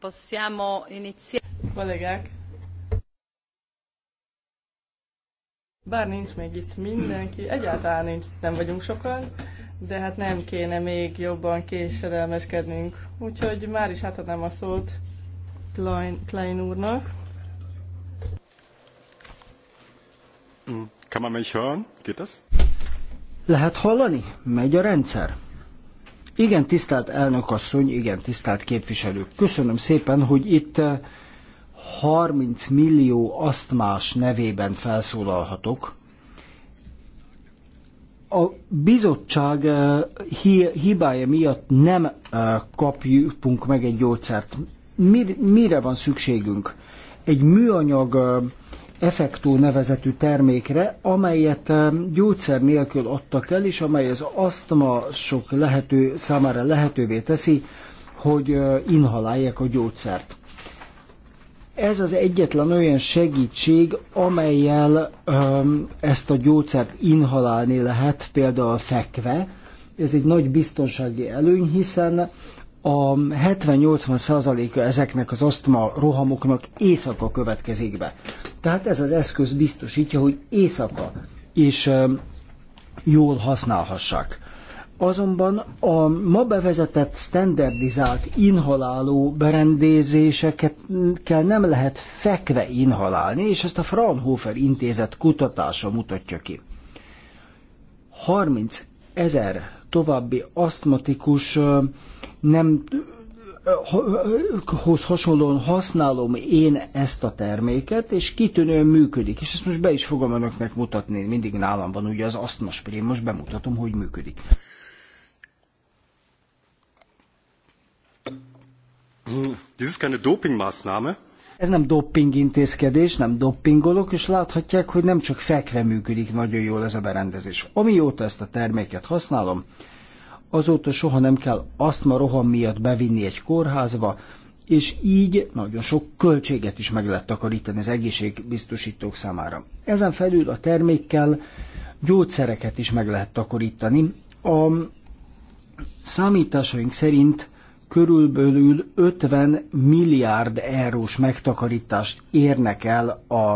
Possiamo iniziare. Kollégák, bár nincs még itt mindenki, egyáltalán nincs, nem vagyunk sokan, de hát nem kéne még jobban késedelmeskednünk. Úgyhogy már is átadnám a szót Klein, Klein úrnak. Kann man mich hören? Geht das? Lehet hallani? Megy a rendszer? Igen, tisztelt elnök asszony, igen, tisztelt képviselő. Köszönöm szépen, hogy itt 30 eh, millió asztmás nevében felszólalhatok. A bizottság eh, hibája miatt nem eh, kapjunk meg egy gyógyszert. Mire van szükségünk? Egy műanyag Effektó nevezetű termékre, amelyet gyógyszer nélkül adtak el, és amely az asztma sok lehető, számára lehetővé teszi, hogy inhalálják a gyógyszert. Ez az egyetlen olyan segítség, amelyel öm, ezt a gyógyszert inhalálni lehet, például fekve. Ez egy nagy biztonsági előny, hiszen a 70-80%-a ezeknek az asztma rohamoknak éjszaka következik be. Tehát ez az eszköz biztosítja, hogy éjszaka és jól használhassák. Azonban a ma bevezetett standardizált inhaláló berendezéseket kell nem lehet fekve inhalálni, és ezt a Fraunhofer intézet kutatása mutatja ki. 30 ezer további asztmatikus nem hoz hasonlóan használom én ezt a terméket, és kitűnően működik. És ezt most be is fogom önöknek mutatni. Mindig nálam van ugye az asztma spray, most bemutatom, hogy működik. Hm, ez ist keine Dopingmaßnahme. Ez nem dopping intézkedés, nem doppingolok, és láthatják, hogy nem csak fekve működik nagyon jól ez a berendezés. Amióta ezt a terméket használom, azóta soha nem kell asztma roham miatt bevinni egy kórházba, és így nagyon sok költséget is meg lehet takarítani az egészségbiztosítók számára. Ezen felül a termékkel gyógyszereket is meg lehet takarítani. A számításaink szerint körülbelül 50 milliárd eurós megtakarítást érnek el a,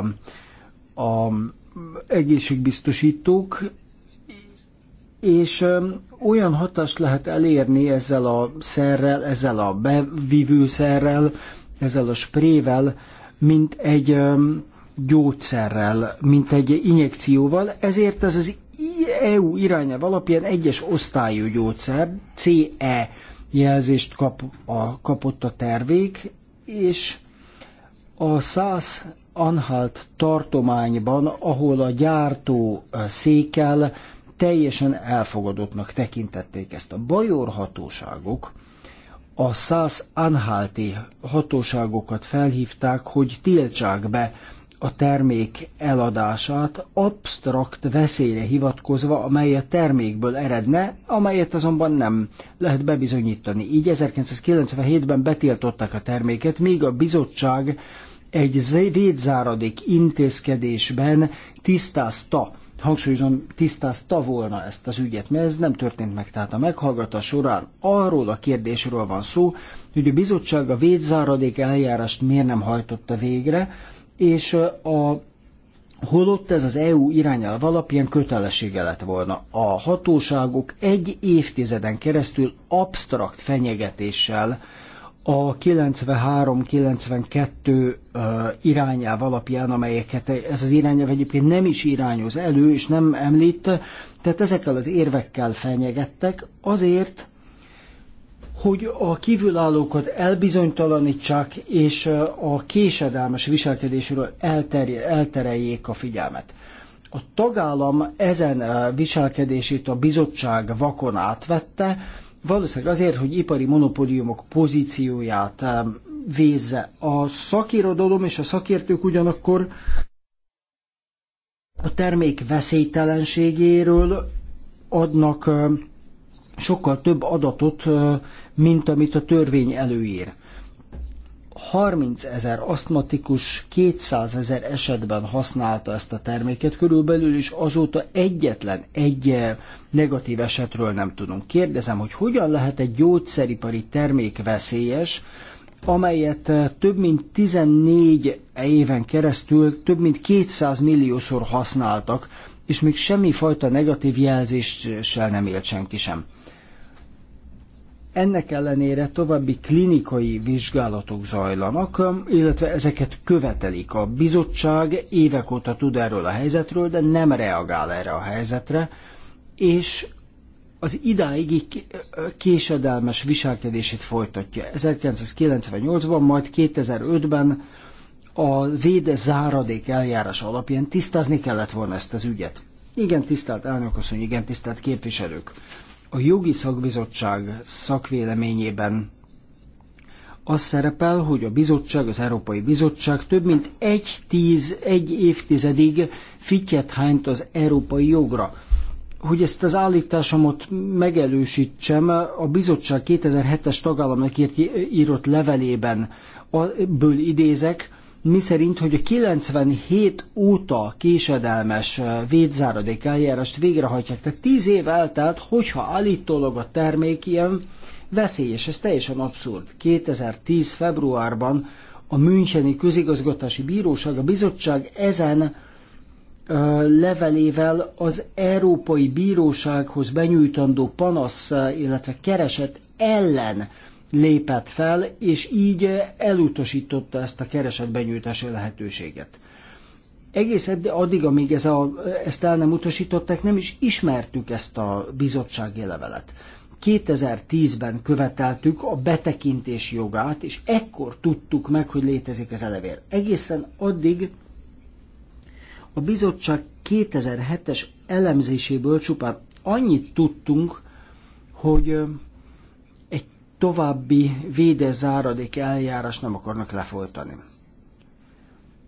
a egészségbiztosítók, és olyan hatást lehet elérni ezzel a szerrel, ezzel a bevívőszerrel, ezzel a sprével, mint egy gyógyszerrel, mint egy injekcióval, ezért ez az EU irányelv alapján egyes osztályú gyógyszer, CE jelzést kap a, kapott a tervék, és a 100 Anhalt tartományban, ahol a gyártó székel, teljesen elfogadottnak tekintették ezt. A bajor hatóságok a száz anhalti hatóságokat felhívták, hogy tiltsák be a termék eladását absztrakt veszélyre hivatkozva, amely a termékből eredne, amelyet azonban nem lehet bebizonyítani. Így 1997-ben betiltották a terméket, míg a bizottság egy védzáradék intézkedésben tisztázta hangsúlyozom, tisztázta volna ezt az ügyet, mert ez nem történt meg. Tehát a meghallgatás során arról a kérdésről van szó, hogy a bizottság a védzáradék eljárást miért nem hajtotta végre, és a holott ez az EU irányelv alapján kötelessége lett volna. A hatóságok egy évtizeden keresztül absztrakt fenyegetéssel a 93-92 irányelv alapján, amelyeket ez az irányelv egyébként nem is irányoz elő, és nem említ, tehát ezekkel az érvekkel fenyegettek azért, hogy a kívülállókat elbizonytalanítsák, és a késedelmes viselkedésről elterje, eltereljék a figyelmet. A tagállam ezen viselkedését a bizottság vakon átvette, valószínűleg azért, hogy ipari monopóliumok pozícióját vézze. A szakirodalom és a szakértők ugyanakkor a termék veszélytelenségéről adnak sokkal több adatot, mint amit a törvény előír. 30 ezer asztmatikus 200 ezer esetben használta ezt a terméket körülbelül, és azóta egyetlen egy eh, negatív esetről nem tudunk. Kérdezem, hogy hogyan lehet egy gyógyszeripari termék veszélyes, amelyet eh, több mint 14 éven keresztül több mint 200 milliószor használtak, és még semmi fajta negatív jelzéssel nem élt senki sem. Ennek ellenére további klinikai vizsgálatok zajlanak, illetve ezeket követelik. A bizottság évek óta tud erről a helyzetről, de nem reagál erre a helyzetre, és az idáig késedelmes viselkedését folytatja. 1998-ban, majd 2005-ben a véde záradék eljárás alapján tisztázni kellett volna ezt az ügyet. Igen, tisztelt elnök köszönjük, igen, tisztelt képviselők. A jogi szakbizottság szakvéleményében az szerepel, hogy a bizottság, az Európai Bizottság több mint egy, tíz, egy évtizedig fityet hányt az európai jogra. Hogy ezt az állításomat megelősítsem, a bizottság 2007-es tagállamnak írt, írott levelében, ből idézek, szerint, hogy a 97 óta késedelmes védzáradék eljárást végrehajtják. Tehát 10 év eltelt, hogyha állítólag a termék ilyen veszélyes, ez teljesen abszurd. 2010. februárban a Müncheni Közigazgatási Bíróság, a bizottság ezen levelével az Európai Bírósághoz benyújtandó panasz, illetve kereset ellen lépett fel, és így elutasította ezt a kereset benyújtási lehetőséget. Egész addig, amíg ez a, ezt el nem utasították, nem is ismertük ezt a bizottsági levelet. 2010-ben követeltük a betekintés jogát, és ekkor tudtuk meg, hogy létezik ez a levél. Egészen addig a bizottság 2007-es elemzéséből csupán annyit tudtunk, hogy további védezáradék eljárás nem akarnak lefolytani.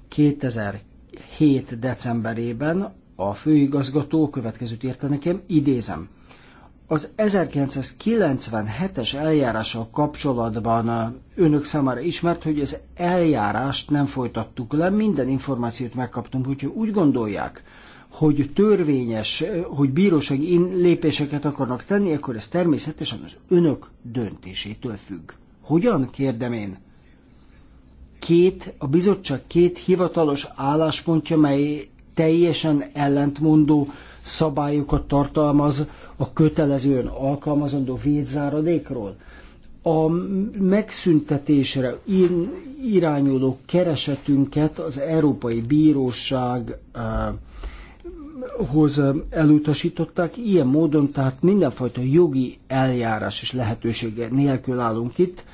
2007. decemberében a főigazgató következőt érte nekem, idézem. Az 1997-es eljárással kapcsolatban önök számára ismert, hogy az eljárást nem folytattuk le, minden információt megkaptunk, hogyha úgy gondolják, hogy törvényes, hogy bírósági lépéseket akarnak tenni, akkor ez természetesen az önök döntésétől függ. Hogyan, kérdem én? Két, a bizottság két hivatalos álláspontja, mely teljesen ellentmondó szabályokat tartalmaz a kötelezően alkalmazandó védzáradékról. A megszüntetésre irányuló keresetünket az Európai Bíróság uh, hoz elutasították. Ilyen módon tehát mindenfajta jogi eljárás és lehetősége nélkül állunk itt,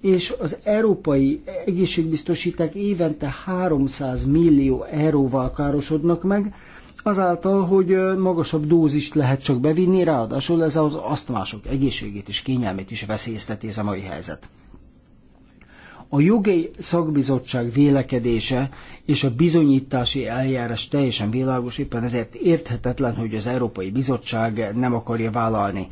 és az európai egészségbiztosíták évente 300 millió euróval károsodnak meg, azáltal, hogy magasabb dózist lehet csak bevinni, ráadásul ez az asztmások egészségét és kényelmét is veszélyezteti ez a mai helyzet. A jogi szakbizottság vélekedése és a bizonyítási eljárás teljesen világos, éppen ezért érthetetlen, hogy az Európai Bizottság nem akarja vállalni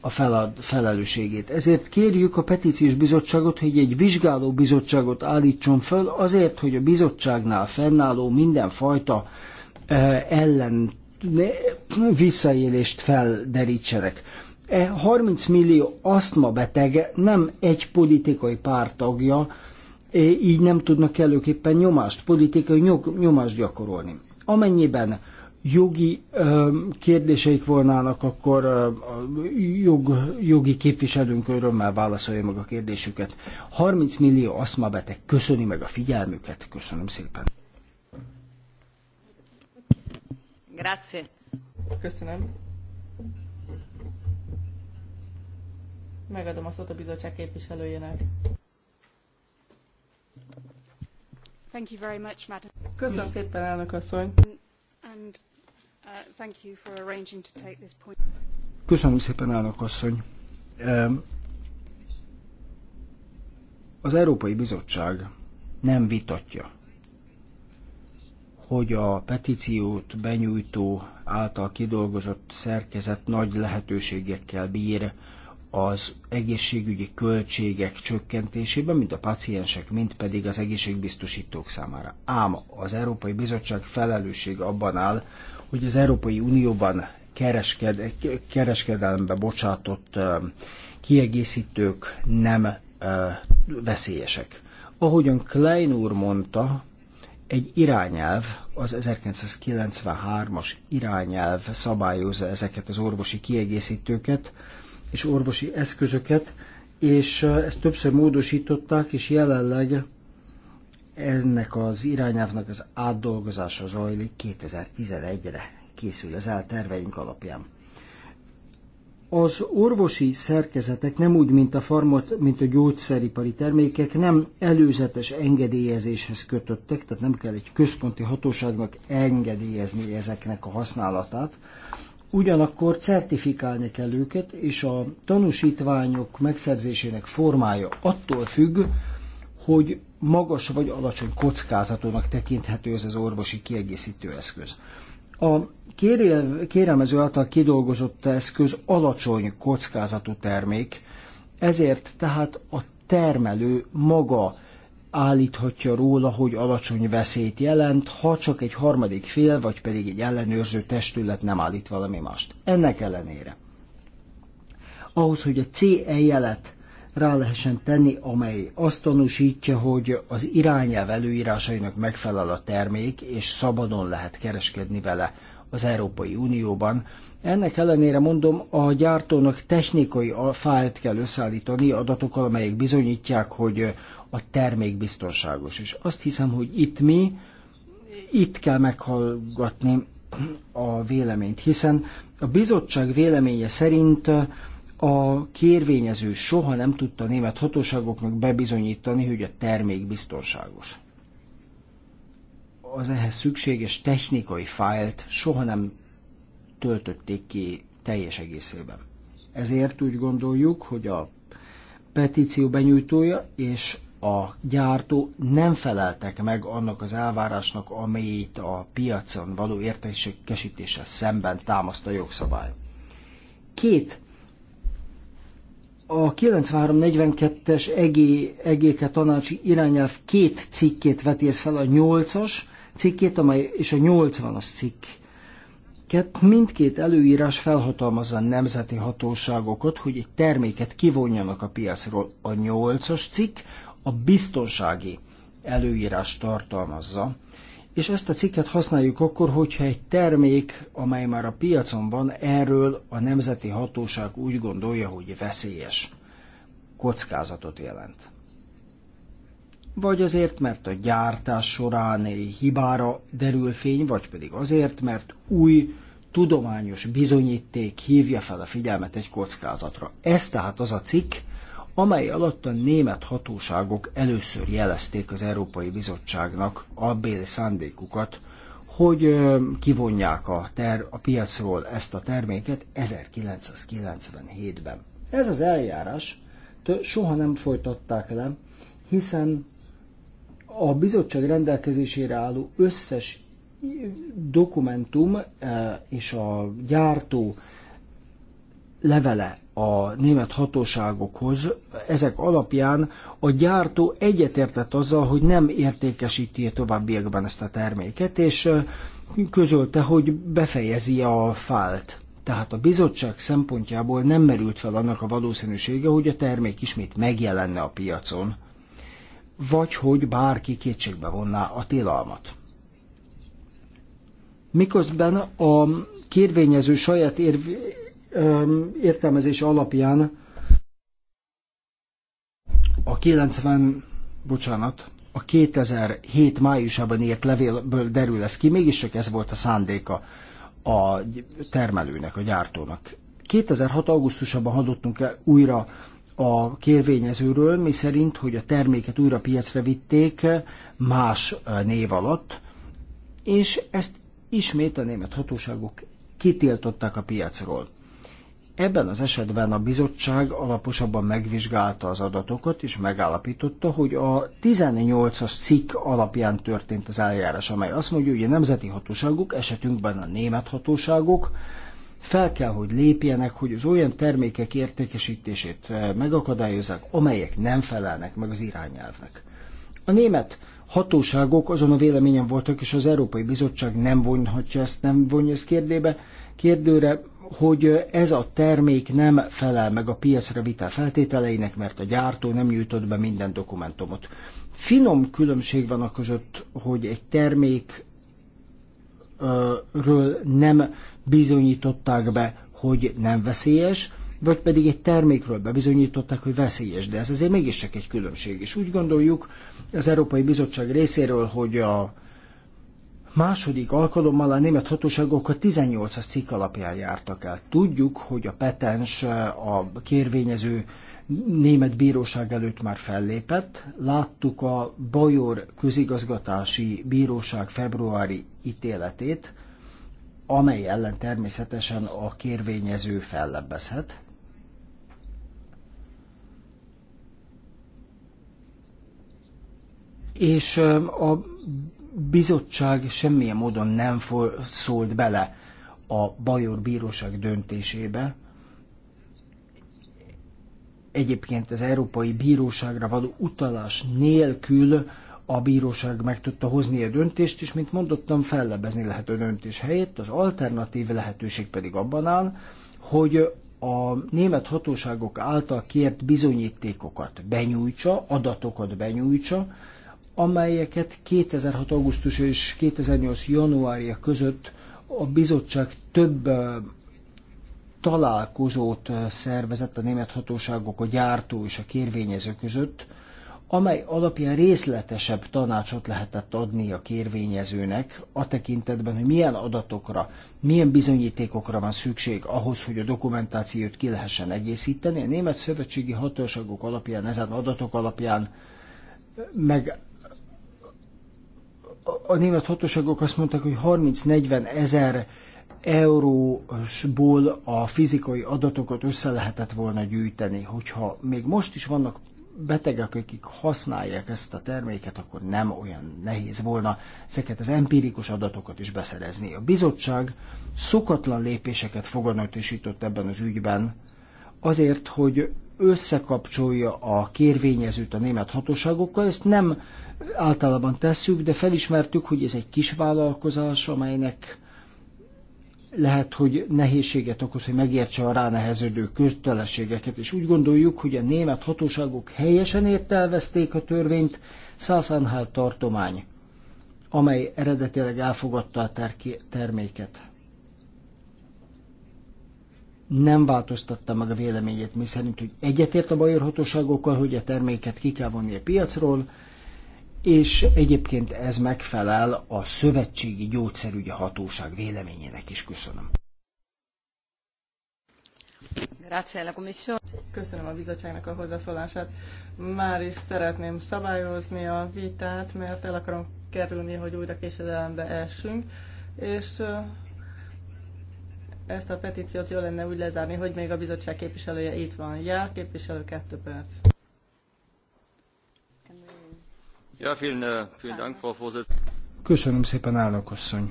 a felad, felelősségét. Ezért kérjük a petíciós bizottságot, hogy egy vizsgáló bizottságot állítson föl, azért, hogy a bizottságnál fennálló mindenfajta eh, ellen ne, visszaélést felderítsenek. E 30 millió asztma beteg nem egy politikai párt tagja, így nem tudnak előképpen nyomást, politikai nyomást gyakorolni. Amennyiben jogi kérdéseik volnának, akkor a jog, jogi képviselőnk örömmel válaszolja meg a kérdésüket. 30 millió aszmabeteg köszöni meg a figyelmüket. Köszönöm szépen. Grazie. Köszönöm. Megadom a szót a bizottság képviselőjének. Thank you very much, madam. Köszönöm szépen, elnök asszony. And, uh, thank you for arranging to take this point. Köszönöm szépen, elnök asszony. Az Európai Bizottság nem vitatja, hogy a petíciót benyújtó által kidolgozott szerkezet nagy lehetőségekkel bír az egészségügyi költségek csökkentésében, mind a paciensek, mind pedig az egészségbiztosítók számára. Ám az Európai Bizottság felelőssége abban áll, hogy az Európai Unióban keresked, kereskedelembe bocsátott kiegészítők nem veszélyesek. Ahogyan Klein úr mondta, egy irányelv, az 1993-as irányelv szabályozza ezeket az orvosi kiegészítőket, és orvosi eszközöket, és ezt többször módosították, és jelenleg ennek az irányávnak az átdolgozása zajlik 2011-re készül ez el terveink alapján. Az orvosi szerkezetek nem úgy, mint a, farmat, mint a gyógyszeripari termékek, nem előzetes engedélyezéshez kötöttek, tehát nem kell egy központi hatóságnak engedélyezni ezeknek a használatát, Ugyanakkor certifikálni kell őket, és a tanúsítványok megszerzésének formája attól függ, hogy magas vagy alacsony kockázatónak tekinthető ez az orvosi kiegészítő eszköz. A kérelmező által kidolgozott eszköz alacsony kockázatú termék, ezért tehát a termelő maga állíthatja róla, hogy alacsony veszélyt jelent, ha csak egy harmadik fél, vagy pedig egy ellenőrző testület nem állít valami mást. Ennek ellenére. Ahhoz, hogy a CE jelet rá lehessen tenni, amely azt tanúsítja, hogy az irányelv előírásainak megfelel a termék, és szabadon lehet kereskedni vele az Európai Unióban. Ennek ellenére mondom, a gyártónak technikai fájlt kell összeállítani adatokkal, amelyek bizonyítják, hogy a termék biztonságos. És azt hiszem, hogy itt mi, itt kell meghallgatni a véleményt, hiszen a bizottság véleménye szerint a kérvényező soha nem tudta a német hatóságoknak bebizonyítani, hogy a termék biztonságos az ehhez szükséges technikai fájlt soha nem töltötték ki teljes egészében. Ezért úgy gondoljuk, hogy a petíció benyújtója és a gyártó nem feleltek meg annak az elvárásnak, amelyet a piacon való értékesítéssel szemben támaszt a jogszabály. Két. A 9342-es EGK e tanácsi irányelv két cikkét vetész fel a 8-as cikkét, amely és a 80-as cikk Kett mindkét előírás felhatalmazza nemzeti hatóságokat, hogy egy terméket kivonjanak a piacról. A 8-as cikk a biztonsági előírás tartalmazza, és ezt a cikket használjuk akkor, hogyha egy termék, amely már a piacon van, erről a nemzeti hatóság úgy gondolja, hogy veszélyes kockázatot jelent vagy azért, mert a gyártás során hibára derül fény, vagy pedig azért, mert új tudományos bizonyíték hívja fel a figyelmet egy kockázatra. Ez tehát az a cikk, amely alatt a német hatóságok először jelezték az Európai Bizottságnak a béli szándékukat, hogy kivonják a, ter, a piacról ezt a terméket 1997-ben. Ez az eljárás soha nem folytatták le, hiszen a bizottság rendelkezésére álló összes dokumentum eh, és a gyártó levele a német hatóságokhoz, ezek alapján a gyártó egyetértett azzal, hogy nem értékesíti továbbiakban ezt a terméket, és eh, közölte, hogy befejezi a fált. Tehát a bizottság szempontjából nem merült fel annak a valószínűsége, hogy a termék ismét megjelenne a piacon vagy hogy bárki kétségbe vonná a tilalmat. Miközben a kérvényező saját érv, értelmezés alapján a 90, bocsánat, a 2007 májusában írt levélből derül ez ki, mégiscsak ez volt a szándéka a termelőnek, a gyártónak. 2006. augusztusában hadottunk el újra a kérvényezőről, mi szerint, hogy a terméket újra piacra vitték más eh, név alatt, és ezt ismét a német hatóságok kitiltották a piacról. Ebben az esetben a bizottság alaposabban megvizsgálta az adatokat, és megállapította, hogy a 18-as cikk alapján történt az eljárás, amely azt mondja, hogy a nemzeti hatóságok, esetünkben a német hatóságok fel kell, hogy lépjenek, hogy az olyan termékek értékesítését eh, megakadályozzák, amelyek nem felelnek meg az irányelvnek. A német hatóságok azon a véleményen voltak, és az Európai Bizottság nem vonhatja ezt, nem vonja ezt kérdébe, kérdőre, hogy eh, ez a termék nem felel meg a piacra vitel feltételeinek, mert a gyártó nem nyújtott be minden dokumentumot. Finom különbség van a között, hogy egy termék ről nem bizonyították be, hogy nem veszélyes, vagy pedig egy termékről bebizonyították, hogy veszélyes, de ez azért mégiscsak egy különbség. És úgy gondoljuk az Európai Bizottság részéről, hogy a második alkalommal a német hatóságok a 18-as cikk alapján jártak el. Tudjuk, hogy a petens, a kérvényező német bíróság előtt már fellépett. Láttuk a Bajor közigazgatási bíróság februári ítéletét, amely ellen természetesen a kérvényező fellebbezhet. És a bizottság semmilyen módon nem szólt bele a Bajor Bíróság döntésébe. Egyébként az Európai Bíróságra való utalás nélkül a bíróság meg tudta hozni a döntést, és mint mondottam, fellebezni lehet a döntés helyett, az alternatív lehetőség pedig abban áll, hogy a német hatóságok által kért bizonyítékokat benyújtsa, adatokat benyújtsa, amelyeket 2006. augusztus és 2008. januárja között a bizottság több találkozót szervezett a német hatóságok, a gyártó és a kérvényező között, amely alapján részletesebb tanácsot lehetett adni a kérvényezőnek a tekintetben, hogy milyen adatokra, milyen bizonyítékokra van szükség ahhoz, hogy a dokumentációt ki lehessen egészíteni. A német szövetségi hatóságok alapján, ezen adatok alapján meg a német hatóságok azt mondták, hogy 30-40 ezer eurósból a fizikai adatokat össze lehetett volna gyűjteni, hogyha még most is vannak betegek, akik használják ezt a terméket, akkor nem olyan nehéz volna ezeket az empirikus adatokat is beszerezni. A bizottság szokatlan lépéseket fogadatosított ebben az ügyben, azért, hogy összekapcsolja a kérvényezőt a német hatóságokkal, ezt nem általában tesszük, de felismertük, hogy ez egy kis vállalkozás, amelynek lehet, hogy nehézséget okoz, hogy megértse a ránehezedő kötelességeket, és úgy gondoljuk, hogy a német hatóságok helyesen értelvezték a törvényt, Szászánhál tartomány, amely eredetileg elfogadta a ter- terméket. Nem változtatta meg a véleményét, mi szerint, hogy egyetért a bajor hatóságokkal, hogy a terméket ki kell vonni a piacról, és egyébként ez megfelel a Szövetségi Gyógyszerügyi Hatóság véleményének is. Köszönöm. Köszönöm a bizottságnak a hozzászólását. Már is szeretném szabályozni a vitát, mert el akarom kerülni, hogy újra késedelembe essünk, és ezt a petíciót jól lenne úgy lezárni, hogy még a bizottság képviselője itt van. Jár, képviselő, kettő perc. Äh, Köszönöm szépen, állnak asszony.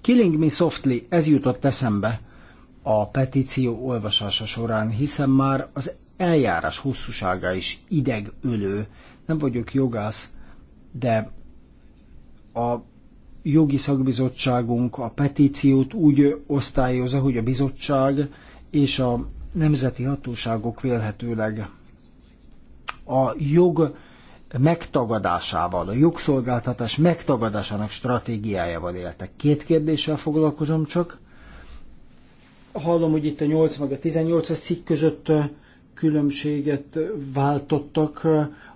Killing Me Softly, ez jutott eszembe a petíció olvasása során, hiszen már az eljárás hosszúsága is idegölő. Nem vagyok jogász, de a jogi szakbizottságunk a petíciót úgy osztályozza, hogy a bizottság és a nemzeti hatóságok vélhetőleg a jog megtagadásával, a jogszolgáltatás megtagadásának stratégiájával éltek. Két kérdéssel foglalkozom csak. Hallom, hogy itt a 8 meg a 18 as szik között különbséget váltottak,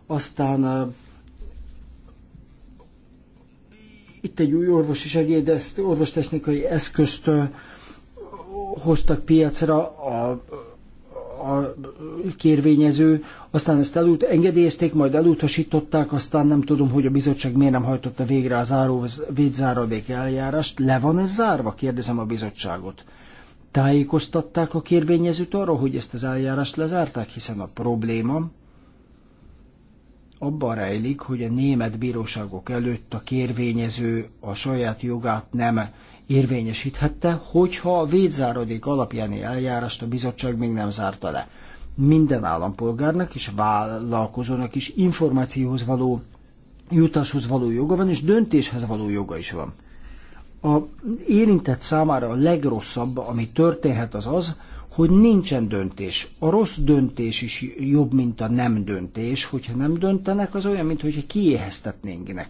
aztán itt egy új orvosi segéd, ezt orvostechnikai eszközt hoztak piacra, a a kérvényező, aztán ezt elut- engedélyezték, majd elutasították, aztán nem tudom, hogy a bizottság miért nem hajtotta végre a záró védzáradék eljárást. Le van ez zárva? Kérdezem a bizottságot. Tájékoztatták a kérvényezőt arról, hogy ezt az eljárást lezárták, hiszen a probléma abban rejlik, hogy a német bíróságok előtt a kérvényező a saját jogát nem érvényesíthette, hogyha a védzáradék alapjáni eljárást a bizottság még nem zárta le. Minden állampolgárnak és vállalkozónak is információhoz való, jutáshoz való joga van, és döntéshez való joga is van. A érintett számára a legrosszabb, ami történhet, az az, hogy nincsen döntés. A rossz döntés is jobb, mint a nem döntés. Hogyha nem döntenek, az olyan, mintha kiéheztetnénk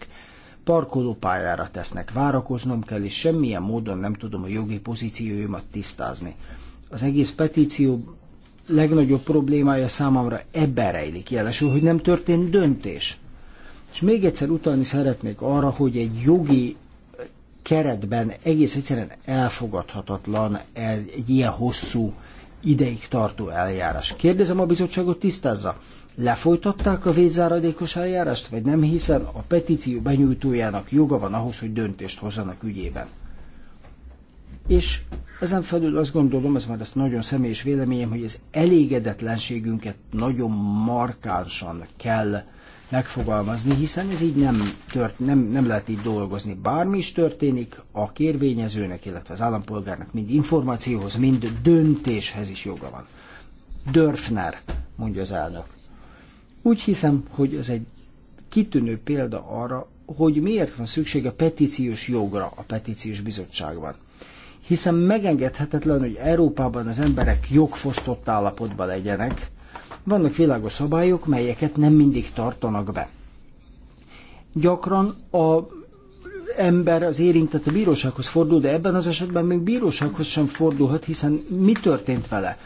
parkolópályára tesznek. Várakoznom kell, és semmilyen módon nem tudom a jogi pozícióimat tisztázni. Az egész petíció legnagyobb problémája számomra ebben rejlik jelesül, hogy nem történt döntés. És még egyszer utalni szeretnék arra, hogy egy jogi keretben egész egyszerűen elfogadhatatlan egy ilyen hosszú ideig tartó eljárás. Kérdezem a bizottságot, tisztázza, lefolytatták a védzáradékos eljárást, vagy nem, hiszen a petíció benyújtójának joga van ahhoz, hogy döntést hozzanak ügyében. És ezen felül azt gondolom, ez már ezt nagyon személyes véleményem, hogy az elégedetlenségünket nagyon markánsan kell megfogalmazni, hiszen ez így nem, tört, nem, nem lehet így dolgozni. Bármi is történik, a kérvényezőnek, illetve az állampolgárnak mind információhoz, mind döntéshez is joga van. Dörfner, mondja az elnök. Úgy hiszem, hogy ez egy kitűnő példa arra, hogy miért van szükség a petíciós jogra a petíciós bizottságban. Hiszen megengedhetetlen, hogy Európában az emberek jogfosztott állapotban legyenek, vannak világos szabályok, melyeket nem mindig tartanak be. Gyakran a ember az érintett a bírósághoz fordul, de ebben az esetben még bírósághoz sem fordulhat, hiszen mi történt vele?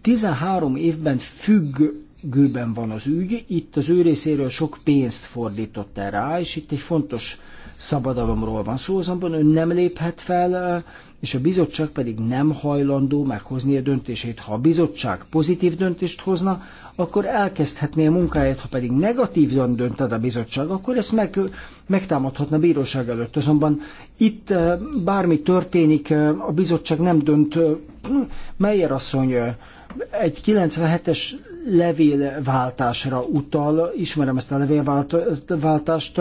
13 évben függ gőben van az ügy, itt az ő részéről sok pénzt fordított el rá, és itt egy fontos szabadalomról van szó, azonban ő nem léphet fel, és a bizottság pedig nem hajlandó meghozni a döntését. Ha a bizottság pozitív döntést hozna, akkor elkezdhetné a munkáját, ha pedig negatívan dönted a bizottság, akkor ezt meg, megtámadhatna a bíróság előtt. Azonban itt bármi történik, a bizottság nem dönt. Meyer asszony egy 97-es levélváltásra utal, ismerem ezt a levélváltást,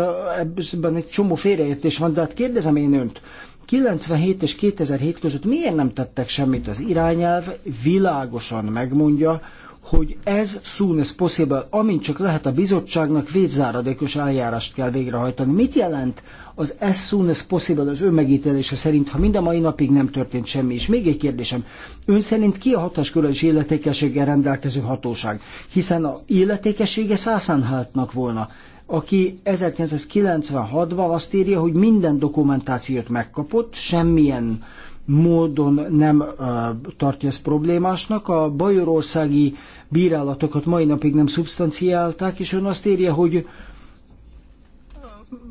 ebben egy csomó félreértés van, de hát kérdezem én önt, 97 és 2007 között miért nem tettek semmit az irányelv, világosan megmondja, hogy ez soon as possible, amint csak lehet a bizottságnak védzáradékos eljárást kell végrehajtani. Mit jelent az as soon as possible az ön megítélése szerint, ha mind a mai napig nem történt semmi? És még egy kérdésem, ön szerint ki a hatáskörrel és életékességgel rendelkező hatóság? Hiszen a életékessége Szászánháltnak volna, aki 1996-ban azt írja, hogy minden dokumentációt megkapott, semmilyen módon nem tartja ezt problémásnak. A bajorországi bírálatokat mai napig nem szubstanciálták, és ön azt írja, hogy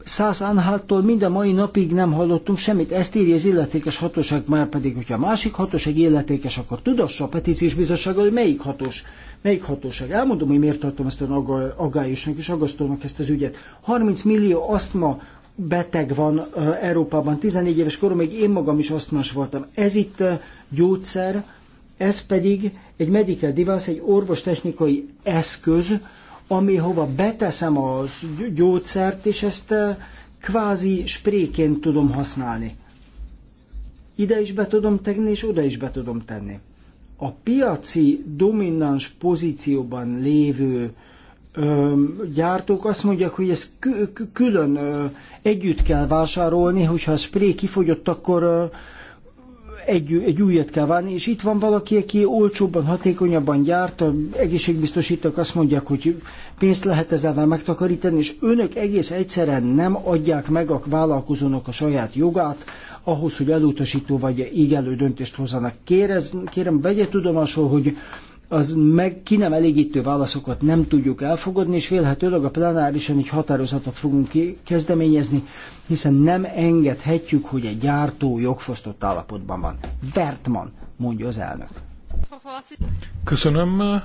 Száz Anháltól mind a mai napig nem hallottunk semmit. Ezt írja az illetékes hatóság, már pedig, hogyha a másik hatóság illetékes, akkor tudassa a petíciós bizottsággal, hogy melyik, hatós, melyik hatóság. Elmondom, hogy miért tartom ezt a agályosnak és agasztónak ezt az ügyet. 30 millió asztma beteg van Európában. 14 éves koromig én magam is asztmas voltam. Ez itt gyógyszer, ez pedig egy medical device, egy orvostechnikai eszköz, ami hova beteszem a gyógyszert, és ezt kvázi spréként tudom használni. Ide is be tudom tenni, és oda is be tudom tenni. A piaci domináns pozícióban lévő gyártók azt mondják, hogy ezt külön együtt kell vásárolni, hogyha a spré kifogyott, akkor egy, egy újat kell várni, és itt van valaki, aki olcsóbban, hatékonyabban gyárt, egészségbiztosítók azt mondják, hogy pénzt lehet ezzel megtakarítani, és önök egész egyszerűen nem adják meg a vállalkozónak a saját jogát, ahhoz, hogy elutasító vagy égelő döntést hozzanak. Kérez, kérem, vegye tudomásul, hogy az meg ki nem elégítő válaszokat nem tudjuk elfogadni, és vélhetőleg a plenárisan egy határozatot fogunk kezdeményezni, hiszen nem engedhetjük, hogy egy gyártó jogfosztott állapotban van. Vertman, mondja az elnök. Köszönöm.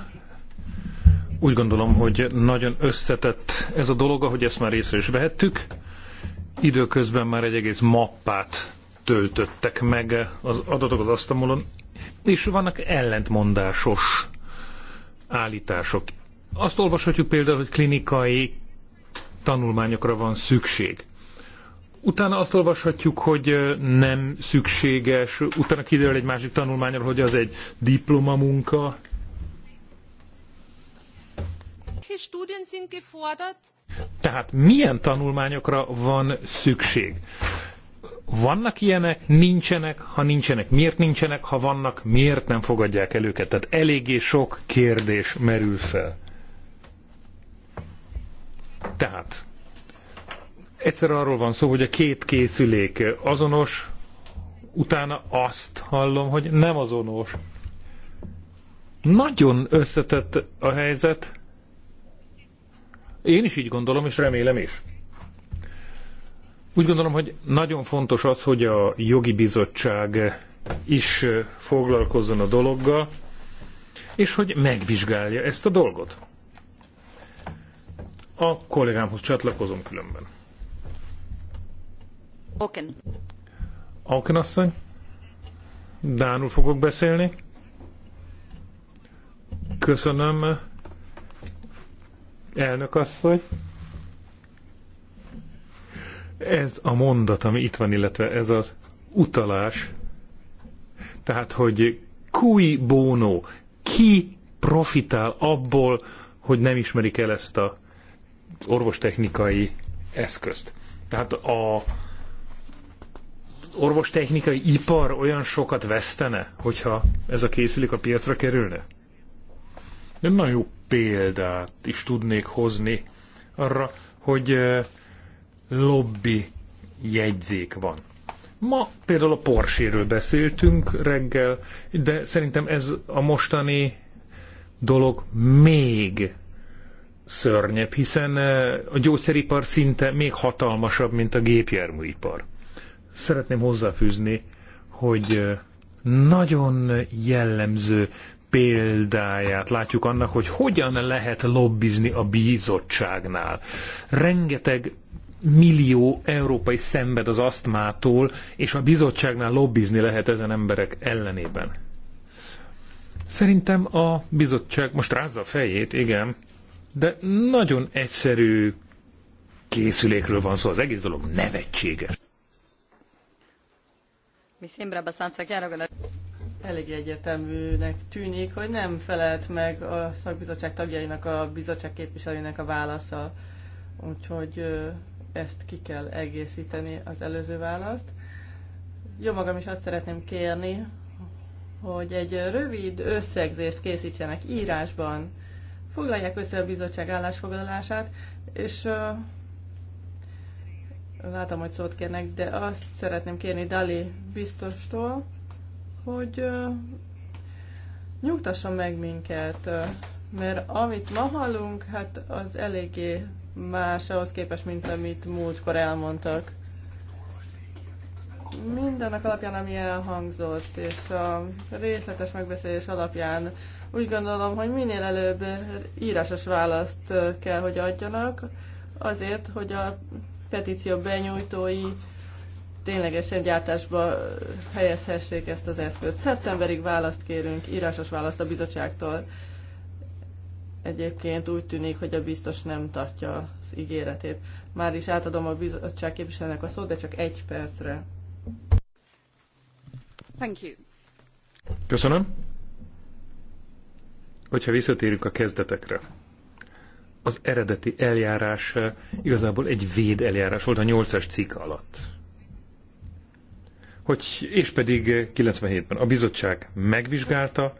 Úgy gondolom, hogy nagyon összetett ez a dolog, ahogy ezt már észre is vehettük. Időközben már egy egész mappát töltöttek meg az adatok az asztalon, és vannak ellentmondásos állítások. Azt olvashatjuk például, hogy klinikai tanulmányokra van szükség. Utána azt olvashatjuk, hogy nem szükséges, utána kiderül egy másik tanulmányra, hogy az egy diplomamunka. Tehát milyen tanulmányokra van szükség? vannak ilyenek, nincsenek, ha nincsenek, miért nincsenek, ha vannak, miért nem fogadják el őket. Tehát eléggé sok kérdés merül fel. Tehát egyszer arról van szó, hogy a két készülék azonos, utána azt hallom, hogy nem azonos. Nagyon összetett a helyzet. Én is így gondolom, és remélem is. Úgy gondolom, hogy nagyon fontos az, hogy a jogi bizottság is foglalkozzon a dologgal, és hogy megvizsgálja ezt a dolgot. A kollégámhoz csatlakozom különben. Oken. Oken asszony. Dánul fogok beszélni. Köszönöm, elnök asszony. Ez a mondat, ami itt van, illetve ez az utalás, tehát, hogy kui bono, ki profitál abból, hogy nem ismerik el ezt a orvostechnikai eszközt. Tehát a orvostechnikai ipar olyan sokat vesztene, hogyha ez a készülék a piacra kerülne? Nem nagyon jó példát is tudnék hozni arra, hogy eh, lobby jegyzék van. Ma például a Porséről beszéltünk reggel, de szerintem ez a mostani dolog még szörnyebb, hiszen eh, a gyógyszeripar szinte még hatalmasabb, mint a gépjárműipar. Szeretném hozzáfűzni, hogy eh, nagyon jellemző példáját látjuk annak, hogy hogyan lehet lobbizni a bizottságnál. Rengeteg millió európai szenved az asztmától, és a bizottságnál lobbizni lehet ezen emberek ellenében. Szerintem a bizottság most rázza a fejét, igen, de nagyon egyszerű készülékről van szó, az egész dolog nevetséges. Mi sembra abbastanza chiaro elég egyértelműnek tűnik, hogy nem felelt meg a szakbizottság tagjainak, a bizottság képviselőinek a válasza. Úgyhogy ezt ki kell egészíteni az előző választ. Jó magam is azt szeretném kérni, hogy egy rövid összegzést készítsenek írásban, foglalják össze a bizottság állásfoglalását, és látom, hogy szót kérnek, de azt szeretném kérni Dali biztostól, hogy nyugtassa meg minket, mert amit ma hallunk, hát az eléggé más ahhoz képest, mint amit múltkor elmondtak. Mindennek alapján, ami elhangzott, és a részletes megbeszélés alapján úgy gondolom, hogy minél előbb írásos választ kell, hogy adjanak, azért, hogy a petíció benyújtói ténylegesen gyártásba helyezhessék ezt az eszközt. Szeptemberig választ kérünk, írásos választ a bizottságtól. Egyébként úgy tűnik, hogy a biztos nem tartja az ígéretét. Már is átadom a bizottság képviselőnek a szót, de csak egy percre. Thank you. Köszönöm. Hogyha visszatérünk a kezdetekre, az eredeti eljárás eh, igazából egy véd eljárás volt a 8-as cikk alatt. Hogy, és pedig 97-ben eh, a bizottság megvizsgálta,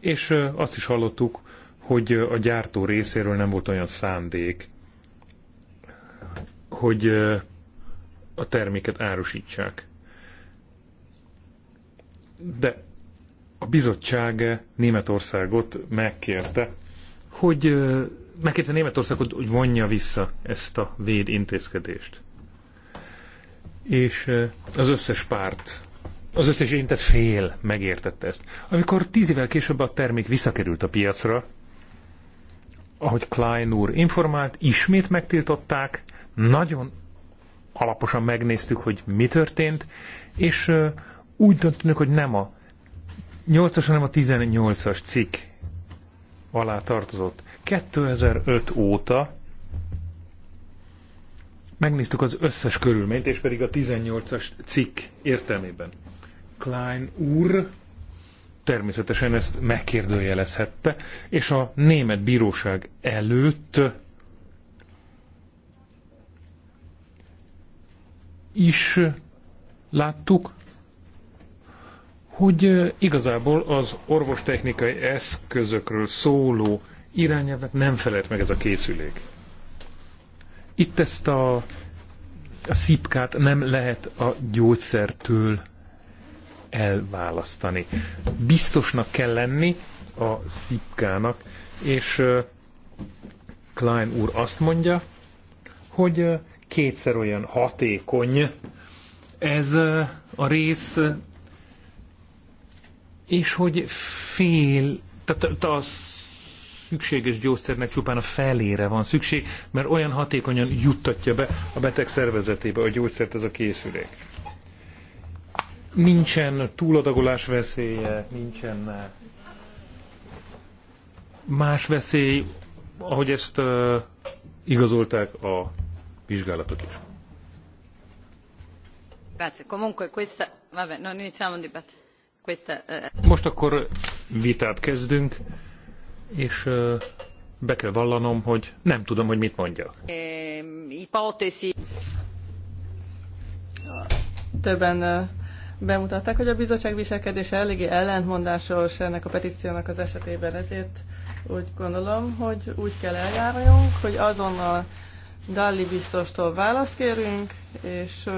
és eh, azt is hallottuk, hogy a gyártó részéről nem volt olyan szándék, hogy a terméket árusítsák. De a bizottság Németországot megkérte, hogy megkérte Németországot, hogy vonja vissza ezt a véd intézkedést. És az összes párt, az összes érintett fél megértette ezt. Amikor tíz évvel később a termék visszakerült a piacra, ahogy Klein úr informált, ismét megtiltották, nagyon alaposan megnéztük, hogy mi történt, és úgy döntünk, hogy nem a 8-as, hanem a 18-as cikk alá tartozott. 2005 óta megnéztük az összes körülményt, és pedig a 18-as cikk értelmében. Klein úr természetesen ezt megkérdőjelezhette, és a német bíróság előtt is láttuk, hogy igazából az orvostechnikai eszközökről szóló irányelvet nem felelt meg ez a készülék. Itt ezt a, a szipkát nem lehet a gyógyszertől elválasztani. Biztosnak kell lenni a szipkának, és Klein úr azt mondja, hogy kétszer olyan hatékony ez a rész, és hogy fél, tehát a szükséges gyógyszernek csupán a felére van szükség, mert olyan hatékonyan juttatja be a beteg szervezetébe a gyógyszert ez a készülék nincsen túladagolás veszélye, nincsen eh, más veszély, ahogy ezt uh, igazolták a vizsgálatok is. Eh, Most akkor vitát kezdünk, és uh, be kell vallanom, hogy nem tudom, hogy mit mondjak. Ehm, Többen bemutatták, hogy a bizottság viselkedése eléggé ellentmondásos ennek a petíciónak az esetében, ezért úgy gondolom, hogy úgy kell eljárjunk, hogy azonnal Dalli biztostól választ kérünk, és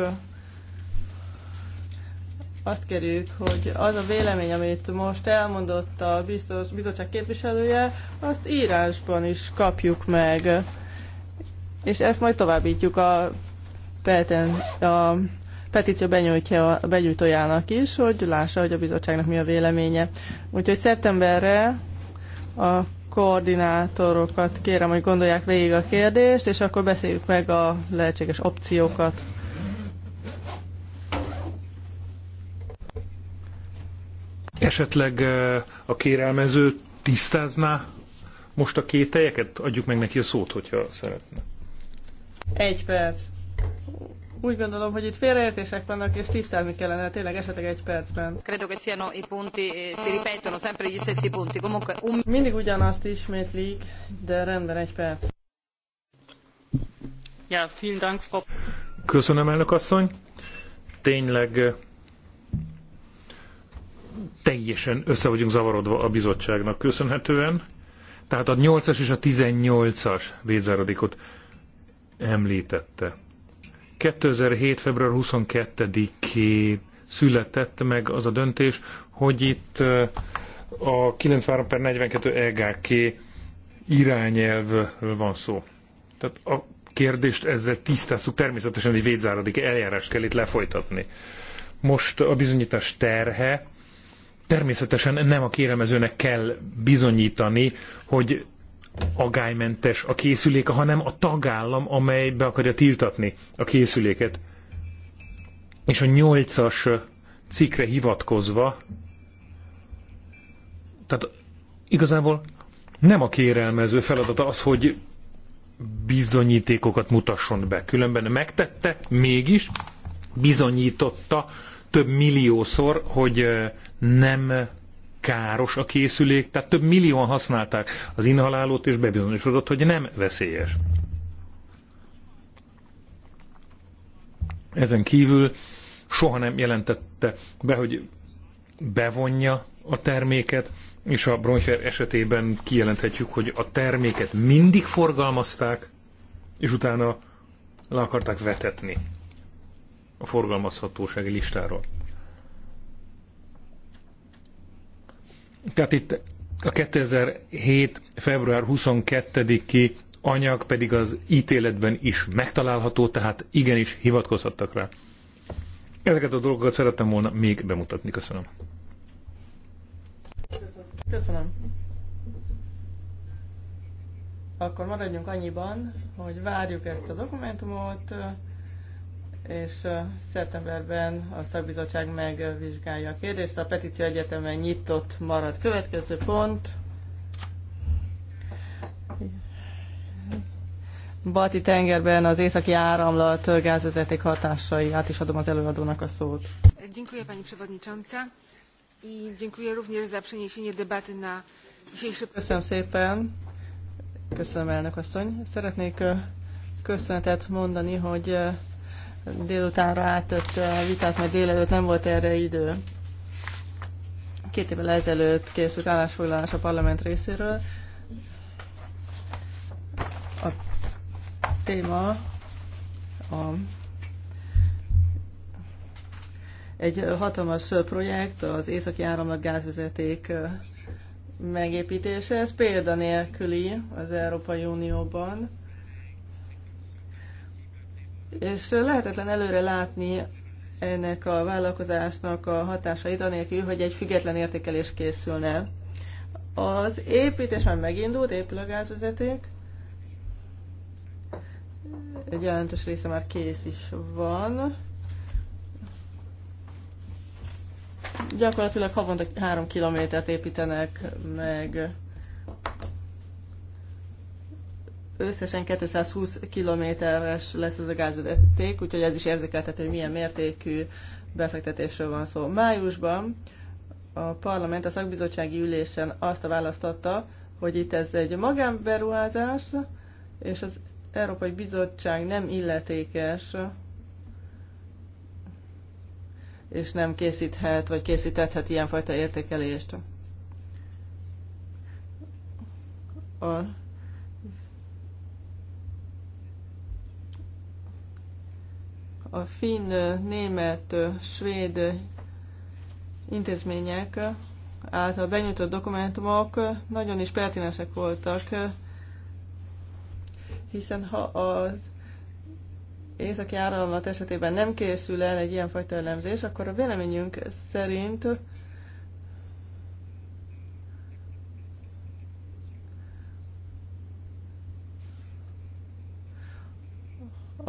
azt kérjük, hogy az a vélemény, amit most elmondott a biztos, bizottság képviselője, azt írásban is kapjuk meg. És ezt majd továbbítjuk a, a petíció benyújtja, benyújtójának is, hogy lássa, hogy a bizottságnak mi a véleménye. Úgyhogy szeptemberre a koordinátorokat kérem, hogy gondolják végig a kérdést, és akkor beszéljük meg a lehetséges opciókat. Esetleg eh, a kérelmező tisztázná most a kételyeket? Adjuk meg neki a szót, hogyha szeretne. Egy perc. Úgy gondolom, hogy itt félreértések vannak, és tisztelni kellene tényleg esetleg egy percben. Credo che siano i punti, eh, si ripetono sempre gli stessi punti. Comunque, Mindig ugyanazt ismétlik, de rendben egy perc. Ja, vielen Dank, Frau... Köszönöm, elnök asszony. Tényleg eh, teljesen össze vagyunk zavarodva a bizottságnak köszönhetően. Tehát a 8-as és a 18-as védzáradékot említette. 2007. február 22-én született meg az a döntés, hogy itt a 93 per 42 EGK irányelvről van szó. Tehát a kérdést ezzel tisztázzuk, természetesen egy védzáradik eljárás kell itt lefolytatni. Most a bizonyítás terhe, természetesen nem a kéremezőnek kell bizonyítani, hogy agálymentes a készüléke, hanem a tagállam, amely be akarja tiltatni a készüléket. És a nyolcas cikre hivatkozva, tehát igazából nem a kérelmező feladata az, hogy bizonyítékokat mutasson be. Különben megtette, mégis bizonyította több milliószor, hogy nem káros a készülék, tehát több millióan használták az inhalálót, és bebizonyosodott, hogy nem veszélyes. Ezen kívül soha nem jelentette be, hogy bevonja a terméket, és a Bronfer esetében kijelenthetjük, hogy a terméket mindig forgalmazták, és utána le akarták vetetni a forgalmazhatósági listáról. Tehát itt a 2007. február 22-i anyag pedig az ítéletben is megtalálható, tehát igenis hivatkozhattak rá. Ezeket a dolgokat szerettem volna még bemutatni. Köszönöm. Köszönöm. Akkor maradjunk annyiban, hogy várjuk ezt a dokumentumot, és szeptemberben a szakbizottság megvizsgálja a kérdést. A petíció egyetemen nyitott marad. Következő pont. Balti tengerben az északi áramlat gázvezeték hatásai. Át is adom az előadónak a szót. Dziękuję pani przewodnicząca i dziękuję również za przeniesienie debaty na dzisiejszy... Köszönöm szépen. Köszönöm elnök asszony. Szeretnék köszönetet mondani, hogy délutánra átött a vitát, mert délelőtt nem volt erre idő. Két évvel ezelőtt készült állásfoglalás a parlament részéről. A téma a egy hatalmas projekt, az északi áramlat gázvezeték megépítése. Ez példanélküli az Európai Unióban és lehetetlen előre látni ennek a vállalkozásnak a hatásait, anélkül, hogy egy független értékelés készülne. Az építés már megindult, épül a gázvezeték. Egy jelentős része már kész is van. Gyakorlatilag havonta három kilométert építenek meg Összesen 220 kilométeres lesz ez a gázvezeték, úgyhogy ez is érzékeltető, hogy milyen mértékű befektetésről van szó. Májusban a parlament a szakbizottsági ülésen azt a választotta, hogy itt ez egy magánberuházás, és az Európai Bizottság nem illetékes, és nem készíthet, vagy készíthethet ilyenfajta értékelést. A a finn, német, svéd intézmények által benyújtott dokumentumok nagyon is pertinesek voltak, hiszen ha az északi áramlat esetében nem készül el egy ilyenfajta elemzés, akkor a véleményünk szerint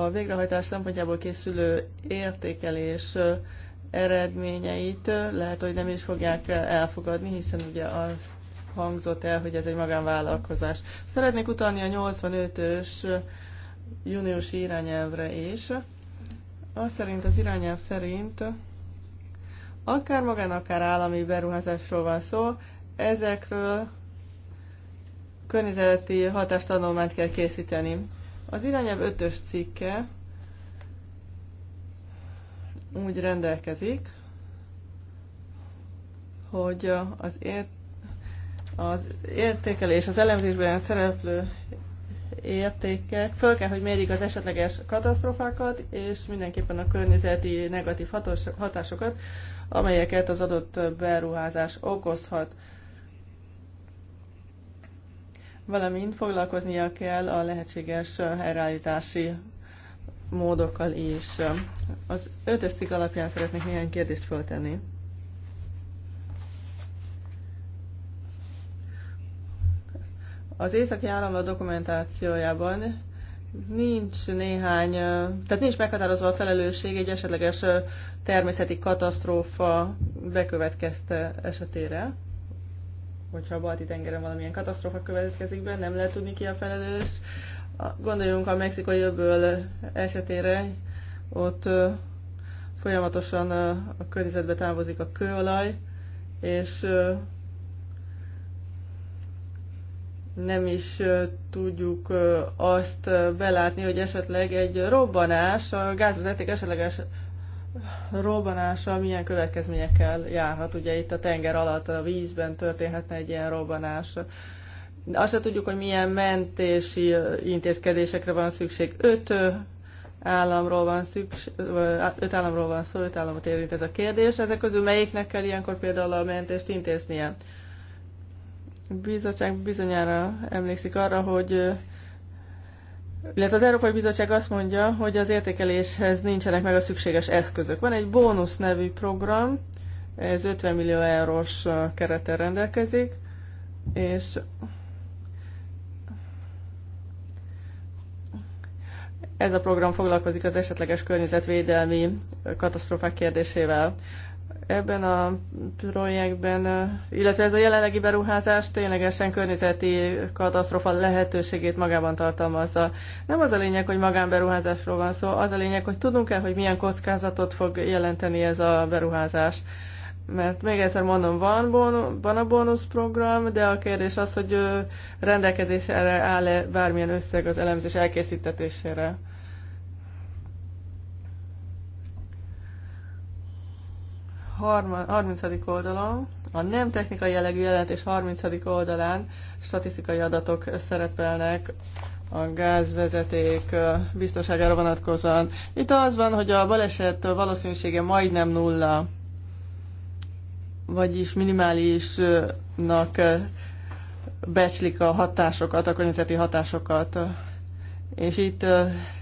a végrehajtás szempontjából készülő értékelés eredményeit lehet, hogy nem is fogják elfogadni, hiszen ugye az hangzott el, hogy ez egy magánvállalkozás. Szeretnék utalni a 85-ös júniusi irányelvre is. Azt szerint az irányelv szerint akár magán, akár állami beruházásról van szó, ezekről környezeti hatástanulmányt kell készíteni. Az irányelv ötös cikke úgy rendelkezik, hogy az, ért, az értékelés, az elemzésben szereplő értékek föl kell, hogy mérjék az esetleges katasztrofákat, és mindenképpen a környezeti negatív hatásokat, amelyeket az adott beruházás okozhat valamint foglalkoznia kell a lehetséges helyreállítási módokkal is. Az ötös cikk alapján szeretnék néhány kérdést föltenni. Az északi államlat dokumentációjában nincs néhány, tehát nincs meghatározva a felelősség egy esetleges természeti katasztrófa bekövetkezte esetére hogyha a balti tengeren valamilyen katasztrófa következik be, nem lehet tudni ki a felelős. Gondoljunk a mexikai öböl esetére, ott folyamatosan a környezetbe távozik a kőolaj, és nem is tudjuk azt belátni, hogy esetleg egy robbanás a gázvezeték esetleges robbanása milyen következményekkel járhat. Ugye itt a tenger alatt, a vízben történhetne egy ilyen robbanás. Azt se tudjuk, hogy milyen mentési intézkedésekre van szükség. Öt államról van szükség, öt államról van szó, öt államot érint ez a kérdés. Ezek közül melyiknek kell ilyenkor például a mentést intéznie? A bizottság bizonyára emlékszik arra, hogy illetve az Európai Bizottság azt mondja, hogy az értékeléshez nincsenek meg a szükséges eszközök. Van egy bónusz nevű program, ez 50 millió eurós kerettel rendelkezik, és ez a program foglalkozik az esetleges környezetvédelmi katasztrófák kérdésével. Ebben a projektben, illetve ez a jelenlegi beruházás ténylegesen környezeti katasztrofa lehetőségét magában tartalmazza. Nem az a lényeg, hogy magánberuházásról van szó, az a lényeg, hogy tudunk-e, hogy milyen kockázatot fog jelenteni ez a beruházás mert még egyszer mondom, van, bónu, van a bónuszprogram, de a kérdés az, hogy rendelkezésre áll-e bármilyen összeg az elemzés elkészítetésére. 30. oldalon, a nem technikai jellegű jelentés 30. oldalán statisztikai adatok szerepelnek a gázvezeték biztonságára vonatkozóan. Itt az van, hogy a baleset valószínűsége majdnem nulla, vagyis minimálisnak becslik a hatásokat, a környezeti hatásokat és itt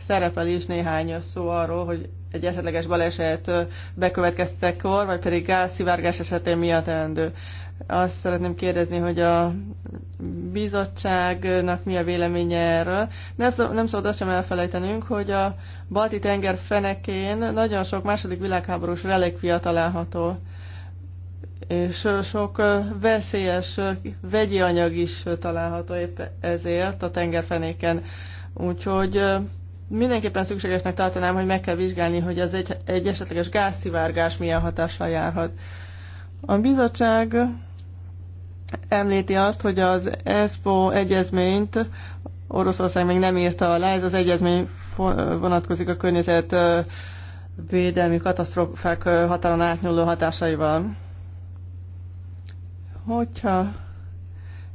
szerepel is néhány szó arról, hogy egy esetleges baleset bekövetkeztekor, vagy pedig gázszivárgás esetén mi a teendő. Azt szeretném kérdezni, hogy a bizottságnak mi a véleménye erről. szó, nem szabad azt sem elfelejtenünk, hogy a balti tenger fenekén nagyon sok második világháborús relikvia található, és sok veszélyes vegyi anyag is található épp ezért a tengerfenéken. Úgyhogy mindenképpen szükségesnek tartanám, hogy meg kell vizsgálni, hogy ez egy, egy esetleges gázszivárgás milyen hatással járhat. A bizottság említi azt, hogy az ESPO egyezményt Oroszország még nem írta alá, ez az egyezmény vonatkozik a környezet védelmi katasztrófák határon átnyúló hatásaival. Hogyha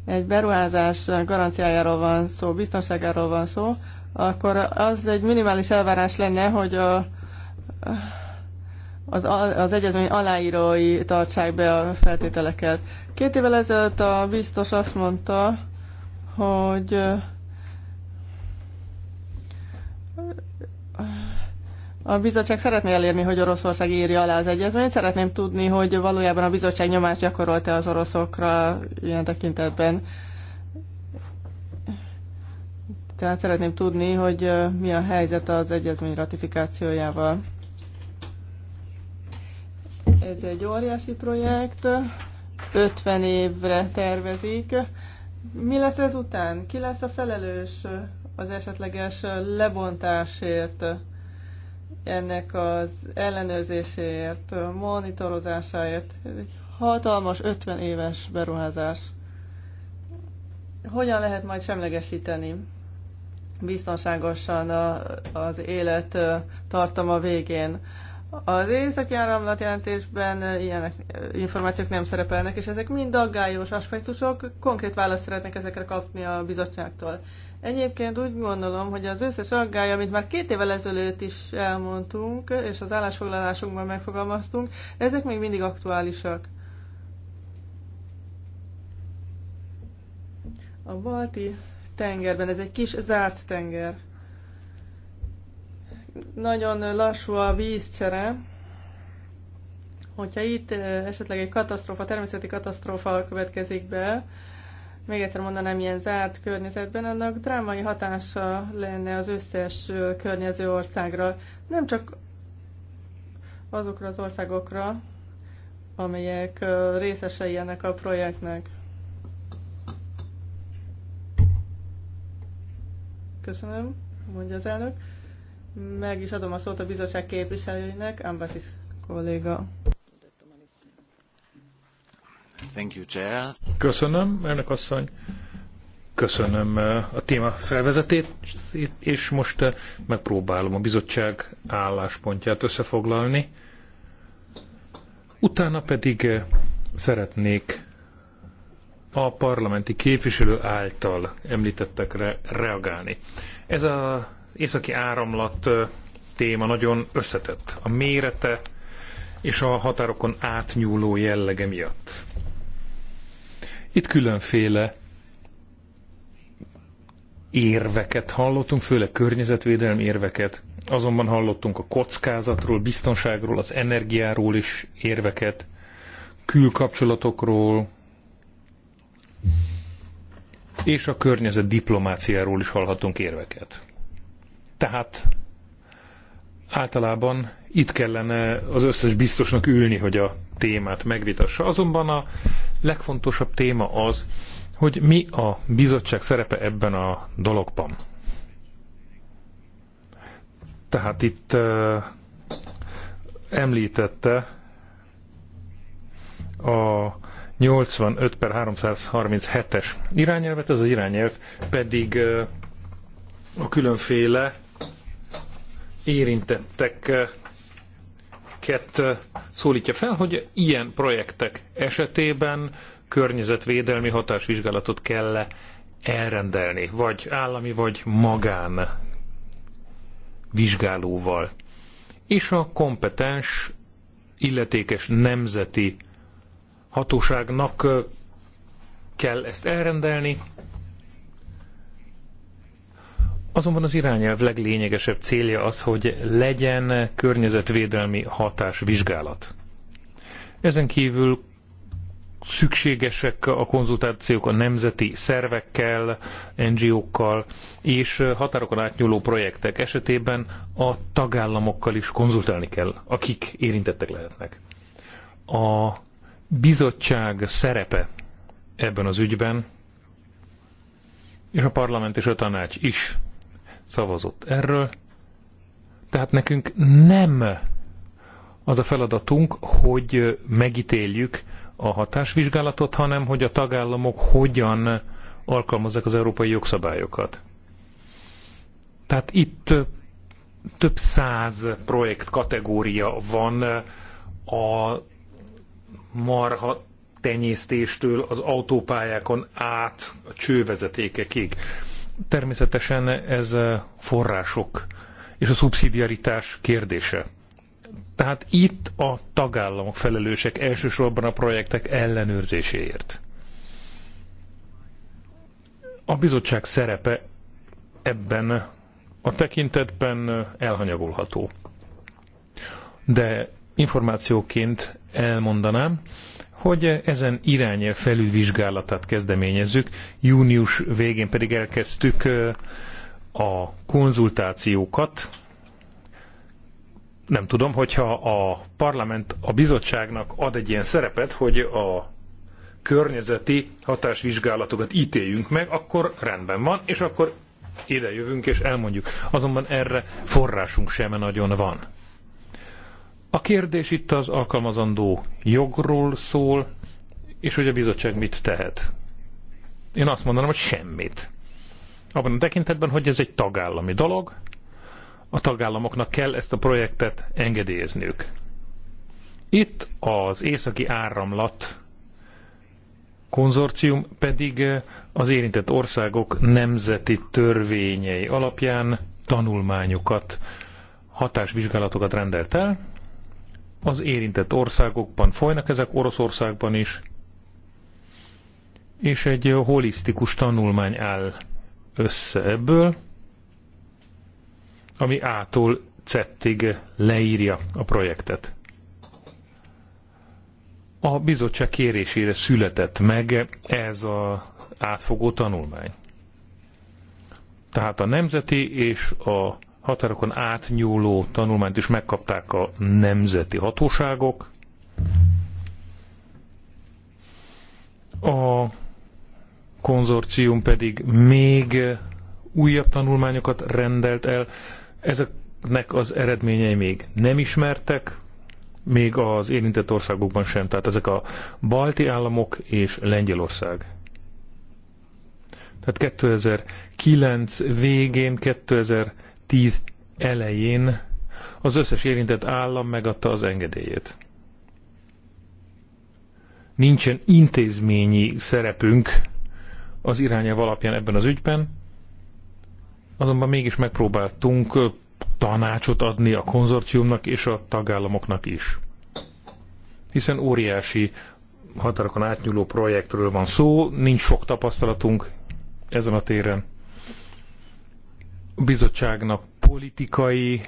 egy beruházás garanciájáról van szó, biztonságáról van szó, akkor az egy minimális elvárás lenne, hogy a, az, az egyezmény aláírói tartsák be a feltételeket. Két évvel ezelőtt a biztos azt mondta, hogy a bizottság szeretné elérni, hogy Oroszország írja alá az egyezményt. Szeretném tudni, hogy valójában a bizottság nyomást gyakorolta az oroszokra ilyen tekintetben. Tehát szeretném tudni, hogy mi a helyzet az egyezmény ratifikációjával. Ez egy óriási projekt, 50 évre tervezik. Mi lesz ezután? Ki lesz a felelős az esetleges lebontásért? ennek az ellenőrzéséért, monitorozásáért. Ez egy hatalmas 50 éves beruházás. Hogyan lehet majd semlegesíteni biztonságosan a, az élet tartama végén? Az északi áramlat jelentésben ilyen információk nem szerepelnek, és ezek mind aggályos aspektusok. Konkrét választ szeretnek ezekre kapni a bizottságtól. Egyébként úgy gondolom, hogy az összes aggály, amit már két évvel ezelőtt is elmondtunk, és az állásfoglalásunkban megfogalmaztunk, ezek még mindig aktuálisak. A balti tengerben, ez egy kis zárt tenger. Nagyon lassú a vízcsere. Hogyha itt eh, esetleg egy katasztrófa, természeti katasztrófa következik be, még egyszer mondanám, ilyen zárt környezetben annak drámai hatása lenne az összes környező országra, nem csak azokra az országokra, amelyek részesei ennek a projektnek. Köszönöm, mondja az elnök. Meg is adom a szót a bizottság képviselőinek, Ambassis kolléga. Köszönöm, elnök asszony. Köszönöm eh, a téma felvezetését, és most eh, megpróbálom a bizottság álláspontját összefoglalni. Utána pedig eh, szeretnék a parlamenti képviselő által említettekre reagálni. Ez az északi áramlat téma nagyon összetett. A mérete és a határokon átnyúló jellege miatt. Itt különféle érveket hallottunk, főleg környezetvédelmi érveket. Azonban hallottunk a kockázatról, biztonságról, az energiáról is érveket, külkapcsolatokról, és a környezet diplomáciáról is hallhatunk érveket. Tehát általában itt kellene az összes biztosnak ülni, hogy a témát megvitassa. Azonban a legfontosabb téma az, hogy mi a bizottság szerepe ebben a dologban. Tehát itt uh, említette a 85 per 337-es irányelvet, ez az irányelv pedig uh, a különféle érintetteket eh, szólítja fel, hogy ilyen projektek esetében környezetvédelmi hatásvizsgálatot kell -e elrendelni, vagy állami, vagy magán vizsgálóval. És a kompetens, illetékes nemzeti hatóságnak eh, kell ezt elrendelni, Azonban az irányelv leglényegesebb célja az, hogy legyen környezetvédelmi hatásvizsgálat. Ezen kívül szükségesek a konzultációk a nemzeti szervekkel, NGO-kkal és határokon átnyúló projektek esetében a tagállamokkal is konzultálni kell, akik érintettek lehetnek. A bizottság szerepe ebben az ügyben, és a parlament és a tanács is szavazott erről. Tehát nekünk nem az a feladatunk, hogy megítéljük a hatásvizsgálatot, hanem hogy a tagállamok hogyan alkalmazzák az európai jogszabályokat. Tehát itt több száz projekt kategória van a marha tenyésztéstől az autópályákon át a csővezetékekig. Természetesen ez eh, források és a szubszidiaritás kérdése. Tehát itt a tagállamok felelősek elsősorban a projektek ellenőrzéséért. A bizottság szerepe ebben a tekintetben elhanyagolható. De információként elmondanám, hogy ezen irányel felülvizsgálatát kezdeményezzük, június végén pedig elkezdtük a konzultációkat. Nem tudom, hogyha a parlament a bizottságnak ad egy ilyen szerepet, hogy a környezeti hatásvizsgálatokat ítéljünk meg, akkor rendben van, és akkor ide jövünk és elmondjuk. Azonban erre forrásunk sem nagyon van. A kérdés itt az alkalmazandó jogról szól, és hogy a bizottság mit tehet. Én azt mondanám, hogy semmit. Abban a tekintetben, hogy ez egy tagállami dolog, a tagállamoknak kell ezt a projektet engedélyezniük. Itt az északi áramlat konzorcium pedig az érintett országok nemzeti törvényei alapján tanulmányokat, hatásvizsgálatokat rendelt el, az érintett országokban folynak, ezek Oroszországban is, és egy holisztikus tanulmány áll össze ebből, ami ától cettig leírja a projektet. A bizottság kérésére született meg ez az átfogó tanulmány. Tehát a nemzeti és a határokon átnyúló tanulmányt is megkapták a nemzeti hatóságok. A konzorcium pedig még újabb tanulmányokat rendelt el. Ezeknek az eredményei még nem ismertek, még az érintett országokban sem, tehát ezek a balti államok és Lengyelország. Tehát 2009 végén, 2000 2010 elején az összes érintett állam megadta az engedélyét. Nincsen intézményi szerepünk az irányelv alapján ebben az ügyben, azonban mégis megpróbáltunk tanácsot adni a konzorciumnak és a tagállamoknak is. Hiszen óriási határokon átnyúló projektről van szó, nincs sok tapasztalatunk ezen a téren bizottságnak politikai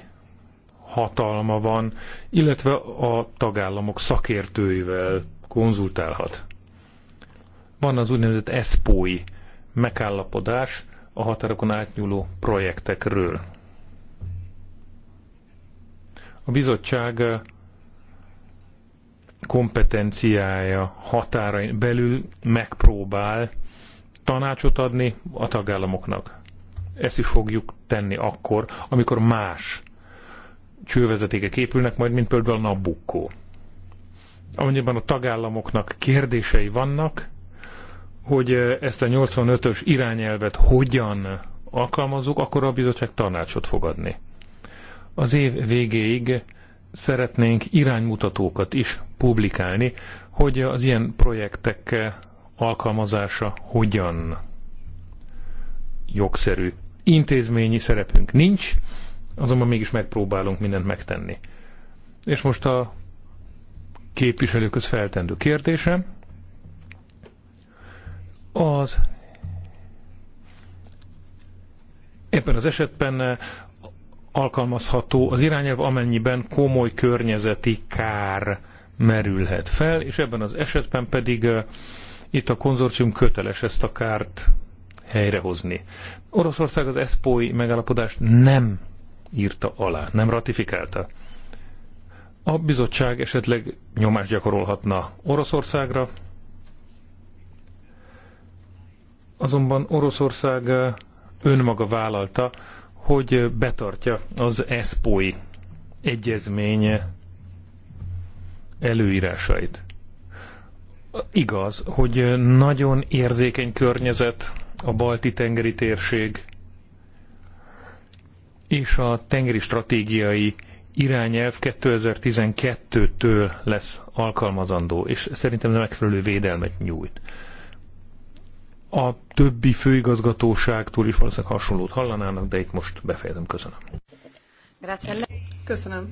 hatalma van, illetve a tagállamok szakértőivel konzultálhat. Van az úgynevezett ESPOI megállapodás a határokon átnyúló projektekről. A bizottság kompetenciája határain belül megpróbál tanácsot adni a tagállamoknak ezt is fogjuk tenni akkor, amikor más csővezetékek épülnek, majd mint például a Nabucco. Amennyiben a tagállamoknak kérdései vannak, hogy ezt a 85-ös irányelvet hogyan alkalmazzuk, akkor a bizottság tanácsot fogadni. Az év végéig szeretnénk iránymutatókat is publikálni, hogy az ilyen projektek alkalmazása hogyan jogszerű intézményi szerepünk nincs, azonban mégis megpróbálunk mindent megtenni. És most a képviselőköz feltendő kérdése az ebben az esetben alkalmazható az irányelv, amennyiben komoly környezeti kár merülhet fel, és ebben az esetben pedig eh, itt a konzorcium köteles ezt a kárt helyrehozni. Oroszország az eszpói megállapodást nem írta alá, nem ratifikálta. A bizottság esetleg nyomást gyakorolhatna Oroszországra, azonban Oroszország eh, önmaga vállalta, hogy betartja az eszpói egyezmény előírásait. Igaz, hogy nagyon érzékeny környezet a balti tengeri térség és a tengeri stratégiai irányelv 2012-től lesz alkalmazandó, és szerintem megfelelő védelmet nyújt. A többi főigazgatóságtól is valószínűleg hasonlót hallanának, de itt most befejezem. Köszönöm. Köszönöm.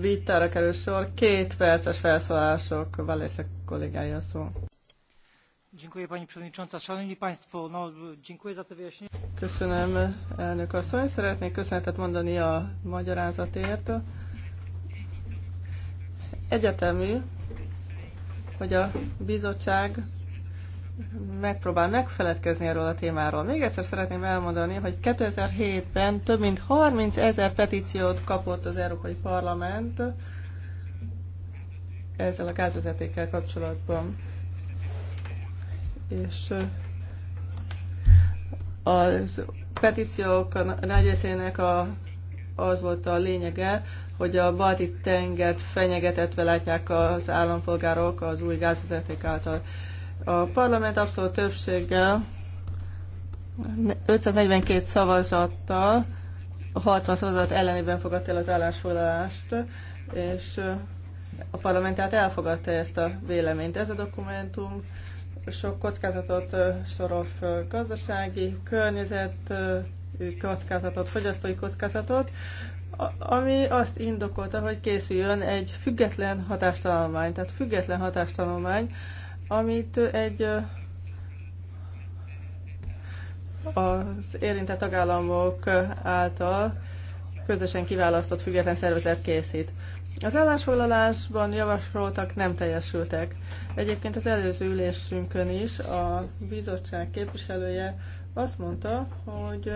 Vittára kerül sor. Két perces felszólások. Valószínűleg kollégája szó. Köszönöm, elnök asszony. Szeretnék köszönetet mondani a magyarázatért. Egyetemű, hogy a bizottság megpróbál megfeledkezni erről a témáról. Még egyszer szeretném elmondani, hogy 2007-ben több mint 30 ezer petíciót kapott az Európai Parlament ezzel a gázvezetékkel kapcsolatban és a petíciók nagy részének a, az volt a lényege, hogy a balti tengert fenyegetetve látják az állampolgárok az új gázvezeték által. A parlament abszolút többséggel 542 szavazattal 60 szavazat ellenében fogadta el az állásfoglalást, és a parlament tehát elfogadta ezt a véleményt. Ez a dokumentum sok kockázatot sorol föl, gazdasági, környezet kockázatot, fogyasztói kockázatot, ami azt indokolta, hogy készüljön egy független hatástanulmány, tehát független hatástanulmány, amit egy az érintett tagállamok által közösen kiválasztott független szervezet készít. Az állásfoglalásban javasoltak nem teljesültek. Egyébként az előző ülésünkön is a bizottság képviselője azt mondta, hogy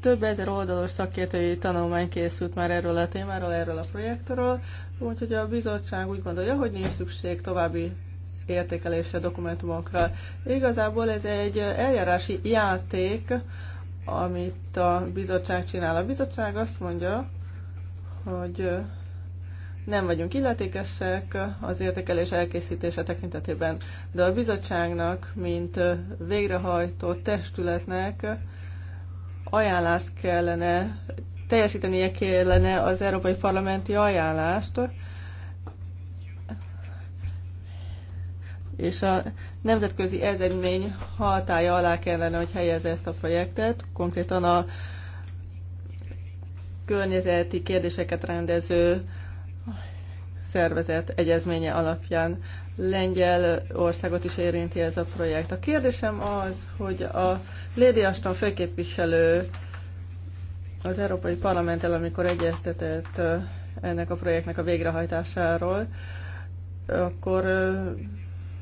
több ezer oldalos szakértői tanulmány készült már erről a témáról, erről a projektről, úgyhogy a bizottság úgy gondolja, hogy nincs szükség további értékelésre, dokumentumokra. Igazából ez egy eljárási játék, amit a bizottság csinál. A bizottság azt mondja, hogy nem vagyunk illetékesek az értékelés elkészítése tekintetében, de a bizottságnak, mint végrehajtó testületnek ajánlást kellene, teljesítenie kellene az Európai Parlamenti ajánlást, és a nemzetközi ezedmény hatája alá kellene, hogy helyezze ezt a projektet, konkrétan a környezeti kérdéseket rendező szervezet egyezménye alapján lengyel országot is érinti ez a projekt. A kérdésem az, hogy a Lady Ashton főképviselő az Európai Parlamenttel, amikor egyeztetett ennek a projektnek a végrehajtásáról, akkor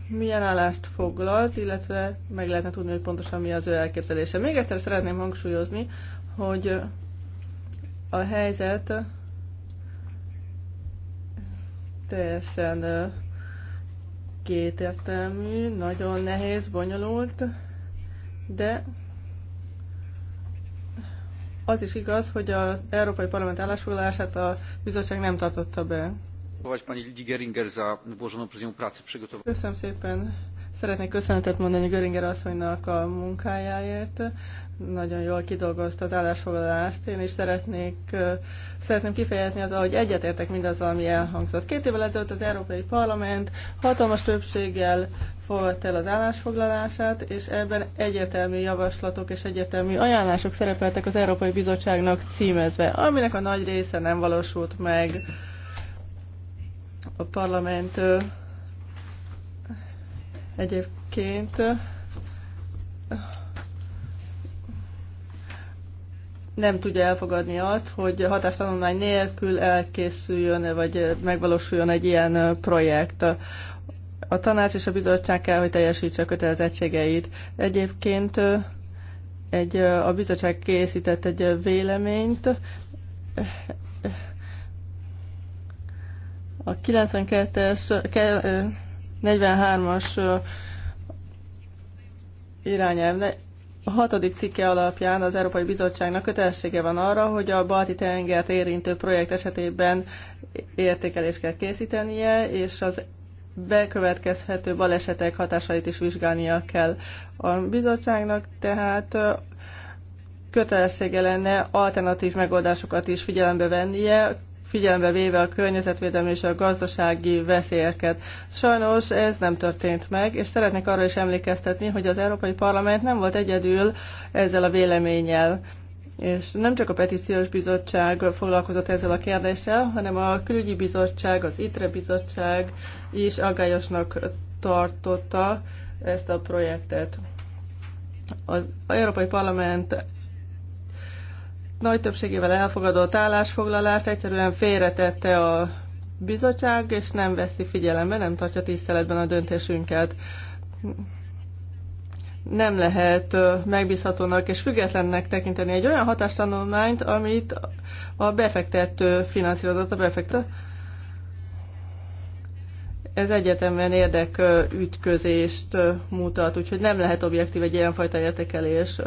milyen állást foglalt, illetve meg lehetne tudni, hogy pontosan mi az ő elképzelése. Még egyszer szeretném hangsúlyozni, hogy a helyzet teljesen kétértelmű, nagyon nehéz, bonyolult, de az is igaz, hogy az Európai Parlament állásfoglalását a bizottság nem tartotta be. Köszönöm szépen Szeretnék köszönetet mondani Göringer asszonynak a munkájáért. Nagyon jól kidolgozta az állásfoglalást. Én is szeretnék, szeretném kifejezni az, hogy egyetértek mindazzal, ami elhangzott. Két évvel ezelőtt az Európai Parlament hatalmas többséggel fogadta el az állásfoglalását, és ebben egyértelmű javaslatok és egyértelmű ajánlások szerepeltek az Európai Bizottságnak címezve, aminek a nagy része nem valósult meg. A parlament Egyébként nem tudja elfogadni azt, hogy hatástanulmány nélkül elkészüljön, vagy megvalósuljon egy ilyen projekt. A tanács és a bizottság kell, hogy teljesítse a kötelezettségeit. Egyébként egy, a bizottság készített egy véleményt, a 92-es 43-as irányelv a hatodik cikke alapján az Európai Bizottságnak kötelessége van arra, hogy a balti tengert érintő projekt esetében értékelést kell készítenie, és az bekövetkezhető balesetek hatásait is vizsgálnia kell. A bizottságnak tehát kötelessége lenne alternatív megoldásokat is figyelembe vennie, figyelembe véve a környezetvédelmi és a gazdasági veszélyeket. Sajnos ez nem történt meg, és szeretnék arra is emlékeztetni, hogy az Európai Parlament nem volt egyedül ezzel a véleménnyel. És nem csak a petíciós bizottság foglalkozott ezzel a kérdéssel, hanem a külügyi bizottság, az ITRE bizottság is aggályosnak tartotta ezt a projektet. Az Európai Parlament nagy többségével elfogadott állásfoglalást egyszerűen félretette a bizottság, és nem veszi figyelembe, nem tartja tiszteletben a döntésünket. Nem lehet megbízhatónak és függetlennek tekinteni egy olyan hatástanulmányt, amit a befektető finanszírozott a befektető. Ez egyetemben érdekütközést mutat, úgyhogy nem lehet objektív egy ilyenfajta értékelés.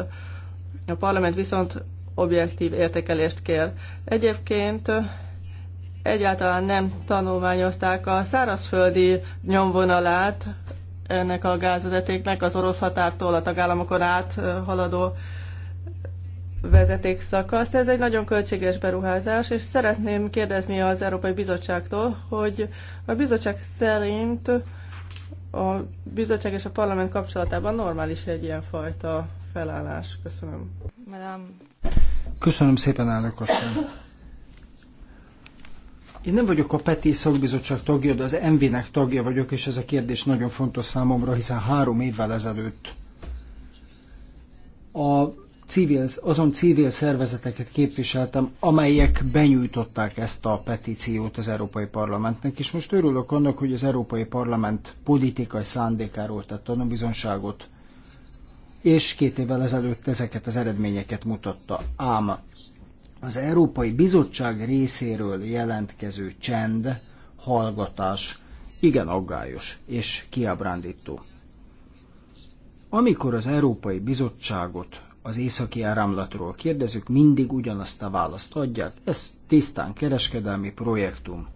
A parlament viszont objektív értékelést kér. Egyébként egyáltalán nem tanulmányozták a szárazföldi nyomvonalát ennek a gázvezetéknek az orosz határtól a tagállamokon át haladó vezetékszakaszt. Ez egy nagyon költséges beruházás, és szeretném kérdezni az Európai Bizottságtól, hogy a bizottság szerint a bizottság és a parlament kapcsolatában normális egy ilyenfajta felállás. Köszönöm. Köszönöm szépen, elnök asszony. Én nem vagyok a PETI szakbizottság tagja, de az MV-nek tagja vagyok, és ez a kérdés nagyon fontos számomra, hiszen három évvel ezelőtt a civil, azon civil szervezeteket képviseltem, amelyek benyújtották ezt a petíciót az Európai Parlamentnek, és most örülök annak, hogy az Európai Parlament politikai szándékáról tett tanúbizonságot, és két évvel ezelőtt ezeket az eredményeket mutatta. Ám az Európai Bizottság részéről jelentkező csend, hallgatás igen aggályos és kiábrándító. Amikor az Európai Bizottságot az északi áramlatról kérdezük, mindig ugyanazt a választ adják. Ez tisztán kereskedelmi projektum.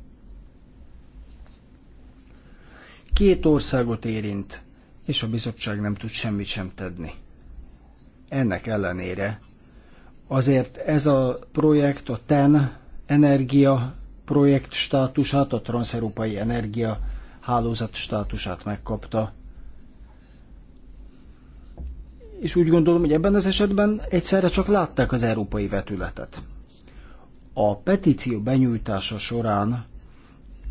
Két országot érint, és a bizottság nem tud semmit sem tenni. Ennek ellenére azért ez a projekt, a TEN energia projekt státusát, a transzeurópai energia hálózat státusát megkapta. És úgy gondolom, hogy ebben az esetben egyszerre csak látták az európai vetületet. A petíció benyújtása során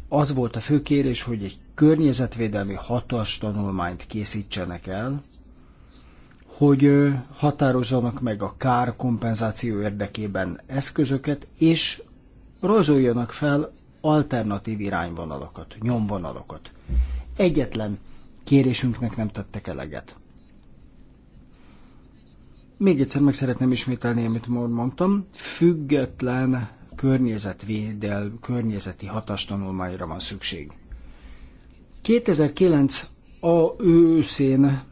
az volt a fő kérés, hogy egy környezetvédelmi tanulmányt készítsenek el, hogy határozzanak meg a kár kompenzáció érdekében eszközöket, és rozoljanak fel alternatív irányvonalakat, nyomvonalakat. Egyetlen kérésünknek nem tettek eleget. Még egyszer meg szeretném ismételni, amit mondtam. Független környezetvédel, környezeti hatástanulmányra van szükség. 2009 a őszén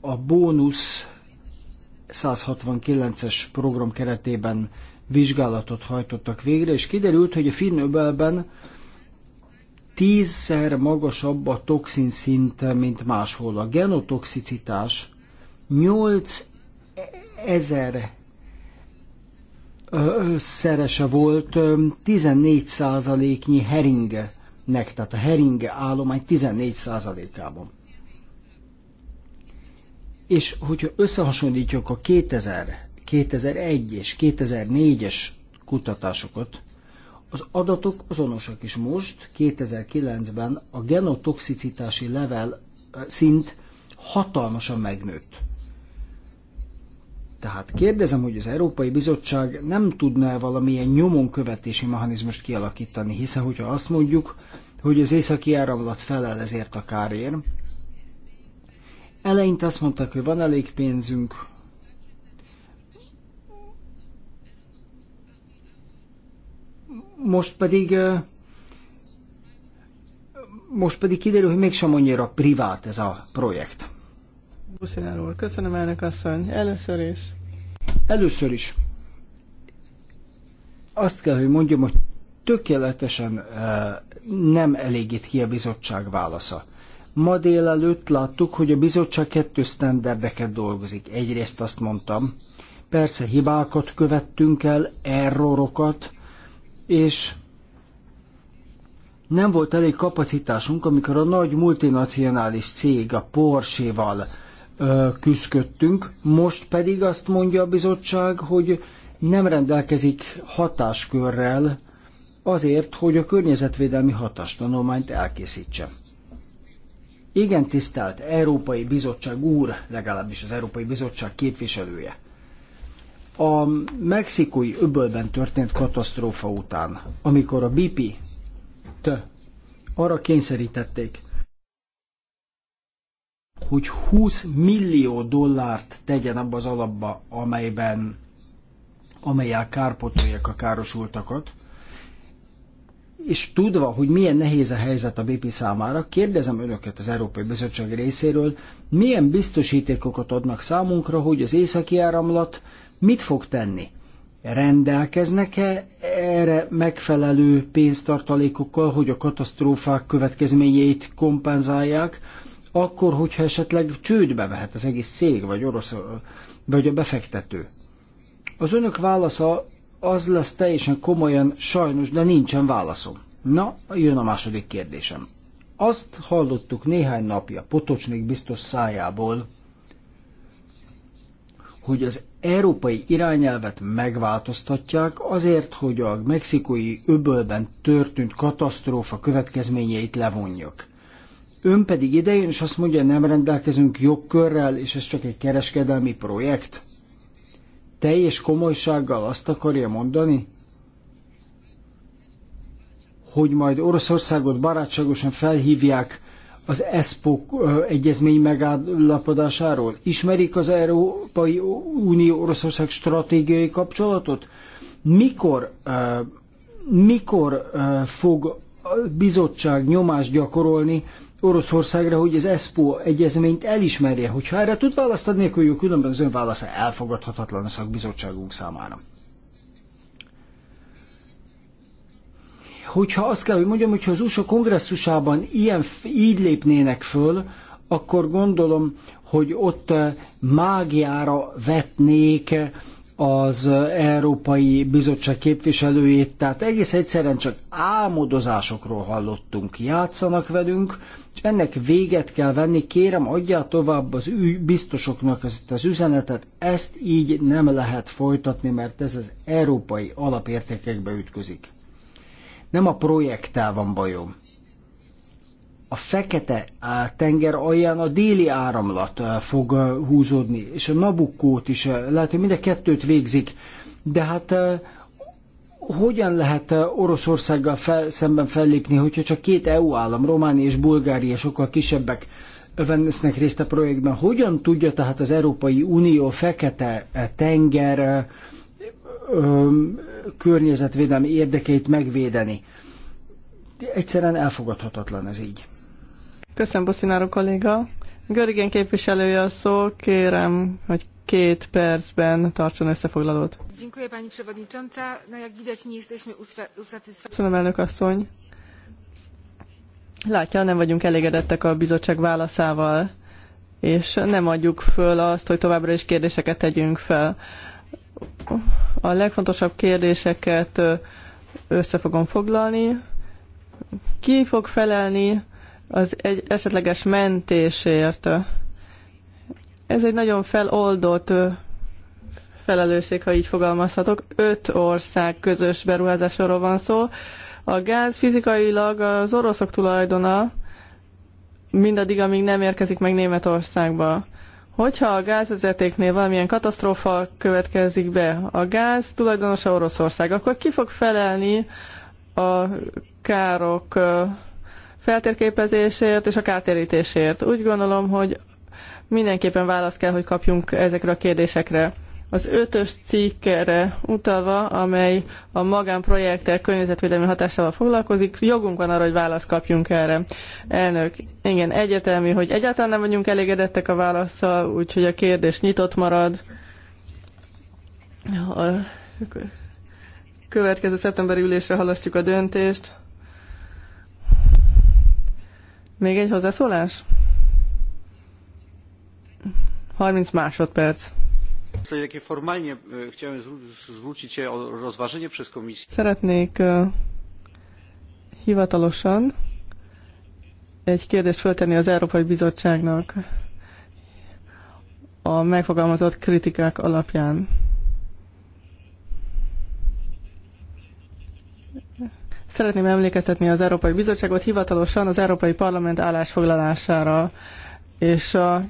a bónusz 169-es program keretében vizsgálatot hajtottak végre, és kiderült, hogy a Finnöbelben tízszer magasabb a toxin szint, mint máshol. A genotoxicitás 8000 szerese volt, 14 százaléknyi heringe nek, tehát a heringe állomány 14%-ában. És hogyha összehasonlítjuk a 2000, 2001 és 2004-es kutatásokat, az adatok azonosak is most, 2009-ben a genotoxicitási level szint hatalmasan megnőtt. Tehát kérdezem, hogy az Európai Bizottság nem tudna-e valamilyen nyomon követési mechanizmust kialakítani, hiszen hogyha azt mondjuk, hogy az északi áramlat felel ezért a kárért, eleinte azt mondták, hogy van elég pénzünk, most pedig most pedig kiderül, hogy mégsem annyira privát ez a projekt. Buszinár köszönöm elnök asszony. Először is. Először is. Azt kell, hogy mondjam, hogy tökéletesen eh, nem elégít ki a bizottság válasza. Ma délelőtt láttuk, hogy a bizottság kettő sztenderdeket dolgozik. Egyrészt azt mondtam, persze hibákat követtünk el, errorokat, és nem volt elég kapacitásunk, amikor a nagy multinacionális cég a Porsche-val, küzdködtünk, most pedig azt mondja a bizottság, hogy nem rendelkezik hatáskörrel azért, hogy a környezetvédelmi hatástanulmányt elkészítse. Igen, tisztelt Európai Bizottság úr, legalábbis az Európai Bizottság képviselője. A mexikói öbölben történt katasztrófa után, amikor a BP-t arra kényszerítették, hogy 20 millió dollárt tegyen abba az alapba, amelyben amelyel kárpotolják a károsultakat, és tudva, hogy milyen nehéz a helyzet a BP számára, kérdezem önöket az Európai Bizottság részéről, milyen biztosítékokat adnak számunkra, hogy az északi áramlat mit fog tenni? Rendelkeznek-e erre megfelelő pénztartalékokkal, hogy a katasztrófák következményeit kompenzálják, akkor, hogyha esetleg csődbe vehet, az egész cég, vagy orosz, vagy a befektető. Az önök válasza az lesz teljesen komolyan, sajnos, de nincsen válaszom. Na, jön a második kérdésem. Azt hallottuk néhány napja Potocsnik biztos szájából, hogy az európai irányelvet megváltoztatják azért, hogy a mexikói öbölben történt katasztrófa következményeit levonjuk. Ön pedig idejön, és azt mondja, nem rendelkezünk jogkörrel, és ez csak egy kereskedelmi projekt? Teljes komolysággal azt akarja mondani, hogy majd Oroszországot barátságosan felhívják az ESPO egyezmény megállapodásáról? Ismerik az Európai Unió Oroszország stratégiai kapcsolatot? Mikor, mikor fog a bizottság nyomást gyakorolni Oroszországra, hogy az ESPO egyezményt elismerje. Hogyha erre tud választ adni, akkor jó, különben az ön válasza elfogadhatatlan a szakbizottságunk számára. Hogyha azt kell, hogy mondjam, hogyha az USA kongresszusában ilyen, így lépnének föl, akkor gondolom, hogy ott eh, mágiára vetnék eh, az Európai Bizottság képviselőjét, tehát egész egyszerűen csak álmodozásokról hallottunk. Játszanak velünk, és ennek véget kell venni, kérem adjál tovább az ügy, biztosoknak ezt az üzenetet, ezt így nem lehet folytatni, mert ez az európai alapértékekbe ütközik. Nem a projekttel van bajom, a fekete tenger alján a déli áramlat fog húzódni, és a Nabukkót is, lehet, hogy mind a kettőt végzik, de hát hogyan lehet Oroszországgal fel, szemben fellépni, hogyha csak két EU állam, Románia és Bulgária sokkal kisebbek vesznek részt a projektben? Hogyan tudja tehát az Európai Unió fekete tenger környezetvédelmi érdekeit megvédeni? Egyszerűen elfogadhatatlan ez így. Köszönöm, Buszináró kolléga. Görigén képviselője a szó, kérem, hogy két percben tartson összefoglalót. Köszönöm, elnök asszony. Látja, nem vagyunk elégedettek a bizottság válaszával, és nem adjuk föl azt, hogy továbbra is kérdéseket tegyünk fel. A legfontosabb kérdéseket össze fogom foglalni. Ki fog felelni az egy esetleges mentésért. Ez egy nagyon feloldott felelősség, ha így fogalmazhatok. Öt ország közös beruházásról van szó. A gáz fizikailag az oroszok tulajdona, mindaddig, amíg nem érkezik meg Németországba. Hogyha a gázvezetéknél valamilyen katasztrófa következik be, a gáz tulajdonosa Oroszország, akkor ki fog felelni a károk feltérképezésért és a kártérítésért. Úgy gondolom, hogy mindenképpen választ kell, hogy kapjunk ezekre a kérdésekre. Az ötös cikkre utalva, amely a magánprojektek környezetvédelmi hatásával foglalkozik, jogunk van arra, hogy választ kapjunk erre. Elnök, igen, egyetemű, hogy egyáltalán nem vagyunk elégedettek a válaszsal, úgyhogy a kérdés nyitott marad. A következő szeptemberi ülésre halasztjuk a döntést. Még egy hozzászólás? 30 másodperc. Szóval, e, Szeretnék uh, hivatalosan egy kérdést föltenni az Európai Bizottságnak a megfogalmazott kritikák alapján. Szeretném emlékeztetni az Európai Bizottságot hivatalosan az Európai Parlament állásfoglalására. És a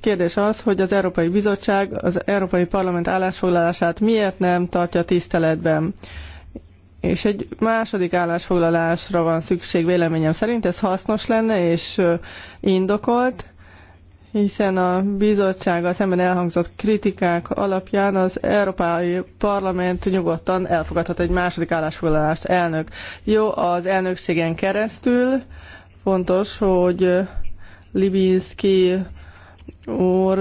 kérdés az, hogy az Európai Bizottság az Európai Parlament állásfoglalását miért nem tartja tiszteletben. És egy második állásfoglalásra van szükség véleményem szerint, ez hasznos lenne és indokolt hiszen a bizottsággal szemben elhangzott kritikák alapján az Európai Parlament nyugodtan elfogadhat egy második állásfoglalást elnök. Jó, az elnökségen keresztül fontos, hogy Libinski úr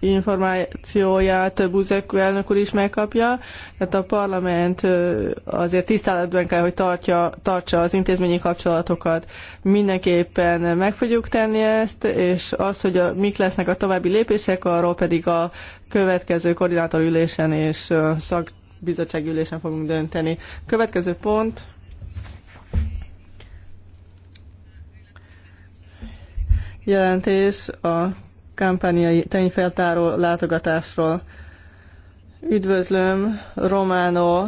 információját több Buzekő elnök úr is megkapja, tehát a parlament azért tiszteletben kell, hogy tartja, tartsa az intézményi kapcsolatokat. Mindenképpen meg fogjuk tenni ezt, és az, hogy a, mik lesznek a további lépések, arról pedig a következő koordinátorülésen és szakbizottságülésen fogunk dönteni. Következő pont. jelentés a kampányai tényfeltáró látogatásról. Üdvözlöm Románó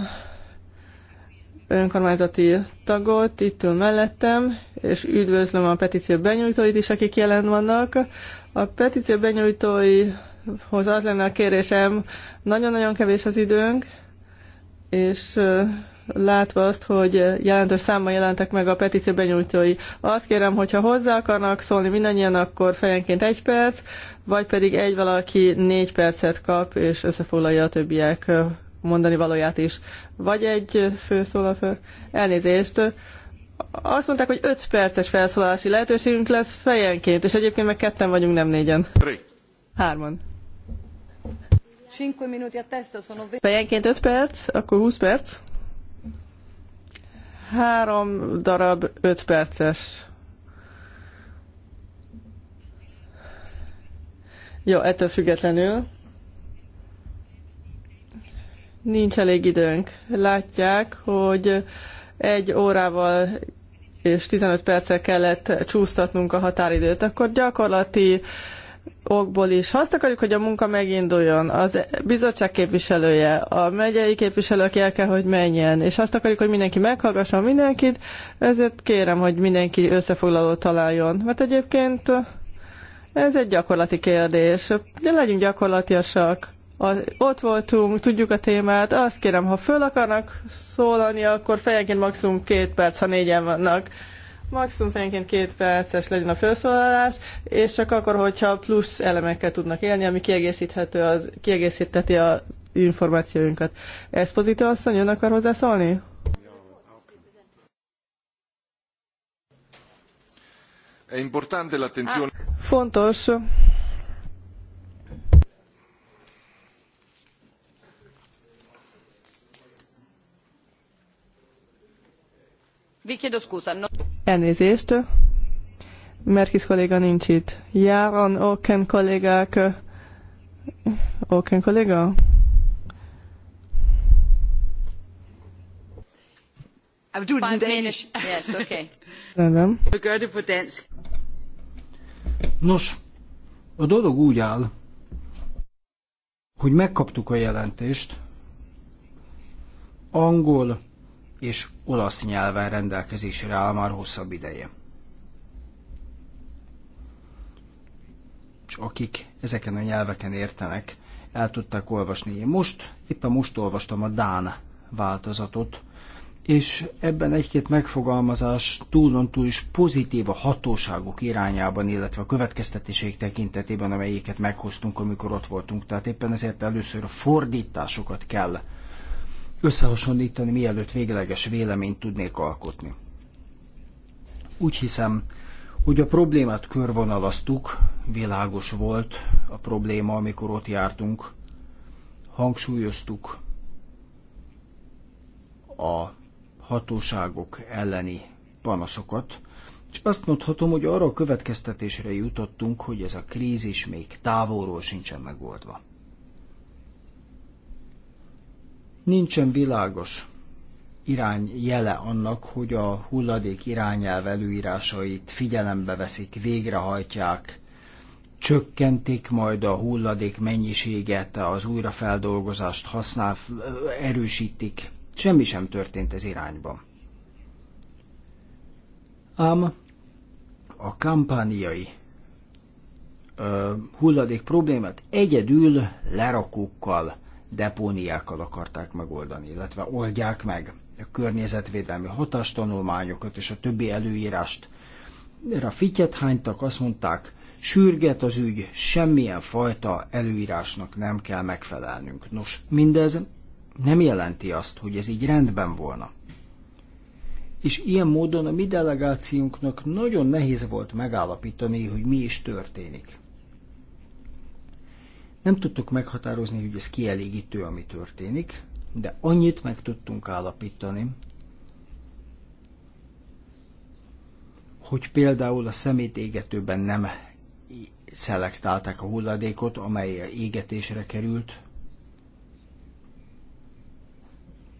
önkormányzati tagot, itt ül mellettem, és üdvözlöm a petíció benyújtóit is, akik jelen vannak. A petíció benyújtóihoz az lenne a kérésem, nagyon-nagyon kevés az időnk, és látva azt, hogy jelentős számban jelentek meg a petíció benyújtói. Azt kérem, hogyha hozzá akarnak szólni mindannyian, akkor fejenként egy perc, vagy pedig egy valaki négy percet kap, és összefoglalja a többiek mondani valóját is. Vagy egy a fel. Elnézést. Azt mondták, hogy öt perces felszólalási lehetőségünk lesz fejenként, és egyébként meg ketten vagyunk, nem négyen. Hárman. Fejenként 5 perc, akkor 20 perc. Három darab öt perces. Jó, ettől függetlenül nincs elég időnk. Látják, hogy egy órával és 15 perccel kellett csúsztatnunk a határidőt, akkor gyakorlati okból is. Ha azt akarjuk, hogy a munka meginduljon, az bizottság képviselője, a megyei képviselő, aki el kell, hogy menjen, és azt akarjuk, hogy mindenki meghallgasson mindenkit, ezért kérem, hogy mindenki összefoglaló találjon. Mert egyébként ez egy gyakorlati kérdés. De legyünk gyakorlatiasak. A, ott voltunk, tudjuk a témát, azt kérem, ha föl akarnak szólani, akkor fejenként maximum két perc, ha négyen vannak. Maximum fejenként két perces legyen a felszólalás, és csak akkor, hogyha plusz elemekkel tudnak élni, ami kiegészíthető, az kiegészítheti a információinkat. Ez pozitív asszony, ön akar hozzászólni? Fontos, Elnézést. Merkis kolléga nincs itt. Járon Oken kollégák... Oken kolléga? I'm doing Five Danish. Yes, okay. Rendben. Gør det på Nos, a dolog úgy áll, hogy megkaptuk a jelentést, angol, és olasz nyelven rendelkezésre áll már hosszabb ideje. És akik ezeken a nyelveken értenek, el tudták olvasni. Én most, éppen most olvastam a Dán változatot, és ebben egy-két megfogalmazás túlon túl is pozitív a hatóságok irányában, illetve a következtetéség tekintetében, amelyeket meghoztunk, amikor ott voltunk. Tehát éppen ezért először a fordításokat kell összehasonlítani, mielőtt végleges véleményt tudnék alkotni. Úgy hiszem, hogy a problémát körvonalaztuk, világos volt a probléma, amikor ott jártunk, hangsúlyoztuk a hatóságok elleni panaszokat, és azt mondhatom, hogy arra a következtetésre jutottunk, hogy ez a krízis még távolról sincsen megoldva. Nincsen világos irány jele annak, hogy a hulladék irányelv előírásait figyelembe veszik, végrehajtják, csökkentik majd a hulladék mennyiséget, az újrafeldolgozást használ, erősítik. Semmi sem történt ez irányban. Ám a kampániai hulladék problémát egyedül lerakókkal depóniákkal akarták megoldani, illetve oldják meg a környezetvédelmi hatástanulmányokat és a többi előírást. Erre fityet hánytak, azt mondták, sürget az ügy, semmilyen fajta előírásnak nem kell megfelelnünk. Nos, mindez nem jelenti azt, hogy ez így rendben volna. És ilyen módon a mi delegációnknak nagyon nehéz volt megállapítani, hogy mi is történik. Nem tudtuk meghatározni, hogy ez kielégítő, ami történik, de annyit meg tudtunk állapítani, hogy például a égetőben nem szelektálták a hulladékot, amely égetésre került.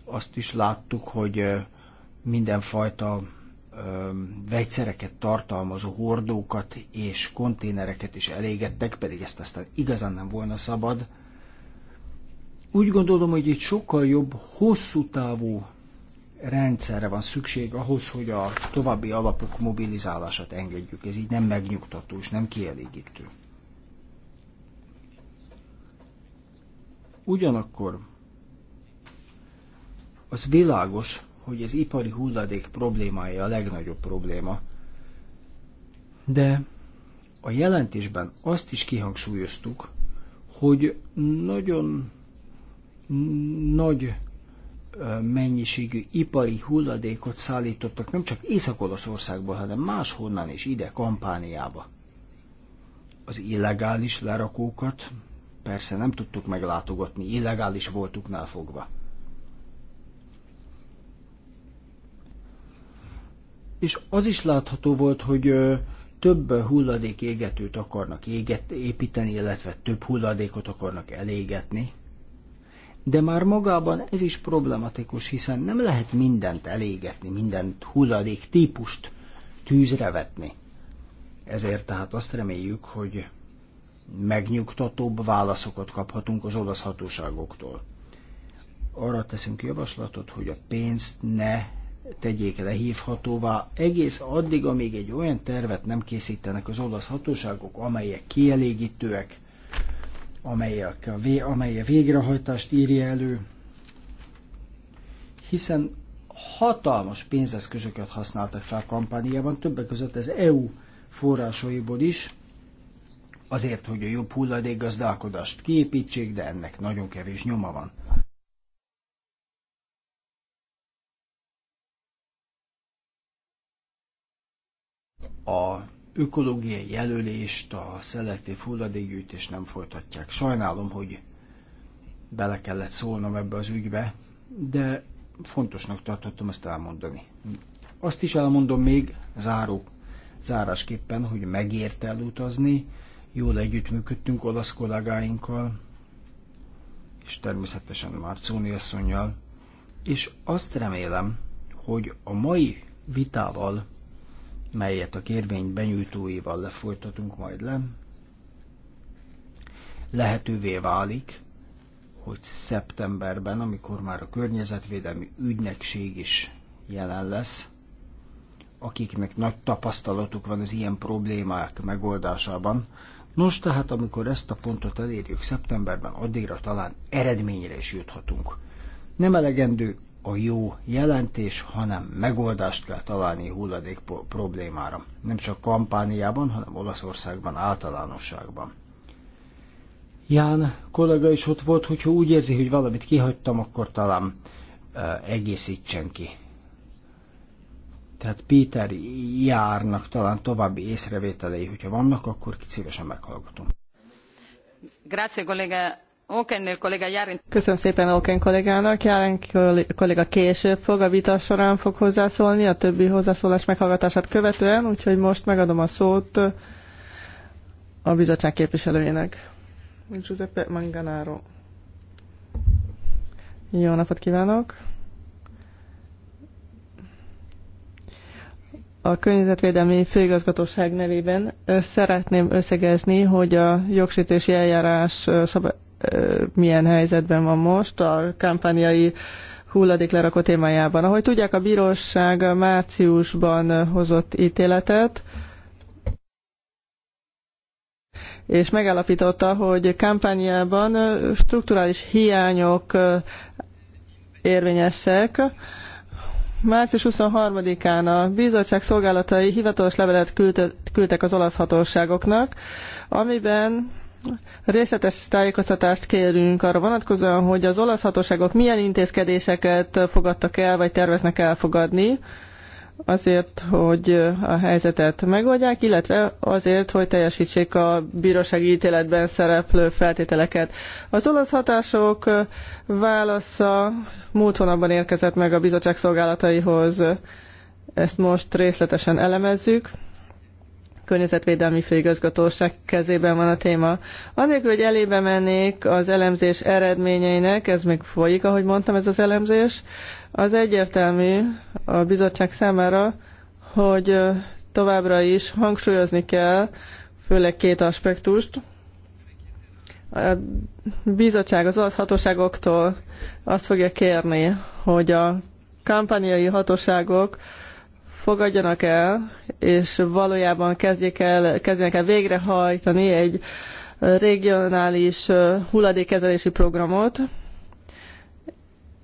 Azt is láttuk, hogy mindenfajta vegyszereket tartalmazó hordókat és konténereket is elégettek, pedig ezt aztán igazán nem volna szabad. Úgy gondolom, hogy egy sokkal jobb, hosszú távú rendszerre van szükség ahhoz, hogy a további alapok mobilizálását engedjük. Ez így nem megnyugtató és nem kielégítő. Ugyanakkor az világos, hogy az ipari hulladék problémája a legnagyobb probléma, de a jelentésben azt is kihangsúlyoztuk, hogy nagyon nagy mennyiségű ipari hulladékot szállítottak nem csak Észak-Olaszországból, hanem máshonnan is ide, Kampániába. Az illegális lerakókat persze nem tudtuk meglátogatni, illegális voltuknál fogva. és az is látható volt, hogy több hulladék égetőt akarnak éget, építeni, illetve több hulladékot akarnak elégetni. De már magában ez is problematikus, hiszen nem lehet mindent elégetni, mindent hulladék típust tűzre vetni. Ezért tehát azt reméljük, hogy megnyugtatóbb válaszokat kaphatunk az olasz hatóságoktól. Arra teszünk javaslatot, hogy a pénzt ne tegyék lehívhatóvá egész addig, amíg egy olyan tervet nem készítenek az olasz hatóságok, amelyek kielégítőek, amelyek, a amely a végrehajtást írja elő, hiszen hatalmas pénzeszközöket használtak fel kampányában, többek között az EU forrásaiból is, azért, hogy a jobb gazdálkodást kiépítsék, de ennek nagyon kevés nyoma van. a ökológiai jelölést, a szelektív hulladékgyűjtést nem folytatják. Sajnálom, hogy bele kellett szólnom ebbe az ügybe, de fontosnak tartottam ezt elmondani. Azt is elmondom még záró, zárásképpen, hogy megért elutazni, jól együttműködtünk olasz kollégáinkkal, és természetesen Márcóni asszonynal, és azt remélem, hogy a mai vitával melyet a kérvény benyújtóival lefolytatunk majd le, lehetővé válik, hogy szeptemberben, amikor már a környezetvédelmi ügynökség is jelen lesz, akiknek nagy tapasztalatuk van az ilyen problémák megoldásában. Nos, tehát amikor ezt a pontot elérjük szeptemberben, addigra talán eredményre is juthatunk. Nem elegendő a jó jelentés, hanem megoldást kell találni hulladék problémára. Nem csak kampániában, hanem Olaszországban általánosságban. Ján kollega is ott volt, hogyha úgy érzi, hogy valamit kihagytam, akkor talán uh, egészítsen ki. Tehát Péter járnak talán további észrevételei, hogyha vannak, akkor szívesen meghallgatom. Grazie, kollega. Köszönöm szépen Oken kollégának. Jelen kolléga később fog, a vita során fog hozzászólni, a többi hozzászólás meghallgatását követően, úgyhogy most megadom a szót a bizottság képviselőjének. Giuseppe Manganaro. Jó napot kívánok! a Környezetvédelmi Főigazgatóság nevében szeretném összegezni, hogy a jogsítési eljárás milyen helyzetben van most a kampányai hulladéklerakó témájában. Ahogy tudják, a bíróság márciusban hozott ítéletet, és megállapította, hogy kampányában strukturális hiányok érvényesek. Március 23-án a bizottság szolgálatai hivatalos levelet küldtek az olasz hatóságoknak, amiben Részletes tájékoztatást kérünk arra vonatkozóan, hogy az olasz hatóságok milyen intézkedéseket fogadtak el, vagy terveznek elfogadni, azért, hogy a helyzetet megoldják, illetve azért, hogy teljesítsék a bírósági ítéletben szereplő feltételeket. Az olasz hatások válasza múlt hónapban érkezett meg a bizottság szolgálataihoz. Ezt most részletesen elemezzük környezetvédelmi főigazgatóság kezében van a téma. Anélkül, hogy elébe mennék az elemzés eredményeinek, ez még folyik, ahogy mondtam, ez az elemzés, az egyértelmű a bizottság számára, hogy továbbra is hangsúlyozni kell, főleg két aspektust. A bizottság az olasz hatóságoktól azt fogja kérni, hogy a kampányai hatóságok fogadjanak el, és valójában kezdjék el, kezdjenek el végrehajtani egy regionális hulladékkezelési programot,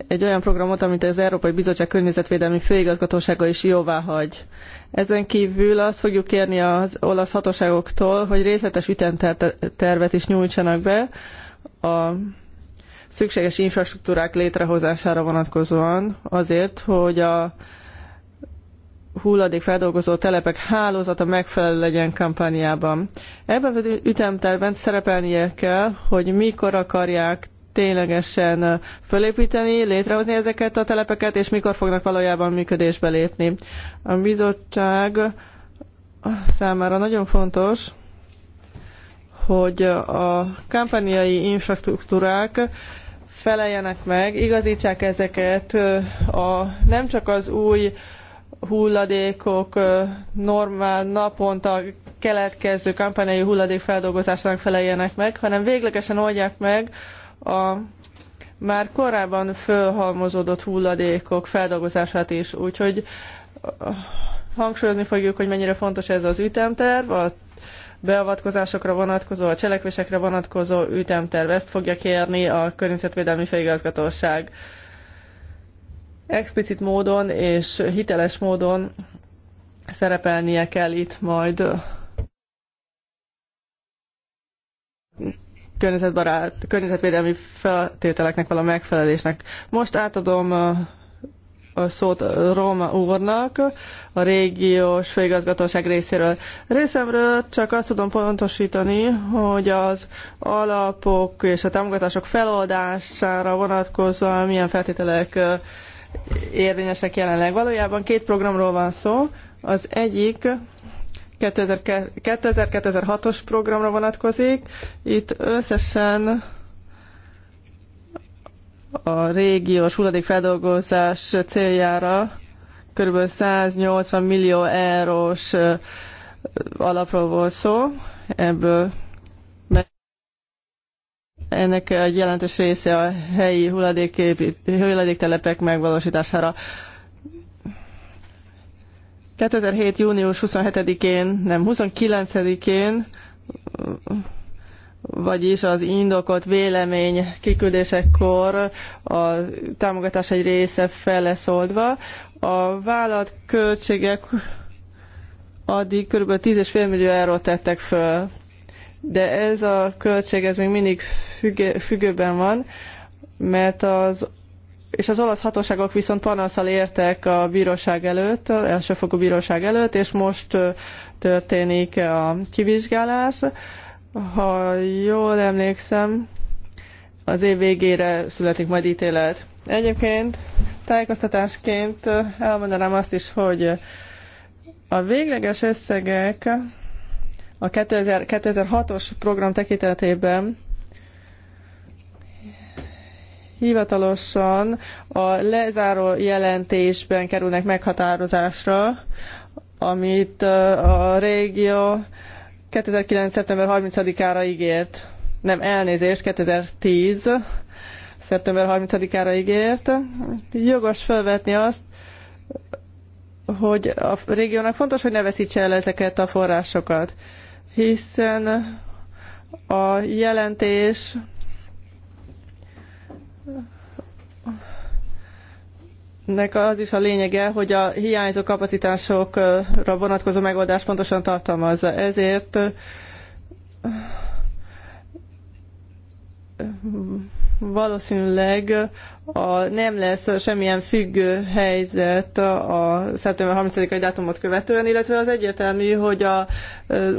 egy olyan programot, amit az Európai Bizottság Környezetvédelmi Főigazgatósága is jóváhagy. Ezen kívül azt fogjuk kérni az olasz hatóságoktól, hogy részletes ütemtervet is nyújtsanak be a szükséges infrastruktúrák létrehozására vonatkozóan azért, hogy a hulladékfeldolgozó telepek hálózata megfelelő legyen kampányában. Ebben az ütemterben szerepelnie kell, hogy mikor akarják ténylegesen fölépíteni, létrehozni ezeket a telepeket, és mikor fognak valójában működésbe lépni. A bizottság számára nagyon fontos, hogy a kampányai infrastruktúrák feleljenek meg, igazítsák ezeket a, nem csak az új hulladékok normál naponta keletkező kampányai hulladékfeldolgozásának feleljenek meg, hanem véglegesen oldják meg a már korábban fölhalmozódott hulladékok feldolgozását is. Úgyhogy hangsúlyozni fogjuk, hogy mennyire fontos ez az ütemterv, a beavatkozásokra vonatkozó, a cselekvésekre vonatkozó ütemterv. Ezt fogja kérni a Környezetvédelmi Főigazgatóság explicit módon és hiteles módon szerepelnie kell itt majd környezetbarát, környezetvédelmi feltételeknek való megfelelésnek. Most átadom a szót Róma úrnak, a régiós főigazgatóság részéről. Részemről csak azt tudom pontosítani, hogy az alapok és a támogatások feloldására vonatkozóan milyen feltételek érvényesek jelenleg. Valójában két programról van szó. Az egyik 2000-2006-os programra vonatkozik. Itt összesen a régiós hulladékfeldolgozás céljára kb. 180 millió eurós alapról volt szó, ebből ennek egy jelentős része a helyi hulladéktelepek megvalósítására. 2007. június 27-én, nem 29-én, vagyis az indokolt vélemény kiküldésekor a támogatás egy része feleszoldva. A vállalat költségek addig kb. 10,5 millió eurót tettek föl de ez a költség ez még mindig függe, függőben van, mert az és az olasz hatóságok viszont panaszal értek a bíróság előtt, elsőfokú bíróság előtt, és most történik a kivizsgálás. Ha jól emlékszem, az év végére születik majd ítélet. Egyébként tájékoztatásként elmondanám azt is, hogy a végleges összegek a 2000, 2006-os program tekintetében hivatalosan a lezáró jelentésben kerülnek meghatározásra, amit a régió 2009. szeptember 30-ára ígért. Nem, elnézést, 2010 szeptember 30-ára ígért. Jogos felvetni azt, hogy a régiónak fontos, hogy ne veszítse el ezeket a forrásokat hiszen a jelentés nek az is a lényege, hogy a hiányzó kapacitásokra vonatkozó megoldás pontosan tartalmazza. Ezért valószínűleg a, nem lesz semmilyen függő helyzet a szeptember 30-ai dátumot követően, illetve az egyértelmű, hogy a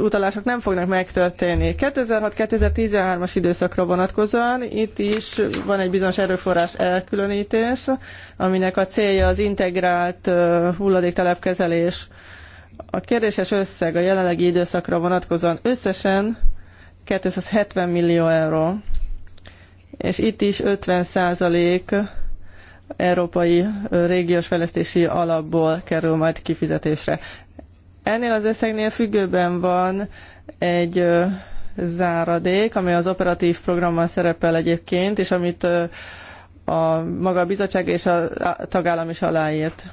utalások nem fognak megtörténni. 2006-2013-as időszakra vonatkozóan itt is van egy bizonyos erőforrás elkülönítés, aminek a célja az integrált hulladéktelepkezelés. A kérdéses összeg a jelenlegi időszakra vonatkozóan összesen 270 millió euró és itt is 50 százalék európai régiós fejlesztési alapból kerül majd kifizetésre. Ennél az összegnél függőben van egy záradék, ami az operatív programban szerepel egyébként, és amit a maga a bizottság és a tagállam is aláírt.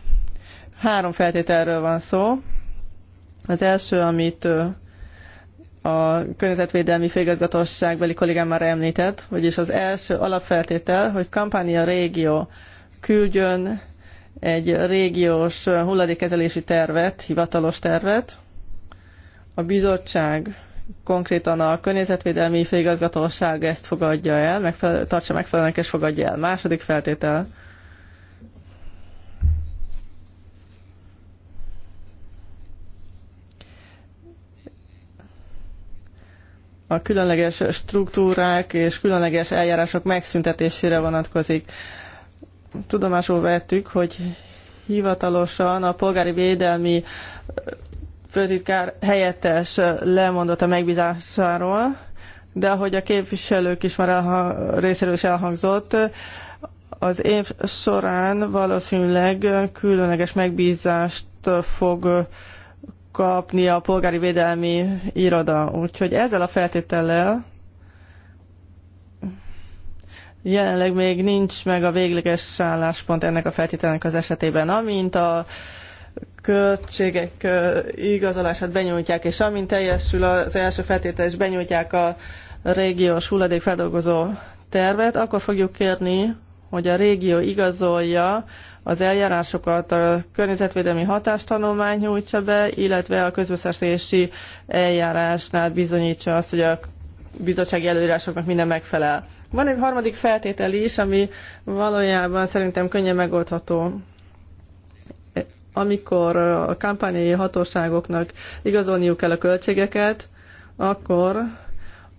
Három feltételről van szó. Az első, amit a környezetvédelmi főigazgatóságbeli kollégám már említett, vagyis az első alapfeltétel, hogy kampánia régió küldjön egy régiós hulladékkezelési tervet, hivatalos tervet. A bizottság konkrétan a környezetvédelmi főigazgatóság ezt fogadja el, megfele- tartsa megfelelőnek és fogadja el. Második feltétel, a különleges struktúrák és különleges eljárások megszüntetésére vonatkozik. Tudomásul vettük, hogy hivatalosan a polgári védelmi főtitkár helyettes lemondott a megbízásáról, de ahogy a képviselők is már elha- részéről is elhangzott, az év során valószínűleg különleges megbízást fog kapni a polgári védelmi iroda. Úgyhogy ezzel a feltétellel jelenleg még nincs meg a végleges álláspont ennek a feltételnek az esetében. Amint a költségek igazolását benyújtják, és amint teljesül az első feltétel, és benyújtják a régiós hulladékfeldolgozó tervet, akkor fogjuk kérni, hogy a régió igazolja az eljárásokat a környezetvédelmi hatástanulmány nyújtsa be, illetve a közbeszerzési eljárásnál bizonyítsa azt, hogy a bizottsági előírásoknak minden megfelel. Van egy harmadik feltétel is, ami valójában szerintem könnyen megoldható amikor a kampányi hatóságoknak igazolniuk kell a költségeket, akkor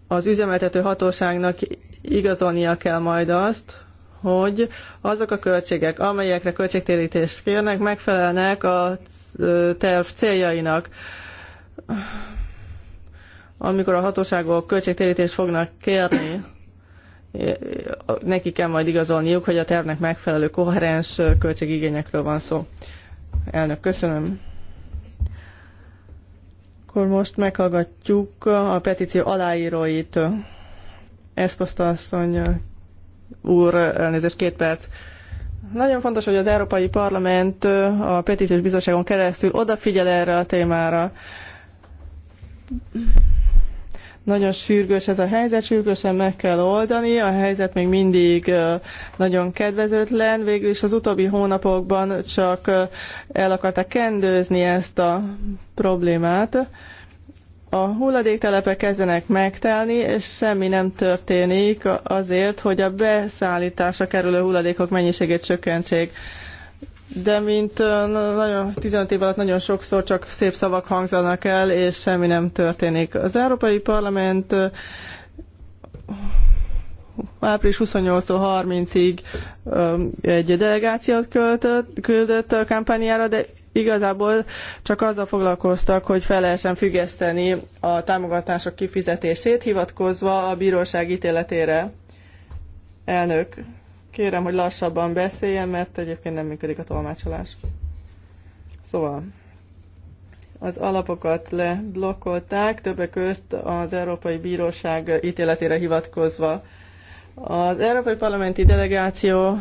az üzemeltető hatóságnak igazolnia kell majd azt, hogy azok a költségek, amelyekre költségtérítést kérnek, megfelelnek a terv céljainak. Amikor a hatóságok költségtérítést fognak kérni, neki kell majd igazolniuk, hogy a tervnek megfelelő koherens költségigényekről van szó. Elnök, köszönöm. Akkor most meghallgatjuk a petíció aláíróit. Eszposzta asszony úr, elnézést, két perc. Nagyon fontos, hogy az Európai Parlament a Petíciós Bizottságon keresztül odafigyel erre a témára. Nagyon sürgős ez a helyzet, sürgősen meg kell oldani, a helyzet még mindig nagyon kedvezőtlen, végül is az utóbbi hónapokban csak el akarták kendőzni ezt a problémát a hulladéktelepek kezdenek megtelni, és semmi nem történik azért, hogy a beszállításra kerülő hulladékok mennyiségét csökkentsék. De mint nagyon, 15 év alatt nagyon sokszor csak szép szavak hangzanak el, és semmi nem történik. Az Európai Parlament április 28-tól 30-ig egy delegációt költött, küldött a kampányára, de igazából csak azzal foglalkoztak, hogy fel lehessen függeszteni a támogatások kifizetését, hivatkozva a bíróság ítéletére. Elnök, kérem, hogy lassabban beszéljen, mert egyébként nem működik a tolmácsolás. Szóval az alapokat leblokkolták, többek közt az Európai Bíróság ítéletére hivatkozva. Az Európai Parlamenti Delegáció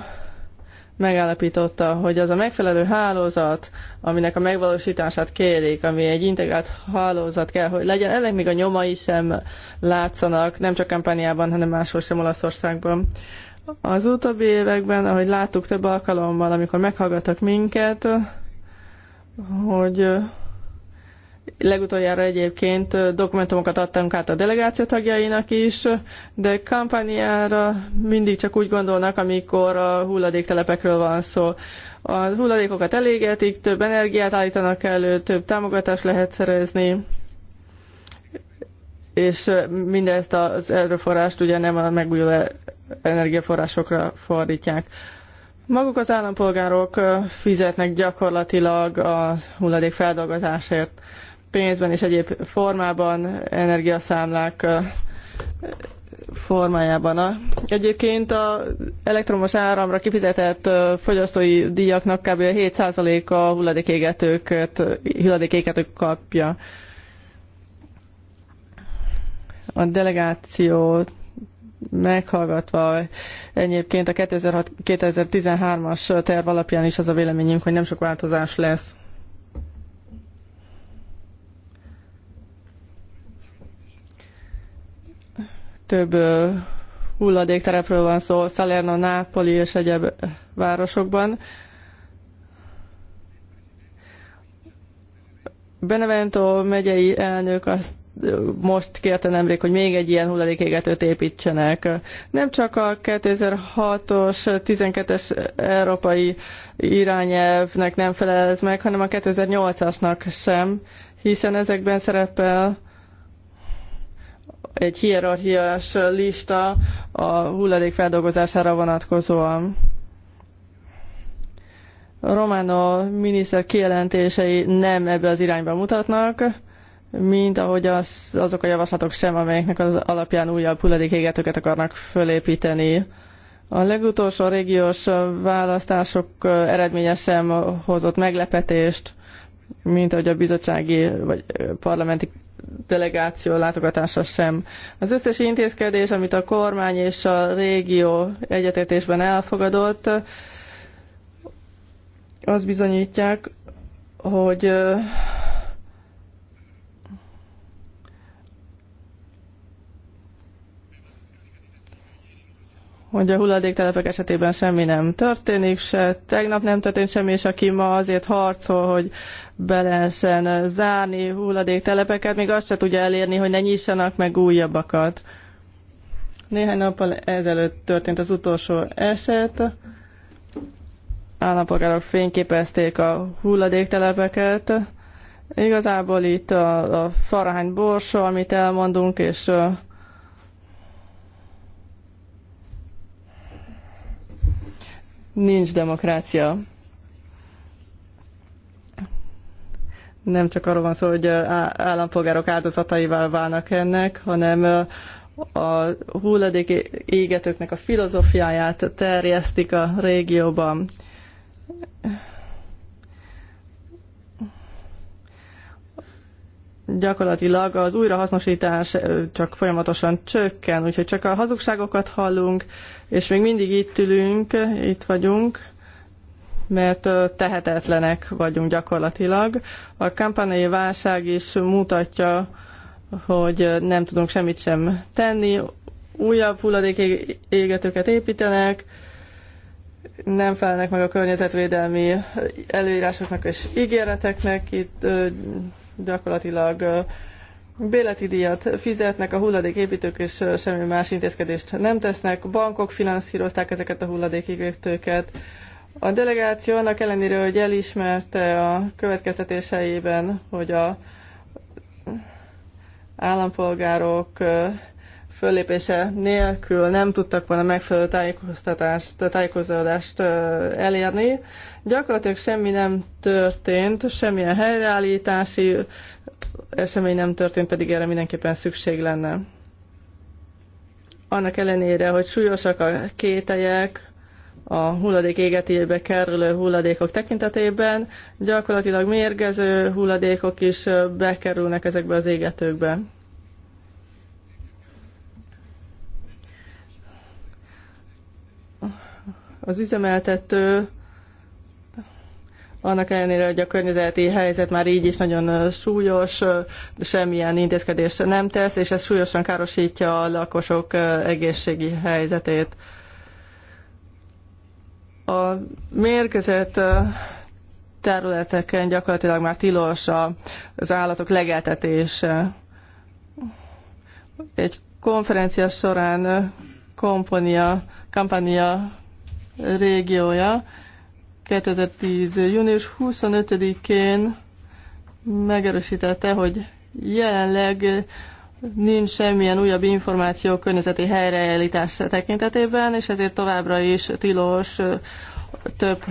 megállapította, hogy az a megfelelő hálózat, aminek a megvalósítását kérik, ami egy integrált hálózat kell, hogy legyen, ennek még a nyomai sem látszanak, nem csak kampányában, hanem máshol sem Olaszországban. Az utóbbi években, ahogy láttuk több alkalommal, amikor meghallgattak minket, hogy Legutoljára egyébként dokumentumokat adtunk át a delegáció tagjainak is, de kampányára mindig csak úgy gondolnak, amikor a hulladéktelepekről van szó. A hulladékokat elégetik, több energiát állítanak elő, több támogatást lehet szerezni, és mindezt az erőforrást ugye nem a megújuló energiaforrásokra fordítják. Maguk az állampolgárok fizetnek gyakorlatilag a hulladék feldolgozásért pénzben és egyéb formában, energiaszámlák formájában. Egyébként a elektromos áramra kifizetett fogyasztói díjaknak kb. 7%-a hulladékégetőket, hulladékégetők kapja. A delegáció meghallgatva egyébként a 2013-as terv alapján is az a véleményünk, hogy nem sok változás lesz. több hulladékterepről van szó, Salerno, Nápoli és egyéb városokban. Benevento megyei elnök azt most kérte nemrég, hogy még egy ilyen hulladékégetőt építsenek. Nem csak a 2006-os 12-es európai irányelvnek nem felelez meg, hanem a 2008-asnak sem, hiszen ezekben szerepel egy hierarchiás lista a hulladék feldolgozására vonatkozóan. Romano miniszter kijelentései nem ebbe az irányba mutatnak, mint ahogy az, azok a javaslatok sem, amelyeknek az alapján újabb hulladékégetőket akarnak fölépíteni. A legutolsó régiós választások eredménye sem hozott meglepetést, mint ahogy a bizottsági vagy parlamenti delegáció látogatása sem. Az összes intézkedés, amit a kormány és a régió egyetértésben elfogadott, az bizonyítják, hogy hogy a hulladéktelepek esetében semmi nem történik, se tegnap nem történt semmi, és aki ma azért harcol, hogy be lehessen zárni hulladéktelepeket, még azt se tudja elérni, hogy ne nyissanak meg újabbakat. Néhány nappal ezelőtt történt az utolsó eset. Állampolgárok fényképezték a hulladéktelepeket. Igazából itt a, a farahány borsó, amit elmondunk, és nincs demokrácia. Nem csak arról van szó, hogy állampolgárok áldozataivá válnak ennek, hanem a hulladék égetőknek a filozófiáját terjesztik a régióban. gyakorlatilag az újrahasznosítás csak folyamatosan csökken, úgyhogy csak a hazugságokat hallunk, és még mindig itt ülünk, itt vagyunk, mert tehetetlenek vagyunk gyakorlatilag. A kampányi válság is mutatja, hogy nem tudunk semmit sem tenni, újabb hulladék égetőket építenek, nem felelnek meg a környezetvédelmi előírásoknak és ígéreteknek, itt gyakorlatilag béleti díjat fizetnek, a hulladéképítők és semmi más intézkedést nem tesznek. Bankok finanszírozták ezeket a hulladéképítőket. A delegáció annak ellenére, hogy elismerte a következtetéseiben, hogy a állampolgárok föllépése nélkül nem tudtak volna megfelelő tájékoztatást, tájékozódást elérni. Gyakorlatilag semmi nem történt, semmilyen helyreállítási esemény nem történt, pedig erre mindenképpen szükség lenne. Annak ellenére, hogy súlyosak a kételyek, a hulladék égetébe kerülő hulladékok tekintetében, gyakorlatilag mérgező hulladékok is bekerülnek ezekbe az égetőkbe. Az üzemeltető annak ellenére, hogy a környezeti helyzet már így is nagyon súlyos, semmilyen intézkedést nem tesz, és ez súlyosan károsítja a lakosok egészségi helyzetét. A mérgezett területeken gyakorlatilag már tilos az állatok legeltetése. Egy konferencia során kompania, kampania régiója 2010. június 25-én megerősítette, hogy jelenleg nincs semmilyen újabb információ környezeti helyreállítás tekintetében, és ezért továbbra is tilos több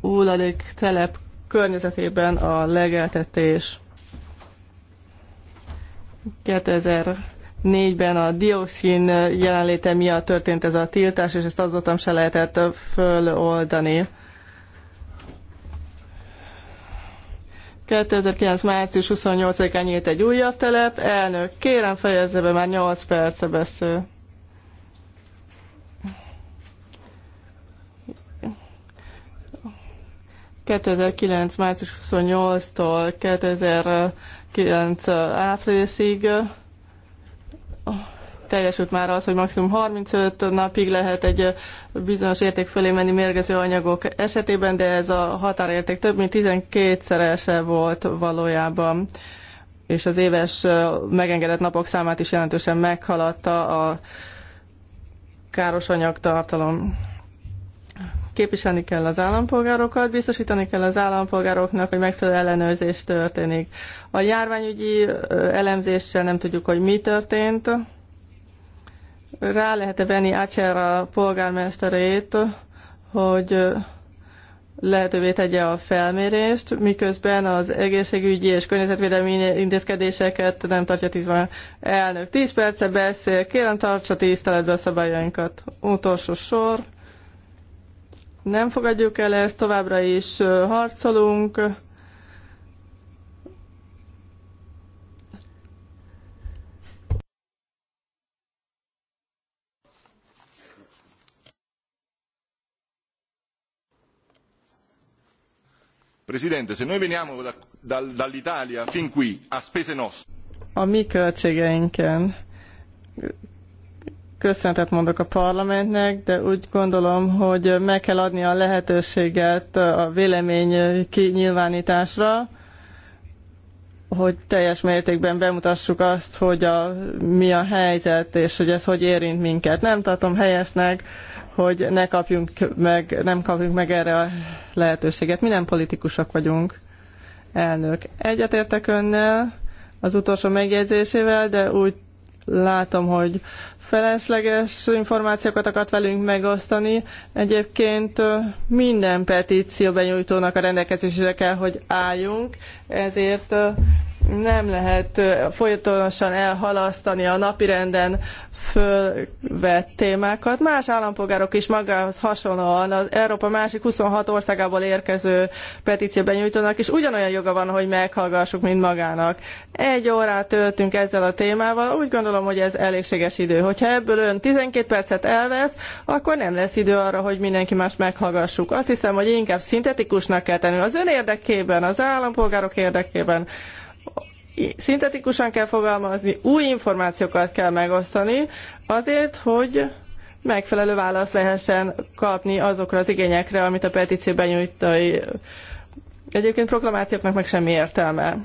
hulladék telep környezetében a legeltetés. 2000 négyben a dioxin jelenléte miatt történt ez a tiltás, és ezt azóta se lehetett föloldani. 2009. március 28-án nyílt egy újabb telep. Elnök, kérem fejezze be, már 8 perce beszél. ...2009. március 28-tól 2009. áprilisig teljesült már az, hogy maximum 35 napig lehet egy bizonyos érték fölé menni mérgező anyagok esetében, de ez a határérték több mint 12-szerese volt valójában és az éves megengedett napok számát is jelentősen meghaladta a káros anyagtartalom. Képviselni kell az állampolgárokat, biztosítani kell az állampolgároknak, hogy megfelelő ellenőrzés történik. A járványügyi elemzéssel nem tudjuk, hogy mi történt. Rá lehet-e venni Ácser a polgármesterét, hogy lehetővé tegye a felmérést, miközben az egészségügyi és környezetvédelmi intézkedéseket nem tartja tízben. Elnök Tíz perce beszél, kérem tartsa tiszteletbe a szabályainkat. Utolsó sor nem fogadjuk el ezt, továbbra is harcolunk. Presidente, se noi veniamo da, dal, dall'Italia fin qui a spese nostre. A mi költségeinken köszöntet mondok a parlamentnek, de úgy gondolom, hogy meg kell adni a lehetőséget a vélemény kinyilvánításra, hogy teljes mértékben bemutassuk azt, hogy a, mi a helyzet, és hogy ez hogy érint minket. Nem tartom helyesnek, hogy ne kapjunk meg, nem kapjunk meg erre a lehetőséget. Mi nem politikusok vagyunk, elnök. Egyetértek önnel az utolsó megjegyzésével, de úgy látom, hogy felesleges információkat akart velünk megosztani. Egyébként minden petíció benyújtónak a rendelkezésre kell, hogy álljunk, ezért nem lehet folytonosan elhalasztani a napirenden fölvett témákat. Más állampolgárok is magához hasonlóan az Európa másik 26 országából érkező petíció benyújtanak, és ugyanolyan joga van, hogy meghallgassuk, mint magának. Egy órát töltünk ezzel a témával, úgy gondolom, hogy ez elégséges idő. Hogyha ebből ön 12 percet elvesz, akkor nem lesz idő arra, hogy mindenki más meghallgassuk. Azt hiszem, hogy inkább szintetikusnak kell tenni az ön érdekében, az állampolgárok érdekében, szintetikusan kell fogalmazni, új információkat kell megosztani, azért, hogy megfelelő választ lehessen kapni azokra az igényekre, amit a petíció benyújtai. Egyébként proklamációknak meg semmi értelme.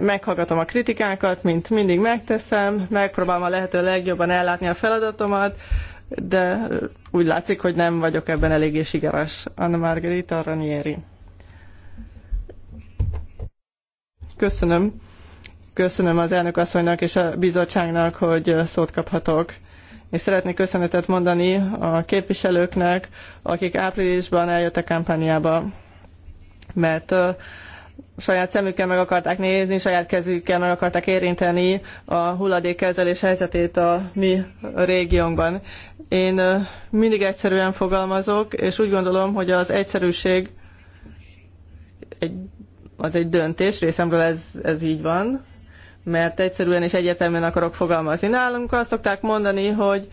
Meghallgatom a kritikákat, mint mindig megteszem, megpróbálom a lehető legjobban ellátni a feladatomat, de úgy látszik, hogy nem vagyok ebben eléggé sikeres. Anna Margarita Ranieri. Köszönöm. Köszönöm az elnök asszonynak és a bizottságnak, hogy szót kaphatok. És szeretnék köszönetet mondani a képviselőknek, akik áprilisban eljöttek kampányába, mert saját szemükkel meg akarták nézni, saját kezükkel meg akarták érinteni a hulladékkezelés helyzetét a mi régiónkban. Én mindig egyszerűen fogalmazok, és úgy gondolom, hogy az egyszerűség egy az egy döntés, részemről ez, ez így van, mert egyszerűen és egyértelműen akarok fogalmazni. Nálunk azt szokták mondani, hogy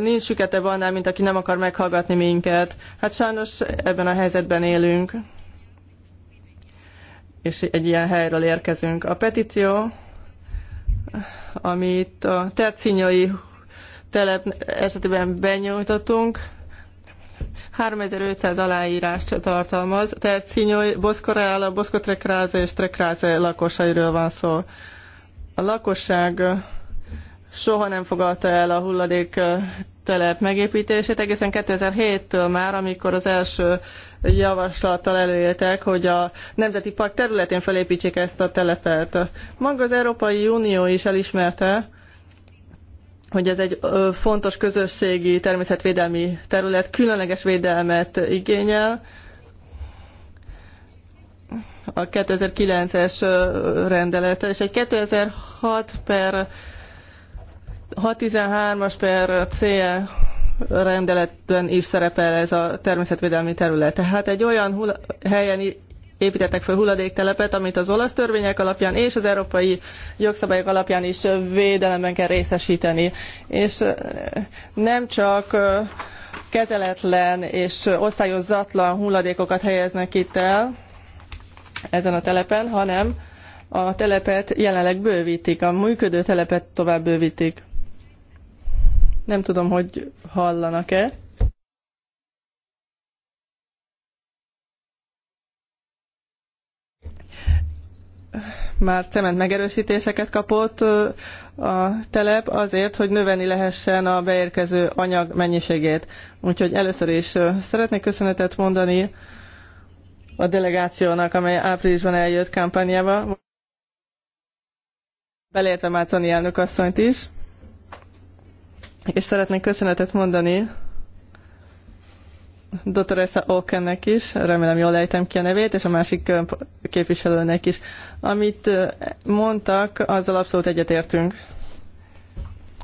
nincs sükete van mint aki nem akar meghallgatni minket. Hát sajnos ebben a helyzetben élünk, és egy ilyen helyről érkezünk. A petíció, amit a tercinyai telep esetében benyújtottunk, 3500 aláírást tartalmaz. Tercinyó, Boszkoreála, Boszkotrekráze és Trekráze lakosairól van szó. A lakosság soha nem fogadta el a hulladék telep megépítését egészen 2007-től már, amikor az első javaslattal előéltek, hogy a Nemzeti Park területén felépítsék ezt a telepet. Maga az Európai Unió is elismerte, hogy ez egy fontos közösségi természetvédelmi terület, különleges védelmet igényel. A 2009-es rendelet, és egy 2006 per 613-as per CE rendeletben is szerepel ez a természetvédelmi terület. Tehát egy olyan helyen építettek föl hulladéktelepet, amit az olasz törvények alapján és az európai jogszabályok alapján is védelemben kell részesíteni. És nem csak kezeletlen és osztályozatlan hulladékokat helyeznek itt el ezen a telepen, hanem a telepet jelenleg bővítik, a működő telepet tovább bővítik. Nem tudom, hogy hallanak-e. már cement megerősítéseket kapott a telep azért, hogy növelni lehessen a beérkező anyag mennyiségét. Úgyhogy először is szeretnék köszönetet mondani a delegációnak, amely áprilisban eljött kampányába, belértve Mácani elnök asszonyt is, és szeretnék köszönetet mondani Dottoressa Okennek is, remélem jól lejtem ki a nevét, és a másik képviselőnek is. Amit mondtak, azzal abszolút egyetértünk.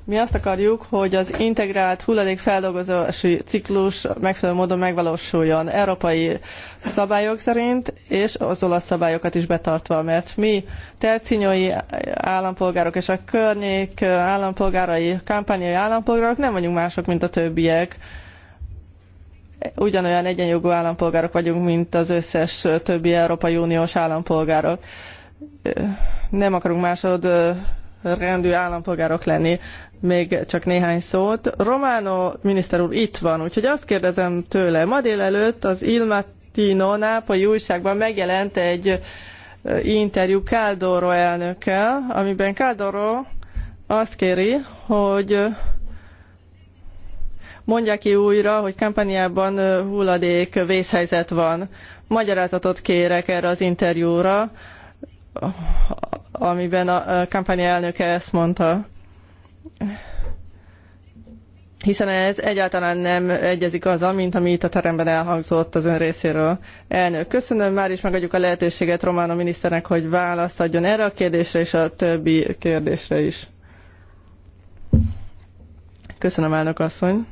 Mi azt akarjuk, hogy az integrált hulladékfeldolgozási ciklus megfelelő módon megvalósuljon európai szabályok szerint, és az olasz szabályokat is betartva, mert mi tercinyói állampolgárok és a környék állampolgárai, kampányai állampolgárok nem vagyunk mások, mint a többiek ugyanolyan egyenjogú állampolgárok vagyunk, mint az összes többi Európai Uniós állampolgárok. Nem akarunk másod rendű állampolgárok lenni. Még csak néhány szót. Romano miniszter úr itt van, úgyhogy azt kérdezem tőle. Ma délelőtt az Il Mattino nápolyi újságban megjelent egy interjú Caldoro elnökkel, amiben Caldoro azt kéri, hogy Mondják ki újra, hogy kampányában hulladék vészhelyzet van. Magyarázatot kérek erre az interjúra, amiben a kampány elnöke ezt mondta hiszen ez egyáltalán nem egyezik azzal, mint ami itt a teremben elhangzott az ön részéről. Elnök, köszönöm, már is megadjuk a lehetőséget Román a miniszternek, hogy választ adjon erre a kérdésre és a többi kérdésre is. Köszönöm, elnök asszony.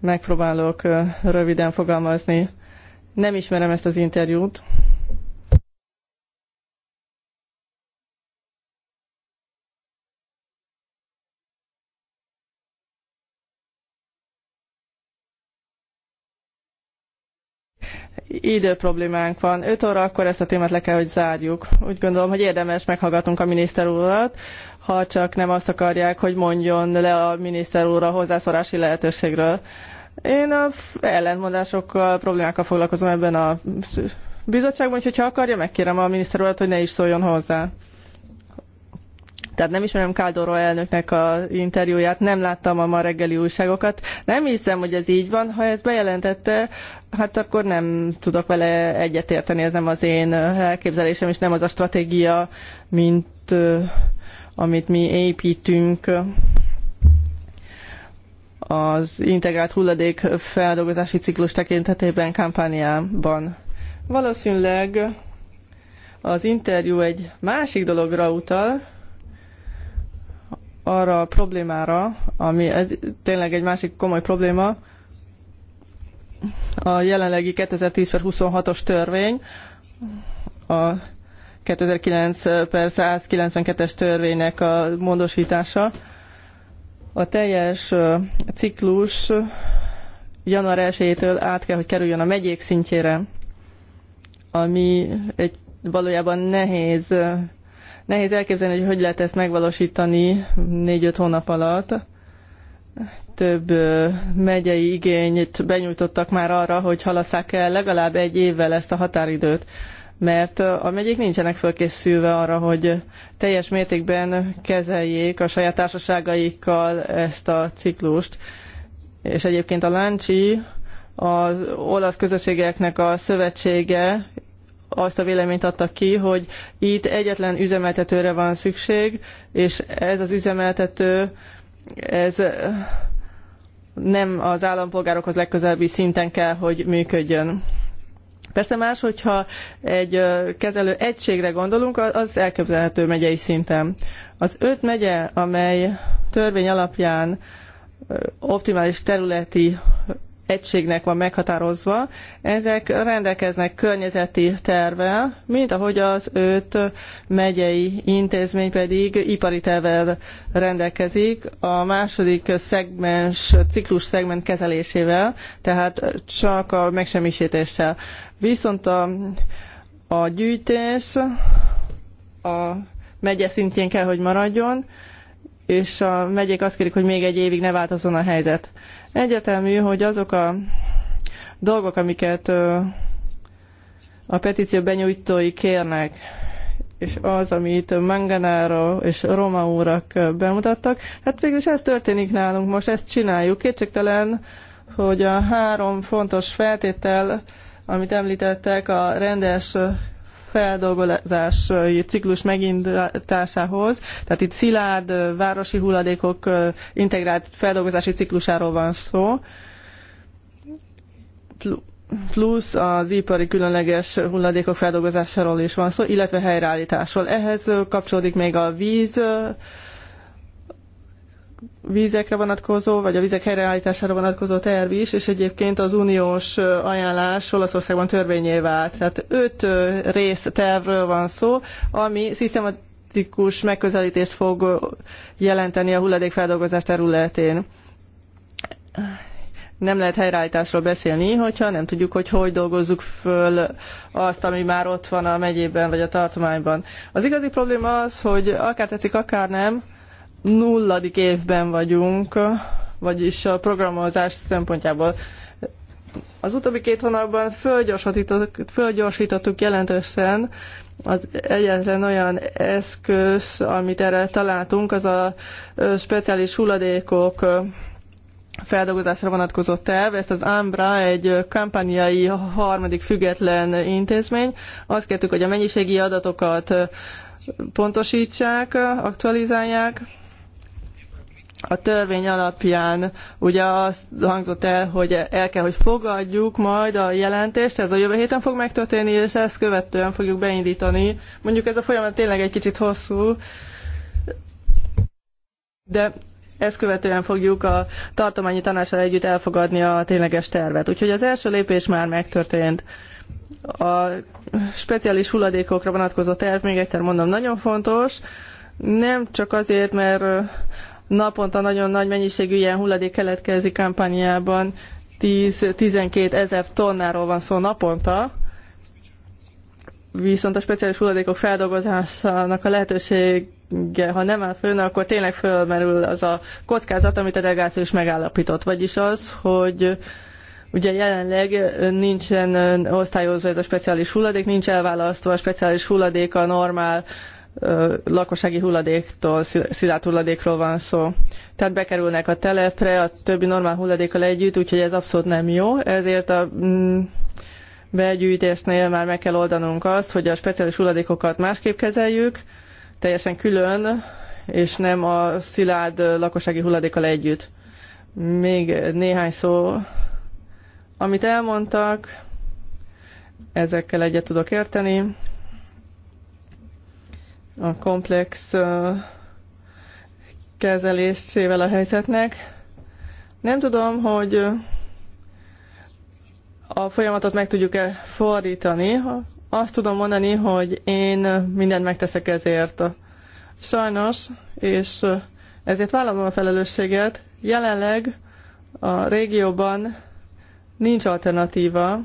Megpróbálok röviden fogalmazni. Nem ismerem ezt az interjút. idő problémánk van. 5 óra, akkor ezt a témát le kell, hogy zárjuk. Úgy gondolom, hogy érdemes meghallgatunk a miniszter urat, ha csak nem azt akarják, hogy mondjon le a miniszter úr a hozzászorási lehetőségről. Én a ellentmondásokkal, problémákkal foglalkozom ebben a bizottságban, hogyha ha akarja, megkérem a miniszter urat, hogy ne is szóljon hozzá. Tehát nem ismerem Káldoró elnöknek a interjúját, nem láttam a ma reggeli újságokat. Nem hiszem, hogy ez így van. Ha ezt bejelentette, hát akkor nem tudok vele egyetérteni. Ez nem az én elképzelésem, és nem az a stratégia, mint amit mi építünk az integrált hulladék feldolgozási ciklus tekintetében kampányában. Valószínűleg az interjú egy másik dologra utal, arra a problémára, ami ez tényleg egy másik komoly probléma, a jelenlegi 2010-26-os törvény, a 2009 per 192-es törvénynek a módosítása. A teljes ciklus január 1-től át kell, hogy kerüljön a megyék szintjére, ami egy valójában nehéz, nehéz elképzelni, hogy hogy lehet ezt megvalósítani 4-5 hónap alatt. Több megyei igényt benyújtottak már arra, hogy halasszák el legalább egy évvel ezt a határidőt mert a megyék nincsenek fölkészülve arra, hogy teljes mértékben kezeljék a saját társaságaikkal ezt a ciklust. És egyébként a Láncsi, az olasz közösségeknek a szövetsége azt a véleményt adta ki, hogy itt egyetlen üzemeltetőre van szükség, és ez az üzemeltető, ez nem az állampolgárokhoz legközelebbi szinten kell, hogy működjön. Persze más, hogyha egy kezelő egységre gondolunk, az elképzelhető megyei szinten. Az öt megye, amely törvény alapján optimális területi egységnek van meghatározva, ezek rendelkeznek környezeti tervel, mint ahogy az öt megyei intézmény pedig ipari tervel rendelkezik, a második szegmens, ciklus szegment kezelésével, tehát csak a megsemmisítéssel. Viszont a, a gyűjtés a megye szintjén kell, hogy maradjon, és a megyék azt kérik, hogy még egy évig ne változzon a helyzet. Egyértelmű, hogy azok a dolgok, amiket a petíció benyújtói kérnek, és az, amit Manganára és Roma úrak bemutattak, hát végül is ez történik nálunk most, ezt csináljuk. Kétségtelen, hogy a három fontos feltétel amit említettek, a rendes feldolgozási ciklus megindításához. Tehát itt szilárd városi hulladékok integrált feldolgozási ciklusáról van szó, plusz az ipari különleges hulladékok feldolgozásáról is van szó, illetve helyreállításról. Ehhez kapcsolódik még a víz vízekre vonatkozó, vagy a vizek helyreállítására vonatkozó terv is, és egyébként az uniós ajánlás Olaszországban törvényé vált. Tehát öt rész tervről van szó, ami szisztematikus megközelítést fog jelenteni a hulladékfeldolgozás területén. Nem lehet helyreállításról beszélni, hogyha nem tudjuk, hogy hogy dolgozzuk föl azt, ami már ott van a megyében vagy a tartományban. Az igazi probléma az, hogy akár tetszik, akár nem, nulladik évben vagyunk, vagyis a programozás szempontjából. Az utóbbi két hónapban fölgyorsítottuk, fölgyorsítottuk jelentősen az egyetlen olyan eszköz, amit erre találtunk, az a speciális hulladékok feldolgozásra vonatkozó terv, ezt az AMBRA egy kampányai harmadik független intézmény. Azt kértük, hogy a mennyiségi adatokat pontosítsák, aktualizálják, a törvény alapján ugye azt hangzott el, hogy el kell, hogy fogadjuk majd a jelentést, ez a jövő héten fog megtörténni, és ezt követően fogjuk beindítani. Mondjuk ez a folyamat tényleg egy kicsit hosszú, de ezt követően fogjuk a tartományi tanácsal együtt elfogadni a tényleges tervet. Úgyhogy az első lépés már megtörtént. A speciális hulladékokra vonatkozó terv, még egyszer mondom, nagyon fontos, nem csak azért, mert Naponta nagyon nagy mennyiségű ilyen hulladék keletkezik kampányában, 10-12 ezer tonnáról van szó naponta, viszont a speciális hulladékok feldolgozásának a lehetősége, ha nem áll fönn, akkor tényleg fölmerül az a kockázat, amit a delegáció is megállapított. Vagyis az, hogy ugye jelenleg nincsen osztályozva ez a speciális hulladék, nincs elválasztva a speciális hulladék a normál lakossági hulladéktól, szilárd hulladékról van szó. Tehát bekerülnek a telepre a többi normál hulladékkal együtt, úgyhogy ez abszolút nem jó, ezért a mm, begyűjtésnél már meg kell oldanunk azt, hogy a speciális hulladékokat másképp kezeljük, teljesen külön, és nem a szilárd lakossági hulladékkal együtt. Még néhány szó, amit elmondtak, ezekkel egyet tudok érteni a komplex kezelésével a helyzetnek. Nem tudom, hogy a folyamatot meg tudjuk-e fordítani. Azt tudom mondani, hogy én mindent megteszek ezért. Sajnos, és ezért vállalom a felelősséget, jelenleg a régióban nincs alternatíva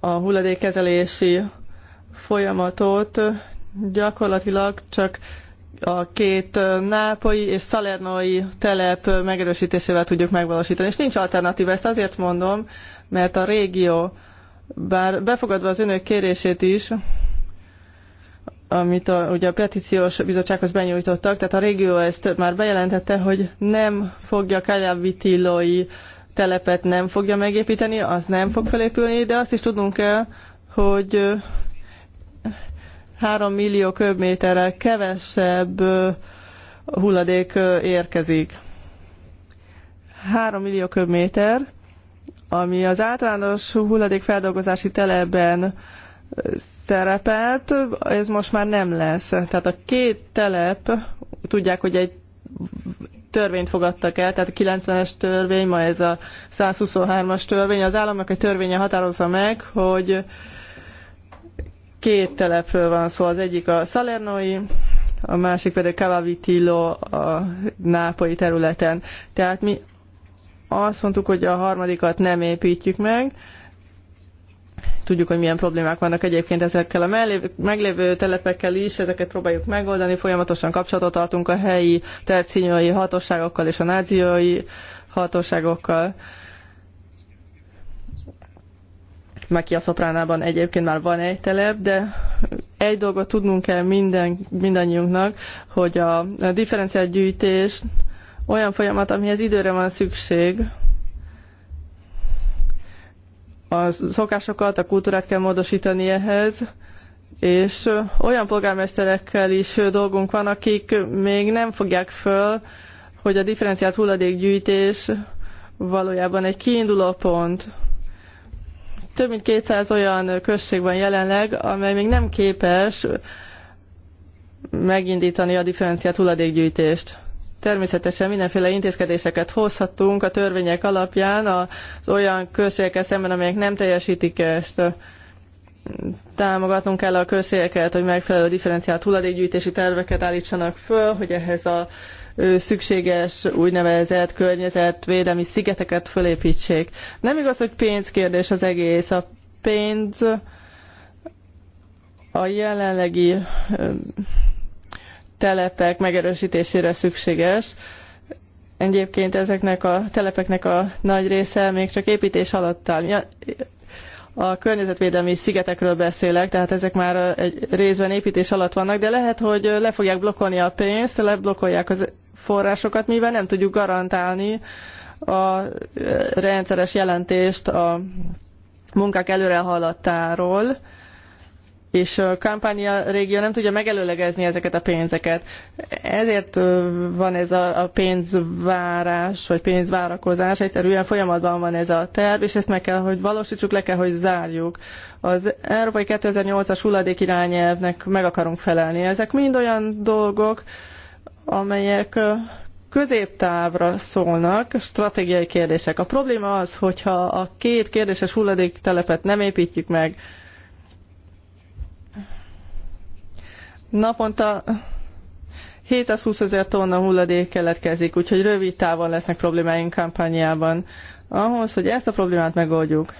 a hulladékkezelési folyamatot gyakorlatilag csak a két nápolyi és szalernói telep megerősítésével tudjuk megvalósítani. És nincs alternatíva, ezt azért mondom, mert a régió, bár befogadva az önök kérését is, amit a, ugye a petíciós bizottsághoz benyújtottak, tehát a régió ezt már bejelentette, hogy nem fogja Kajavitilói telepet nem fogja megépíteni, az nem fog felépülni, de azt is tudnunk kell, hogy 3 millió köbméterrel kevesebb hulladék érkezik. 3 millió köbméter, ami az általános hulladékfeldolgozási teleben szerepelt, ez most már nem lesz. Tehát a két telep, tudják, hogy egy törvényt fogadtak el, tehát a 90-es törvény, ma ez a 123-as törvény. Az államnak egy törvénye határozza meg, hogy Két telepről van szó, az egyik a Salernoi, a másik pedig Cavavitillo a nápolyi területen. Tehát mi azt mondtuk, hogy a harmadikat nem építjük meg, tudjuk, hogy milyen problémák vannak egyébként ezekkel a mellév, meglévő telepekkel is, ezeket próbáljuk megoldani, folyamatosan kapcsolatot tartunk a helyi tercinyai hatóságokkal és a náziói hatóságokkal a Szopránában egyébként már van egy telep, de egy dolgot tudnunk kell minden, mindannyiunknak, hogy a differenciált gyűjtés olyan folyamat, amihez időre van szükség, a szokásokat, a kultúrát kell módosítani ehhez, és olyan polgármesterekkel is dolgunk van, akik még nem fogják föl, hogy a differenciált hulladékgyűjtés valójában egy kiinduló pont, több mint 200 olyan község van jelenleg, amely még nem képes megindítani a differenciált hulladékgyűjtést. Természetesen mindenféle intézkedéseket hozhatunk a törvények alapján az olyan községekkel szemben, amelyek nem teljesítik ezt. Támogatnunk kell a községeket, hogy megfelelő differenciált hulladékgyűjtési terveket állítsanak föl, hogy ehhez a szükséges úgynevezett környezetvédelmi szigeteket fölépítsék. Nem igaz, hogy pénzkérdés az egész. A pénz a jelenlegi telepek megerősítésére szükséges. Egyébként ezeknek a telepeknek a nagy része még csak építés alatt áll a környezetvédelmi szigetekről beszélek, tehát ezek már egy részben építés alatt vannak, de lehet, hogy le fogják blokkolni a pénzt, leblokkolják az forrásokat, mivel nem tudjuk garantálni a rendszeres jelentést a munkák előrehaladtáról, és a kampánia régió nem tudja megelőlegezni ezeket a pénzeket. Ezért van ez a, pénzvárás, vagy pénzvárakozás, egyszerűen folyamatban van ez a terv, és ezt meg kell, hogy valósítsuk, le kell, hogy zárjuk. Az Európai 2008-as hulladék irányelvnek meg akarunk felelni. Ezek mind olyan dolgok, amelyek középtávra szólnak, stratégiai kérdések. A probléma az, hogyha a két kérdéses hulladéktelepet nem építjük meg, Naponta 720 ezer tonna hulladék keletkezik, úgyhogy rövid távon lesznek problémáink kampányában. Ahhoz, hogy ezt a problémát megoldjuk,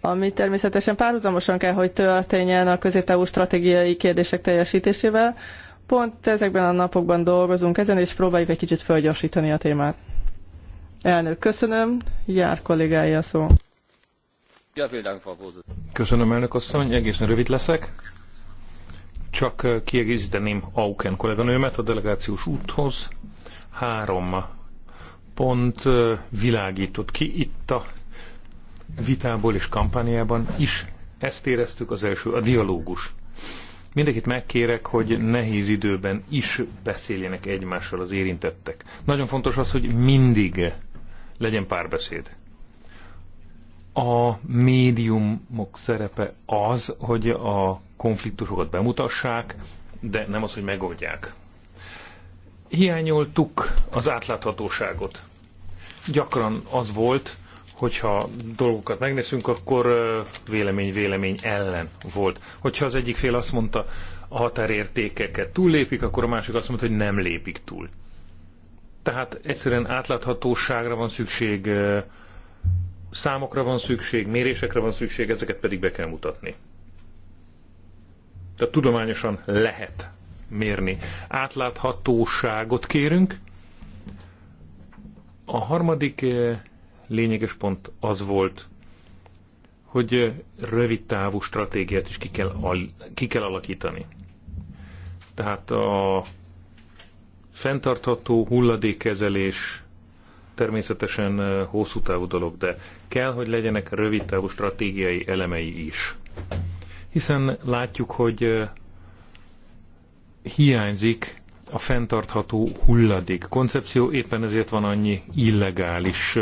ami természetesen párhuzamosan kell, hogy történjen a közép stratégiai kérdések teljesítésével, pont ezekben a napokban dolgozunk ezen, és próbáljuk egy kicsit fölgyorsítani a témát. Elnök, köszönöm. Jár kollégája szó. Köszönöm, elnök asszony. Egészen rövid leszek. Csak kiegészíteném Auken kolléganőmet a delegációs úthoz. Három pont világított ki itt a vitából és kampányában is. Ezt éreztük az első, a dialógus. Mindenkit megkérek, hogy nehéz időben is beszéljenek egymással az érintettek. Nagyon fontos az, hogy mindig legyen párbeszéd a médiumok szerepe az, hogy a konfliktusokat bemutassák, de nem az, hogy megoldják. Hiányoltuk az átláthatóságot. Gyakran az volt, hogyha dolgokat megnézünk, akkor vélemény-vélemény ellen volt. Hogyha az egyik fél azt mondta, a határértékeket túllépik, akkor a másik azt mondta, hogy nem lépik túl. Tehát egyszerűen átláthatóságra van szükség, számokra van szükség, mérésekre van szükség, ezeket pedig be kell mutatni. Tehát tudományosan lehet mérni. Átláthatóságot kérünk. A harmadik eh, lényeges pont az volt, hogy eh, rövid távú stratégiát is ki kell, ki kell alakítani. Tehát a fenntartható hulladékkezelés természetesen hosszú távú dolog, de kell, hogy legyenek rövid távú stratégiai elemei is. Hiszen látjuk, hogy hiányzik a fenntartható hulladék koncepció, éppen ezért van annyi illegális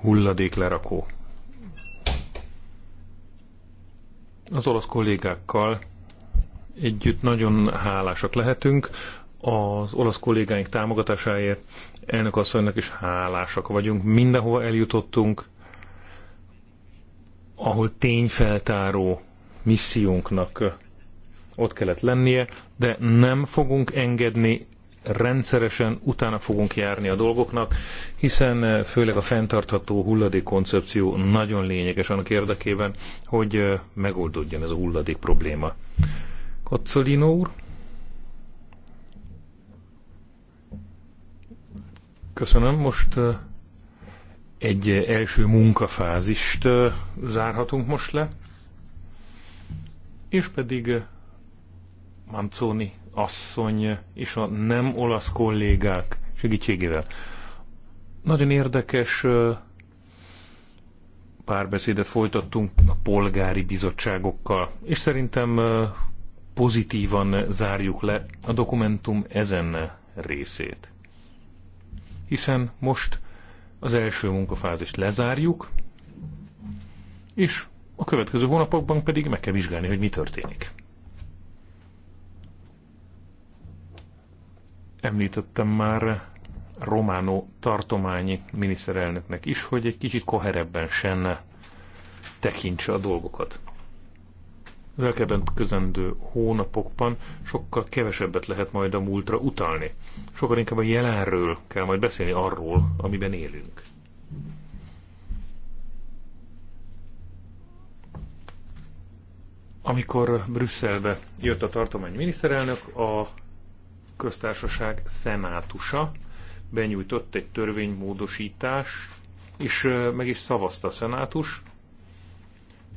hulladéklerakó. Az olasz kollégákkal együtt nagyon hálásak lehetünk, az olasz kollégáink támogatásáért. Elnök asszonynak is hálásak vagyunk. Mindenhova eljutottunk, ahol tényfeltáró missziónknak ott kellett lennie, de nem fogunk engedni, rendszeresen utána fogunk járni a dolgoknak, hiszen főleg a fenntartható hulladék koncepció nagyon lényeges annak érdekében, hogy megoldódjon ez a hulladék probléma. Kocsolino úr? Köszönöm. Most egy első munkafázist zárhatunk most le, és pedig Mamconi asszony és a nem olasz kollégák segítségével. Nagyon érdekes párbeszédet folytattunk a polgári bizottságokkal, és szerintem pozitívan zárjuk le a dokumentum ezen részét hiszen most az első munkafázist lezárjuk, és a következő hónapokban pedig meg kell vizsgálni, hogy mi történik. Említettem már Románó tartományi miniszterelnöknek is, hogy egy kicsit koherebben senne tekintse a dolgokat az közendő hónapokban sokkal kevesebbet lehet majd a múltra utalni. Sokkal inkább a jelenről kell majd beszélni arról, amiben élünk. Amikor Brüsszelbe jött a tartomány miniszterelnök, a köztársaság szenátusa benyújtott egy törvénymódosítást, és meg is szavazta a szenátus,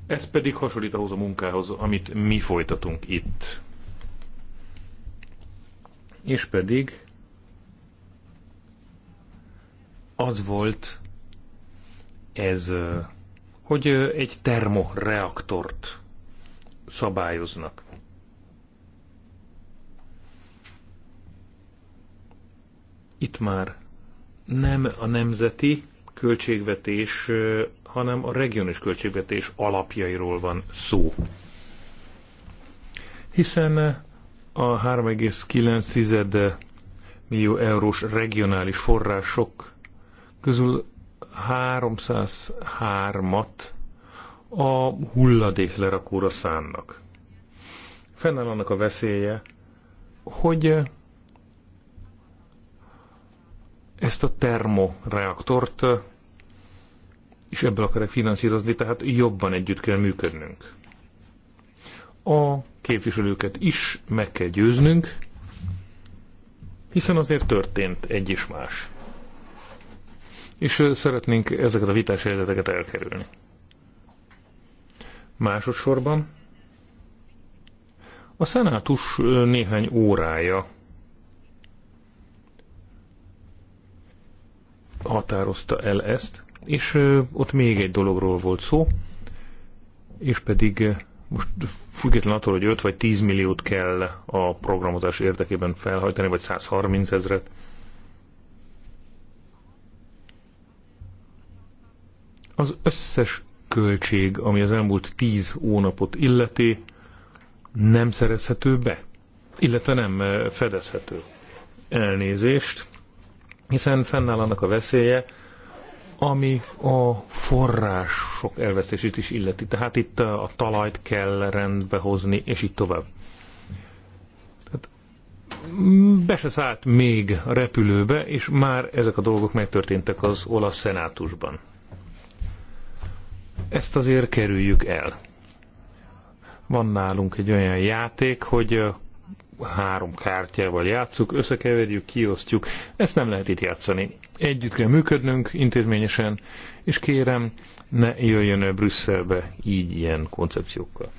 ez pedig hasonlít ahhoz a munkához, amit mi folytatunk itt. És pedig az volt ez, hogy egy termoreaktort szabályoznak. Itt már nem a nemzeti, költségvetés, hanem a regionális költségvetés alapjairól van szó. Hiszen a 3,9 millió eurós regionális források közül 303-at a lerakóra szánnak. Fennáll annak a veszélye, hogy ezt a termoreaktort és ebből akarják finanszírozni, tehát jobban együtt kell működnünk. A képviselőket is meg kell győznünk, hiszen azért történt egy is más. És szeretnénk ezeket a vitás helyzeteket elkerülni. Másodszorban a szenátus néhány órája határozta el ezt, és ott még egy dologról volt szó, és pedig most független attól, hogy 5 vagy 10 milliót kell a programozás érdekében felhajtani, vagy 130 ezret. Az összes költség, ami az elmúlt 10 hónapot illeti, nem szerezhető be, illetve nem fedezhető. Elnézést hiszen fennáll annak a veszélye, ami a források elvesztését is illeti. Tehát itt a talajt kell rendbe hozni, és így tovább. Tehát be se szállt még a repülőbe, és már ezek a dolgok megtörténtek az olasz szenátusban. Ezt azért kerüljük el. Van nálunk egy olyan játék, hogy három kártyával játszuk, összekeverjük, kiosztjuk. Ezt nem lehet itt játszani. Együtt kell működnünk intézményesen, és kérem, ne jöjjön el Brüsszelbe így ilyen koncepciókkal.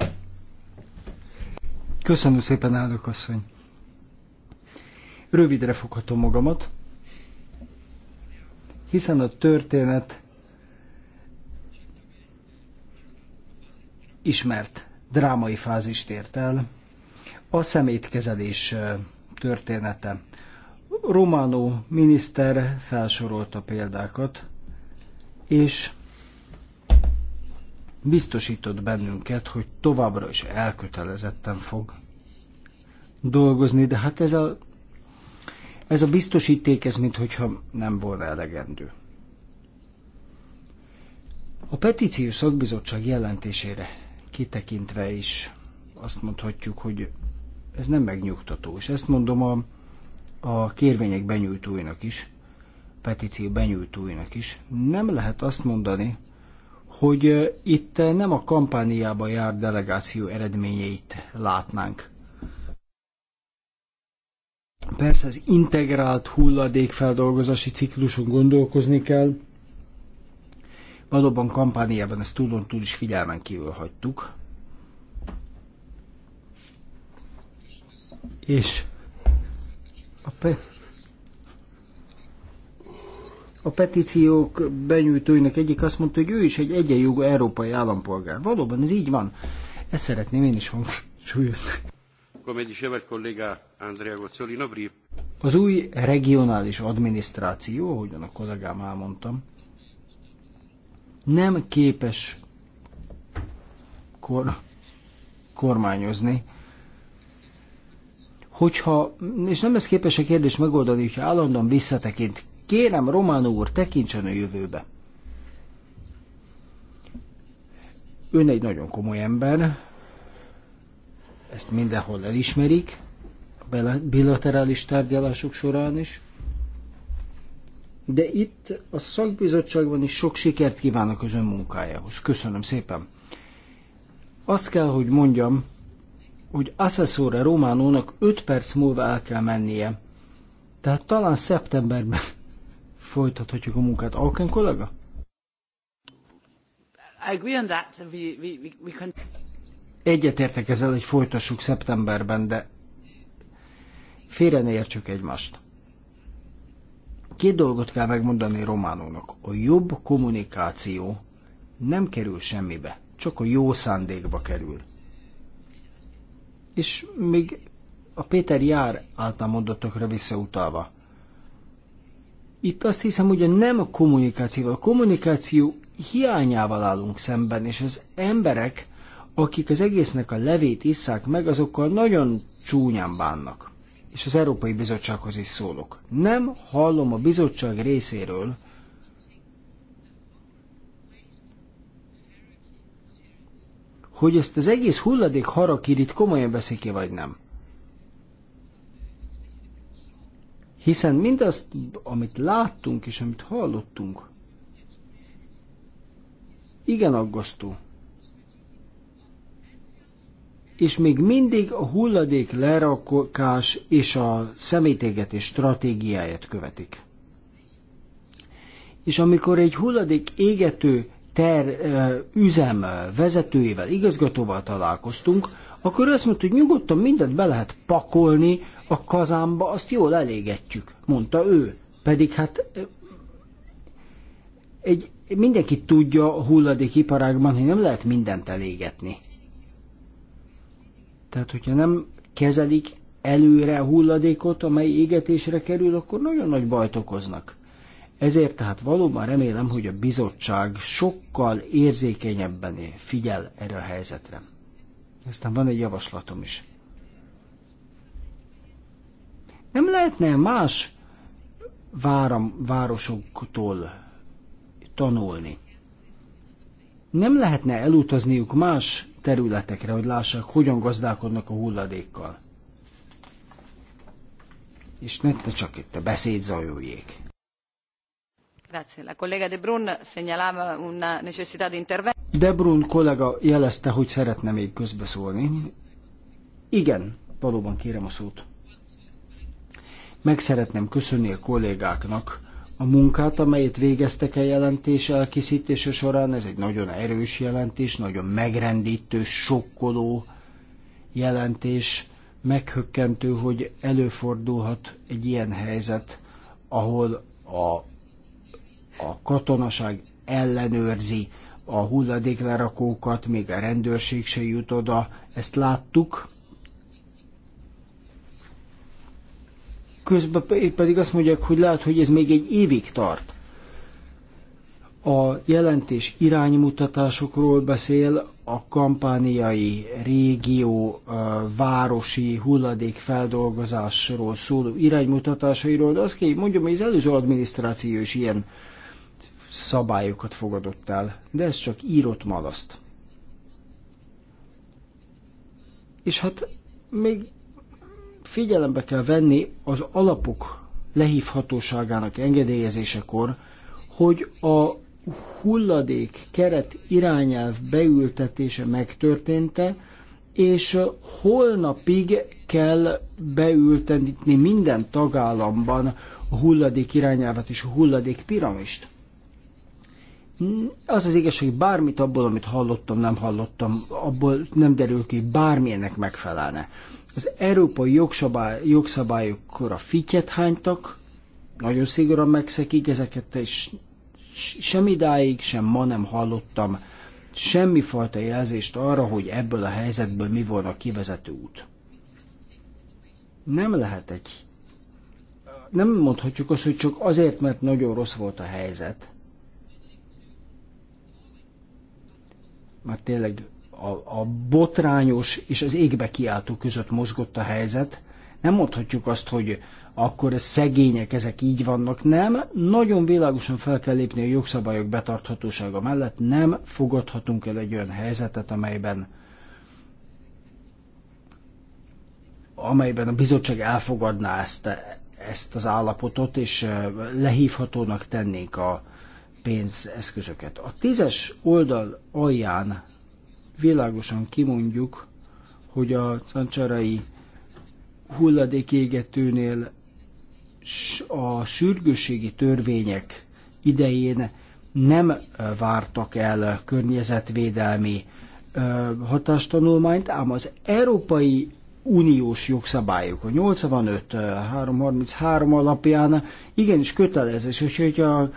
Köszönöm szépen, állok asszony. Rövidre foghatom magamat, hiszen a történet ismert drámai fázist ért el, a szemétkezelés története. Románó miniszter felsorolta példákat, és biztosított bennünket, hogy továbbra is elkötelezetten fog dolgozni, de hát ez a, ez a biztosíték, ez mintha nem volna elegendő. A petíciós szakbizottság jelentésére kitekintve is azt mondhatjuk, hogy ez nem megnyugtató, és ezt mondom a, a kérvények benyújtóinak is, petíció benyújtóinak is. Nem lehet azt mondani, hogy itt nem a kampániába jár delegáció eredményeit látnánk. Persze az integrált hulladékfeldolgozási cikluson gondolkozni kell. Valóban kampániában ezt túlon túl is figyelmen kívül hagytuk. És a, pe- a petíciók benyújtóinak egyik azt mondta, hogy ő is egy egyenjogú európai állampolgár. Valóban ez így van. Ezt szeretném én is hangsúlyozni. Az új regionális adminisztráció, ahogyan a kollégám elmondtam, nem képes kor, kormányozni hogyha, és nem ez képes a kérdést megoldani, hogyha állandóan visszatekint. Kérem, Román úr, tekintsen a jövőbe. Ön egy nagyon komoly ember, ezt mindenhol elismerik, bilaterális tárgyalások során is, de itt a szakbizottságban is sok sikert kívánok az ön munkájához. Köszönöm szépen. Azt kell, hogy mondjam, hogy Assessore Románónak 5 perc múlva el kell mennie. Tehát talán szeptemberben folytathatjuk a munkát. Alken kollega? I agree on that. We, we, we can... Egyetértek ezzel, hogy folytassuk szeptemberben, de félre ne értsük egymást. Két dolgot kell megmondani Románónak. A jobb kommunikáció nem kerül semmibe, csak a jó szándékba kerül. És még a Péter Jár által mondatokra visszautalva. Itt azt hiszem, hogy nem a kommunikációval, a kommunikáció hiányával állunk szemben, és az emberek, akik az egésznek a levét isszák meg, azokkal nagyon csúnyán bánnak. És az Európai Bizottsághoz is szólok. Nem hallom a bizottság részéről, hogy ezt az egész hulladék harakirit komolyan veszik-e vagy nem. Hiszen mindazt, amit láttunk és amit hallottunk, igen aggasztó. És még mindig a hulladék lerakás és a szemétégetés stratégiáját követik. És amikor egy hulladék égető ter, üzem vezetőjével, igazgatóval találkoztunk, akkor azt mondta, hogy nyugodtan mindent be lehet pakolni a kazánba, azt jól elégetjük, mondta ő. Pedig hát egy, mindenki tudja a hulladékiparágban, hogy nem lehet mindent elégetni. Tehát, hogyha nem kezelik előre a hulladékot, amely égetésre kerül, akkor nagyon nagy bajt okoznak. Ezért tehát valóban remélem, hogy a bizottság sokkal érzékenyebben figyel erre a helyzetre. Aztán van egy javaslatom is. Nem lehetne más váram, városoktól tanulni? Nem lehetne elutazniuk más területekre, hogy lássák, hogyan gazdálkodnak a hulladékkal? És ne, ne csak itt a beszéd zajoljék. De Brun De Brun kollega jelezte, hogy szeretne még közbeszólni. Igen, valóban kérem a szót. Meg szeretném köszönni a kollégáknak a munkát, amelyet végeztek a jelentés elkészítése során. Ez egy nagyon erős jelentés, nagyon megrendítő, sokkoló jelentés. Meghökkentő, hogy előfordulhat egy ilyen helyzet, ahol a a katonaság ellenőrzi a hulladéklerakókat, még a rendőrség se jut oda, ezt láttuk. Közben pedig azt mondják, hogy lehet, hogy ez még egy évig tart. A jelentés iránymutatásokról beszél, a kampániai régió városi hulladékfeldolgozásról szóló iránymutatásairól, de azt kell, hogy mondjam, hogy az előző adminisztráció is ilyen szabályokat fogadott el, de ez csak írott malaszt. És hát még figyelembe kell venni az alapok lehívhatóságának engedélyezésekor, hogy a hulladék keret irányelv beültetése megtörténte, és holnapig kell beültetni minden tagállamban a hulladék irányelvet és a hulladék piramist. Az az igaz, hogy bármit abból, amit hallottam, nem hallottam, abból nem derül ki, hogy bármilyenek megfelelne. Az európai jogszabály, jogszabályokra fityet hánytak, nagyon szigorúan megszekik ezeket, és sem idáig, sem ma nem hallottam semmifajta jelzést arra, hogy ebből a helyzetből mi volna a kivezető út. Nem lehet egy... Nem mondhatjuk azt, hogy csak azért, mert nagyon rossz volt a helyzet, már tényleg a, a botrányos és az égbe kiáltó között mozgott a helyzet. Nem mondhatjuk azt, hogy akkor ez szegények, ezek így vannak. Nem, nagyon világosan fel kell lépni a jogszabályok betarthatósága mellett. Nem fogadhatunk el egy olyan helyzetet, amelyben amelyben a bizottság elfogadná ezt, ezt az állapotot, és eh, lehívhatónak tennénk a, pénzeszközöket. A tízes oldal alján világosan kimondjuk, hogy a cancsarai hulladékégetőnél a sürgősségi törvények idején nem vártak el környezetvédelmi hatástanulmányt, ám az Európai Uniós jogszabályok, a 85.333 alapján igenis kötelezés, hogy hogyha a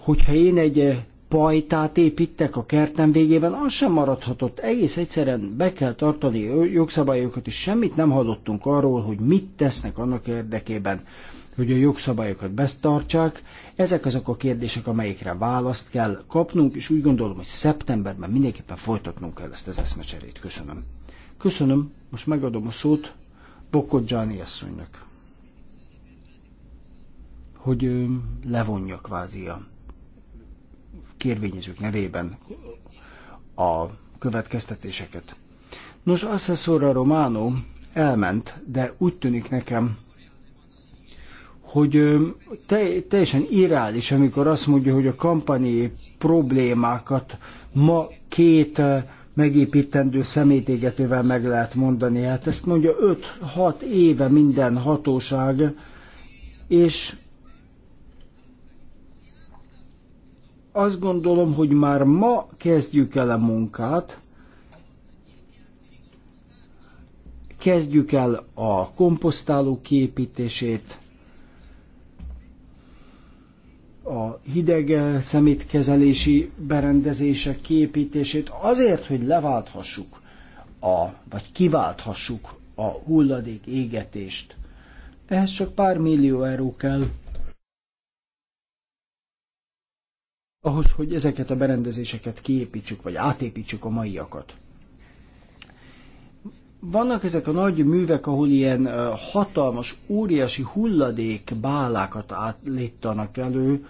hogyha én egy eh, pajtát építek a kertem végében, az sem maradhatott. Egész egyszerűen be kell tartani jogszabályokat, és semmit nem hallottunk arról, hogy mit tesznek annak érdekében, hogy a jogszabályokat beztartsák. Ezek azok a kérdések, amelyekre választ kell kapnunk, és úgy gondolom, hogy szeptemberben mindenképpen folytatnunk kell ezt az eszmecserét. Köszönöm. Köszönöm, most megadom a szót Bokodzsáni asszonynak, hogy levonja kvázi a kérvényezők nevében a következtetéseket. Nos, Assessora Romano elment, de úgy tűnik nekem, hogy te, teljesen irális, amikor azt mondja, hogy a kampani problémákat ma két megépítendő szemétégetővel meg lehet mondani. Hát ezt mondja 5-6 éve minden hatóság, és Azt gondolom, hogy már ma kezdjük el a munkát, kezdjük el a komposztáló képítését, a hideg szemétkezelési berendezések képítését. azért, hogy leválthassuk, a, vagy kiválthassuk a hulladék égetést. Ehhez csak pár millió euró kell. ahhoz, hogy ezeket a berendezéseket kiépítsük, vagy átépítsük a maiakat. Vannak ezek a nagy művek, ahol ilyen hatalmas, óriási hulladék bálákat állítanak elő,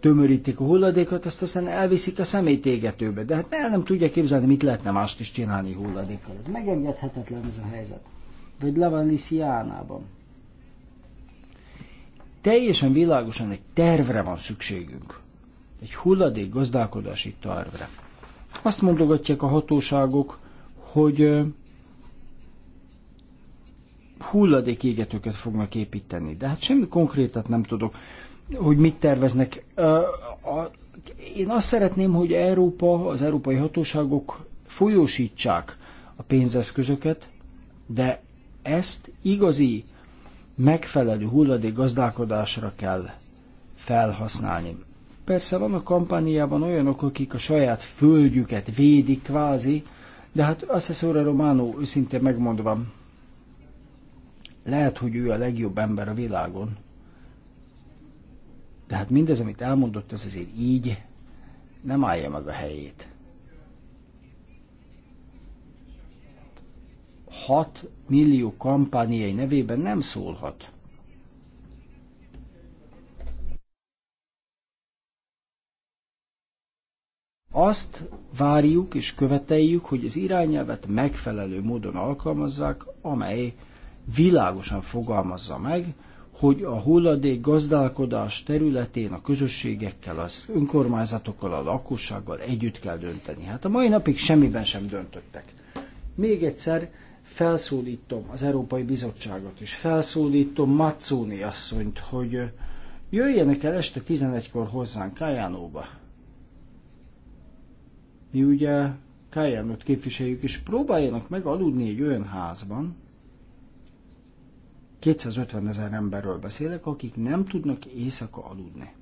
tömörítik a hulladékot, ezt aztán elviszik a szemétégetőbe. De hát el nem tudja képzelni, mit lehetne mást is csinálni hulladékkal. Ez megengedhetetlen ez a helyzet. Vagy Levalisiánában. Teljesen világosan egy tervre van szükségünk egy hulladék gazdálkodási tervre. Azt mondogatják a hatóságok, hogy hulladék égetőket fognak építeni, de hát semmi konkrétat nem tudok, hogy mit terveznek. Én azt szeretném, hogy Európa, az európai hatóságok folyósítsák a pénzeszközöket, de ezt igazi, megfelelő hulladék gazdálkodásra kell felhasználni. Persze vannak kampániában olyanok, akik a saját földjüket védik kvázi, de hát a Romano őszintén megmondva, lehet, hogy ő a legjobb ember a világon. De hát mindez, amit elmondott, ez azért így nem állja meg a helyét. Hat millió kampániai nevében nem szólhat Azt várjuk és követeljük, hogy az irányelvet megfelelő módon alkalmazzák, amely világosan fogalmazza meg, hogy a hulladék gazdálkodás területén a közösségekkel, az önkormányzatokkal, a lakossággal együtt kell dönteni. Hát a mai napig semmiben sem döntöttek. Még egyszer felszólítom az Európai Bizottságot, és felszólítom Mazzoni asszonyt, hogy jöjjenek el este 11-kor hozzánk Kajánóba, mi ugye Kájánot képviseljük, és próbáljanak meg aludni egy olyan házban, 250 ezer emberről beszélek, akik nem tudnak éjszaka aludni.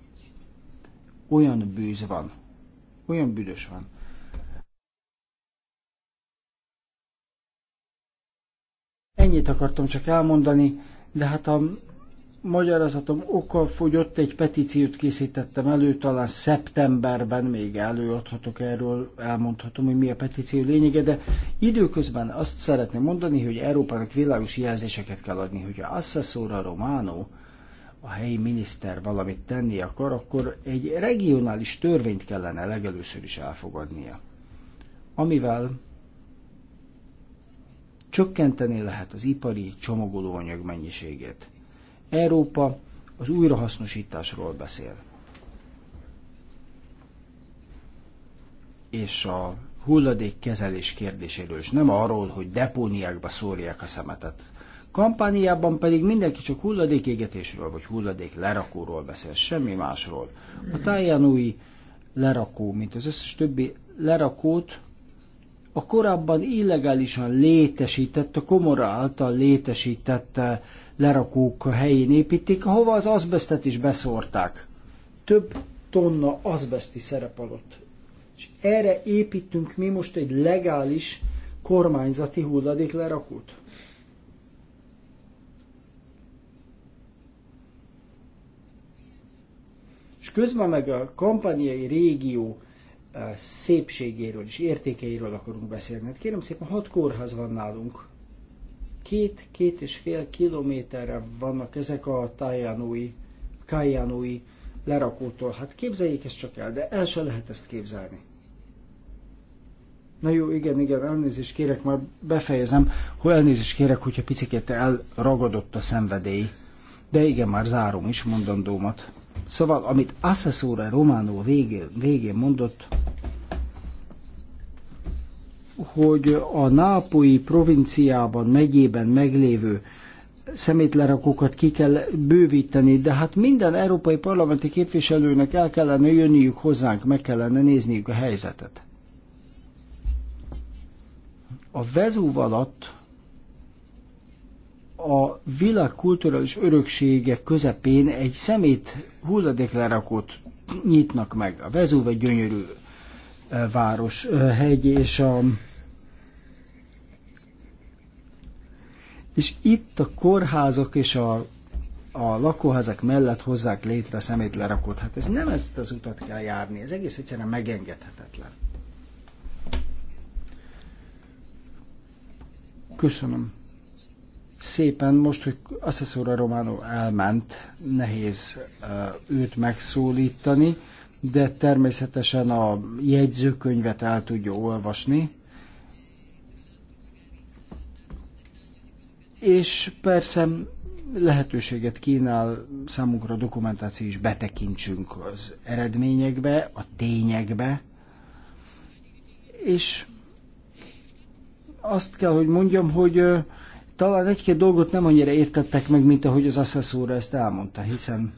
Olyan bűz van, olyan büdös van. Ennyit akartam csak elmondani, de hát a magyarázatom oka fogyott, egy petíciót készítettem elő, talán szeptemberben még előadhatok erről, elmondhatom, hogy mi a petíció lényege, de időközben azt szeretném mondani, hogy Európának világos jelzéseket kell adni, hogy a Assessora Romano, a helyi miniszter valamit tenni akar, akkor egy regionális törvényt kellene legelőször is elfogadnia, amivel csökkenteni lehet az ipari csomagolóanyag mennyiségét Európa az újrahasznosításról beszél. És a hulladékkezelés kérdéséről, és nem arról, hogy depóniákba szórják a szemetet. Kampániában pedig mindenki csak hulladékégetésről, vagy hulladék lerakóról beszél, semmi másról. A tájánói lerakó, mint az összes többi lerakót a korábban illegálisan létesített, a komora által létesített eh, lerakók helyén építik, ahova az azbestet is beszórták. Több tonna azbeszti szerep alatt. És erre építünk mi most egy legális kormányzati lerakót. És közben meg a kampanyai régió szépségéről és értékeiről akarunk beszélni. Hát kérem szépen, hat kórház van nálunk. Két, két és fél kilométerre vannak ezek a tájánói, kájánói lerakótól. Hát képzeljék ezt csak el, de el se lehet ezt képzelni. Na jó, igen, igen, elnézést kérek, már befejezem, hogy elnézést kérek, hogyha picikét elragadott a szenvedély. De igen, már zárom is mondandómat. Szóval, amit Assessore Romano végén, végén mondott, hogy a nápolyi provinciában, megyében meglévő szemétlerakókat ki kell bővíteni, de hát minden európai parlamenti képviselőnek el kellene jönniük hozzánk, meg kellene nézniük a helyzetet. A Vezúv alatt a világ kulturális öröksége közepén egy szemét hulladéklerakót nyitnak meg. A Vezúv egy gyönyörű város, hegy, és a és itt a kórházak és a, a lakóházak mellett hozzák létre a szemétlerakót. Hát ez nem ezt az utat kell járni, ez egész egyszerűen megengedhetetlen. Köszönöm szépen, most, hogy Asszeszóra Románó elment, nehéz uh, őt megszólítani, de természetesen a jegyzőkönyvet el tudja olvasni. És persze lehetőséget kínál számunkra a dokumentáció is betekintsünk az eredményekbe, a tényekbe, és azt kell, hogy mondjam, hogy uh, talán egy-két dolgot nem annyira értettek meg, mint ahogy az asszeszóra ezt elmondta, hiszen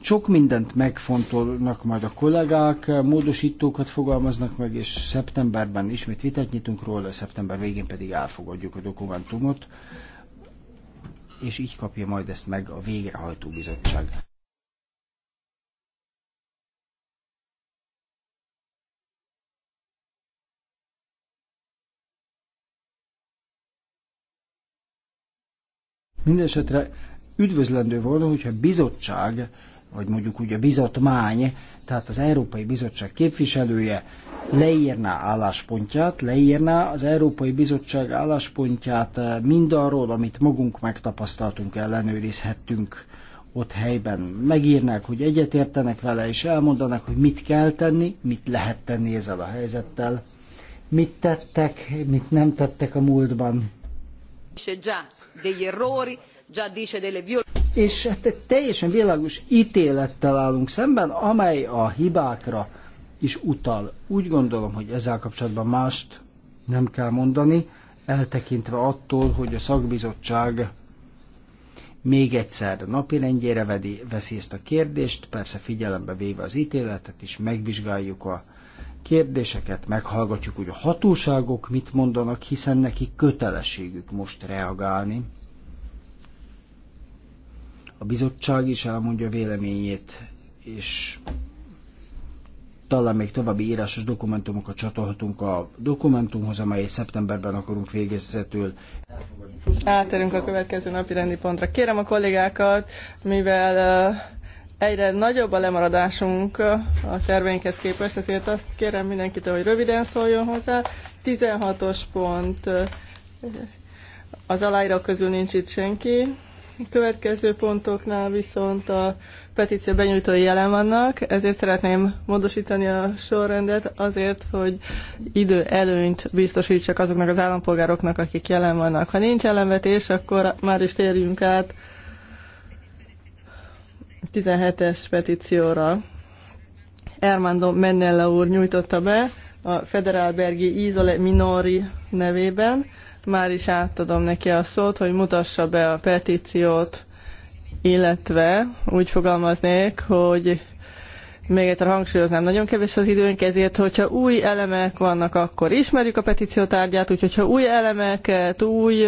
sok mindent megfontolnak majd a kollégák, módosítókat fogalmaznak meg, és szeptemberben ismét vitát nyitunk róla, szeptember végén pedig elfogadjuk a dokumentumot, és így kapja majd ezt meg a végrehajtó bizottság. Mindenesetre üdvözlendő volna, hogyha a bizottság, vagy mondjuk úgy a bizotmány, tehát az Európai Bizottság képviselője leírná álláspontját, leírná az Európai Bizottság álláspontját eh, mindarról, amit magunk megtapasztaltunk, ellenőrizhettünk ott helyben. Megírnák, hogy egyetértenek vele, és elmondanak, hogy mit kell tenni, mit lehet tenni ezzel a helyzettel, mit tettek, mit nem tettek a múltban. És és hát teljesen világos ítélettel állunk szemben, amely a hibákra is utal. Úgy gondolom, hogy ezzel kapcsolatban mást nem kell mondani, eltekintve attól, hogy a szakbizottság még egyszer napirendjére veszi ezt a kérdést, persze figyelembe véve az ítéletet, és megvizsgáljuk a kérdéseket, meghallgatjuk, hogy a hatóságok mit mondanak, hiszen neki kötelességük most reagálni. A bizottság is elmondja véleményét, és talán még további írásos dokumentumokat csatolhatunk a dokumentumhoz, amely szeptemberben akarunk végezetül. Átérünk a következő napi rendi pontra. Kérem a kollégákat, mivel Egyre nagyobb a lemaradásunk a terveinkhez képest, ezért azt kérem mindenkitől, hogy röviden szóljon hozzá. 16-os pont, az aláírók közül nincs itt senki. A következő pontoknál viszont a petíció benyújtói jelen vannak, ezért szeretném módosítani a sorrendet azért, hogy idő előnyt biztosítsak azoknak az állampolgároknak, akik jelen vannak. Ha nincs ellenvetés, akkor már is térjünk át 17-es petícióra. Ermando Mennella úr nyújtotta be a Federálbergi Izole Minori nevében. Már is átadom neki a szót, hogy mutassa be a petíciót, illetve úgy fogalmaznék, hogy még egyszer hangsúlyoznám, nagyon kevés az időnk, ezért, hogyha új elemek vannak, akkor ismerjük a petíció tárgyát, úgyhogy ha új elemeket, új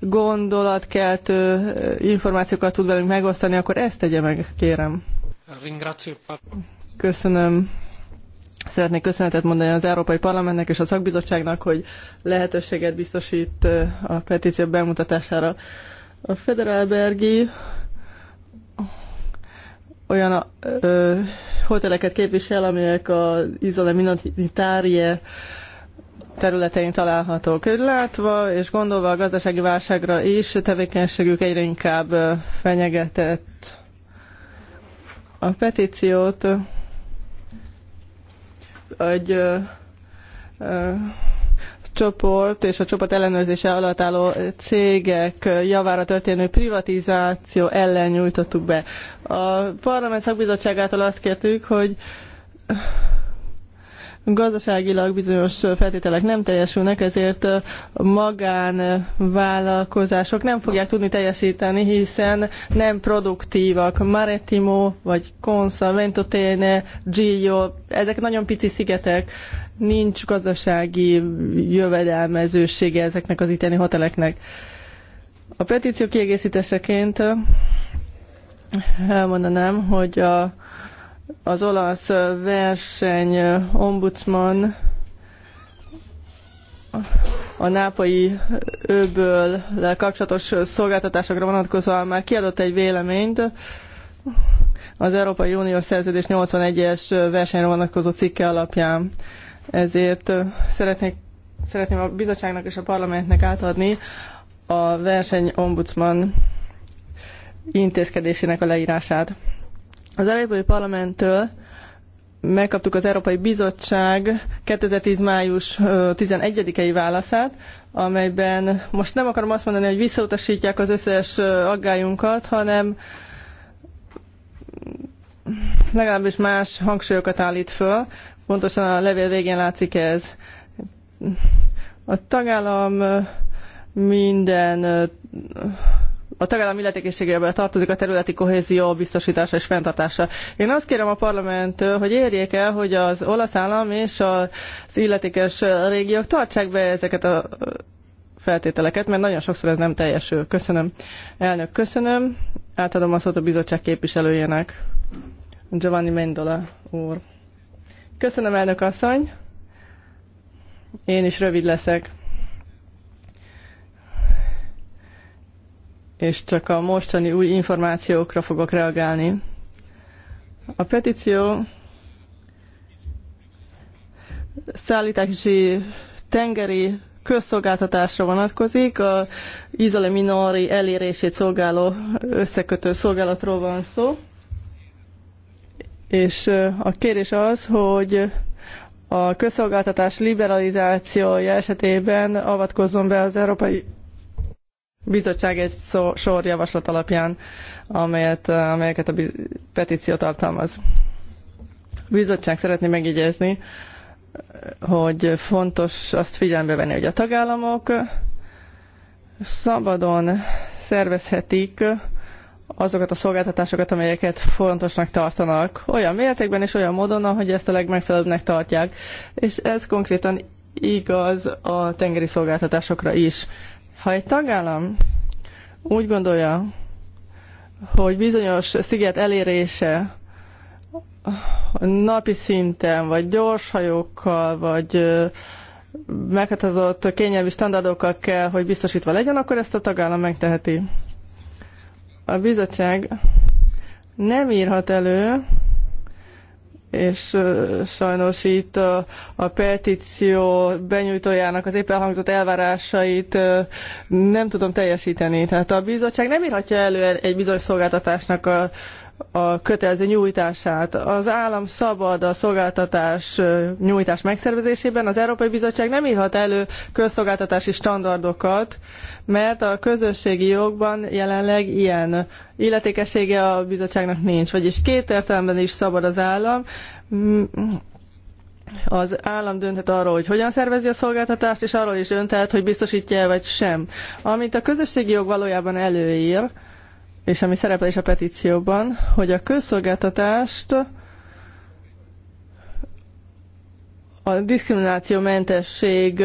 gondolatkeltő eh, információkat tud velünk megosztani, akkor ezt tegye meg, kérem. Köszönöm. Szeretnék köszönetet mondani az Európai Parlamentnek és a szakbizottságnak, hogy lehetőséget biztosít eh, a petíció bemutatására. A Federalbergi olyan ö, hoteleket képvisel, amelyek az Izole Minoritárie területein található Látva és gondolva a gazdasági válságra is, tevékenységük egyre inkább fenyegetett. A petíciót egy ö, ö, csoport és a csoport ellenőrzése alatt álló cégek javára történő privatizáció ellen nyújtottuk be. A parlament szakbizottságától azt kértük, hogy gazdaságilag bizonyos feltételek nem teljesülnek, ezért magánvállalkozások nem fogják tudni teljesíteni, hiszen nem produktívak. Maretimo, vagy Consa, Ventotene, Gio, ezek nagyon pici szigetek, nincs gazdasági jövedelmezősége ezeknek az itteni hoteleknek. A petíció kiegészítéseként elmondanám, hogy a, az olasz verseny ombudsman a nápai őből kapcsolatos szolgáltatásokra vonatkozóan már kiadott egy véleményt, az Európai Unió Szerződés 81-es versenyre vonatkozó cikke alapján. Ezért szeretnék, szeretném a bizottságnak és a parlamentnek átadni a versenyombudsman intézkedésének a leírását. Az Európai Parlamenttől megkaptuk az Európai Bizottság 2010. május 11-i válaszát, amelyben most nem akarom azt mondani, hogy visszautasítják az összes aggályunkat, hanem legalábbis más hangsúlyokat állít föl, Pontosan a levél végén látszik ez. A tagállam minden a tagállam illetékességébe tartozik a területi kohézió biztosítása és fenntartása. Én azt kérem a parlamenttől, hogy érjék el, hogy az olasz állam és az illetékes régiók tartsák be ezeket a feltételeket, mert nagyon sokszor ez nem teljesül. Köszönöm. Elnök, köszönöm. Átadom a szót a bizottság képviselőjének. Giovanni Mendola úr. Köszönöm, elnök asszony. Én is rövid leszek. És csak a mostani új információkra fogok reagálni. A petíció szállítási tengeri közszolgáltatásra vonatkozik, a Izole Minori elérését szolgáló összekötő szolgálatról van szó. És a kérés az, hogy a közszolgáltatás liberalizációja esetében avatkozzon be az Európai Bizottság egy sor javaslat alapján, amelyet, amelyeket a petíció tartalmaz. A bizottság szeretné megjegyezni, hogy fontos azt figyelembe venni, hogy a tagállamok szabadon szervezhetik azokat a szolgáltatásokat, amelyeket fontosnak tartanak, olyan mértékben és olyan módon, ahogy ezt a legmegfelelőbbnek tartják. És ez konkrétan igaz a tengeri szolgáltatásokra is. Ha egy tagállam úgy gondolja, hogy bizonyos sziget elérése napi szinten, vagy gyorshajókkal, vagy meghatározott kényelmi standardokkal kell, hogy biztosítva legyen, akkor ezt a tagállam megteheti. A bizottság nem írhat elő, és sajnos itt a, a petíció benyújtójának az éppen elhangzott elvárásait nem tudom teljesíteni. Tehát a bizottság nem írhatja elő egy bizonyos szolgáltatásnak a a kötelező nyújtását. Az állam szabad a szolgáltatás nyújtás megszervezésében. Az Európai Bizottság nem írhat elő közszolgáltatási standardokat, mert a közösségi jogban jelenleg ilyen illetékessége a bizottságnak nincs. Vagyis két értelemben is szabad az állam, mm, az állam dönthet arról, hogy hogyan szervezi a szolgáltatást, és arról is dönthet, hogy biztosítja -e vagy sem. Amit a közösségi jog valójában előír, és ami szerepel is a petícióban, hogy a közszolgáltatást a diszkriminációmentesség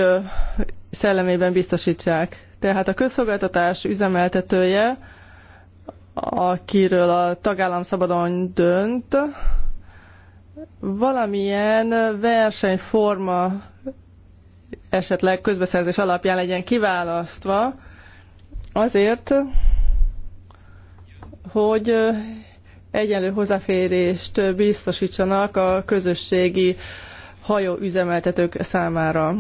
szellemében biztosítsák. Tehát a közszolgáltatás üzemeltetője, akiről a tagállam szabadon dönt, valamilyen versenyforma esetleg közbeszerzés alapján legyen kiválasztva, azért, hogy egyenlő hozzáférést biztosítsanak a közösségi hajóüzemeltetők számára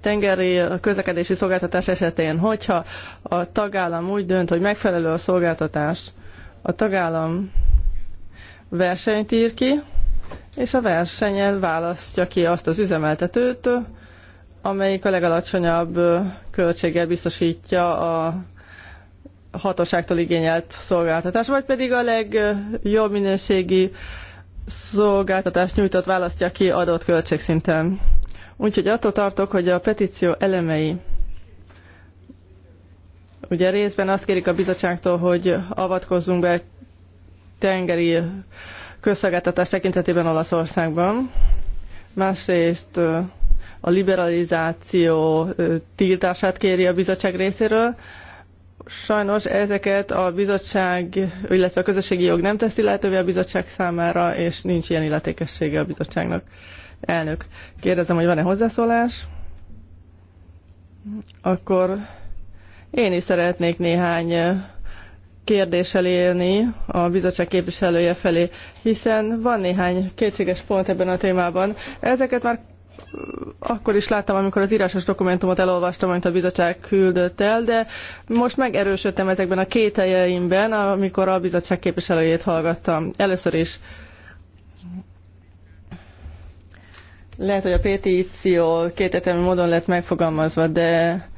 tengeri közlekedési szolgáltatás esetén, hogyha a tagállam úgy dönt, hogy megfelelő a szolgáltatás, a tagállam versenyt ír ki, és a versenyen választja ki azt az üzemeltetőt, amelyik a legalacsonyabb költséggel biztosítja a hatóságtól igényelt szolgáltatás, vagy pedig a legjobb minőségi szolgáltatást nyújtott választja ki adott költségszinten. Úgyhogy attól tartok, hogy a petíció elemei ugye részben azt kérik a bizottságtól, hogy avatkozzunk be tengeri közszolgáltatás tekintetében Olaszországban. Másrészt a liberalizáció tiltását kéri a bizottság részéről, Sajnos ezeket a bizottság, illetve a közösségi jog nem teszi lehetővé a bizottság számára, és nincs ilyen illetékessége a bizottságnak. Elnök, kérdezem, hogy van-e hozzászólás? Akkor én is szeretnék néhány kérdéssel élni a bizottság képviselője felé, hiszen van néhány kétséges pont ebben a témában. Ezeket már akkor is láttam, amikor az írásos dokumentumot elolvastam, amit a bizottság küldött el, de most megerősödtem ezekben a kételjeimben, amikor a bizottság képviselőjét hallgattam. Először is lehet, hogy a petíció kétetemű módon lett megfogalmazva, de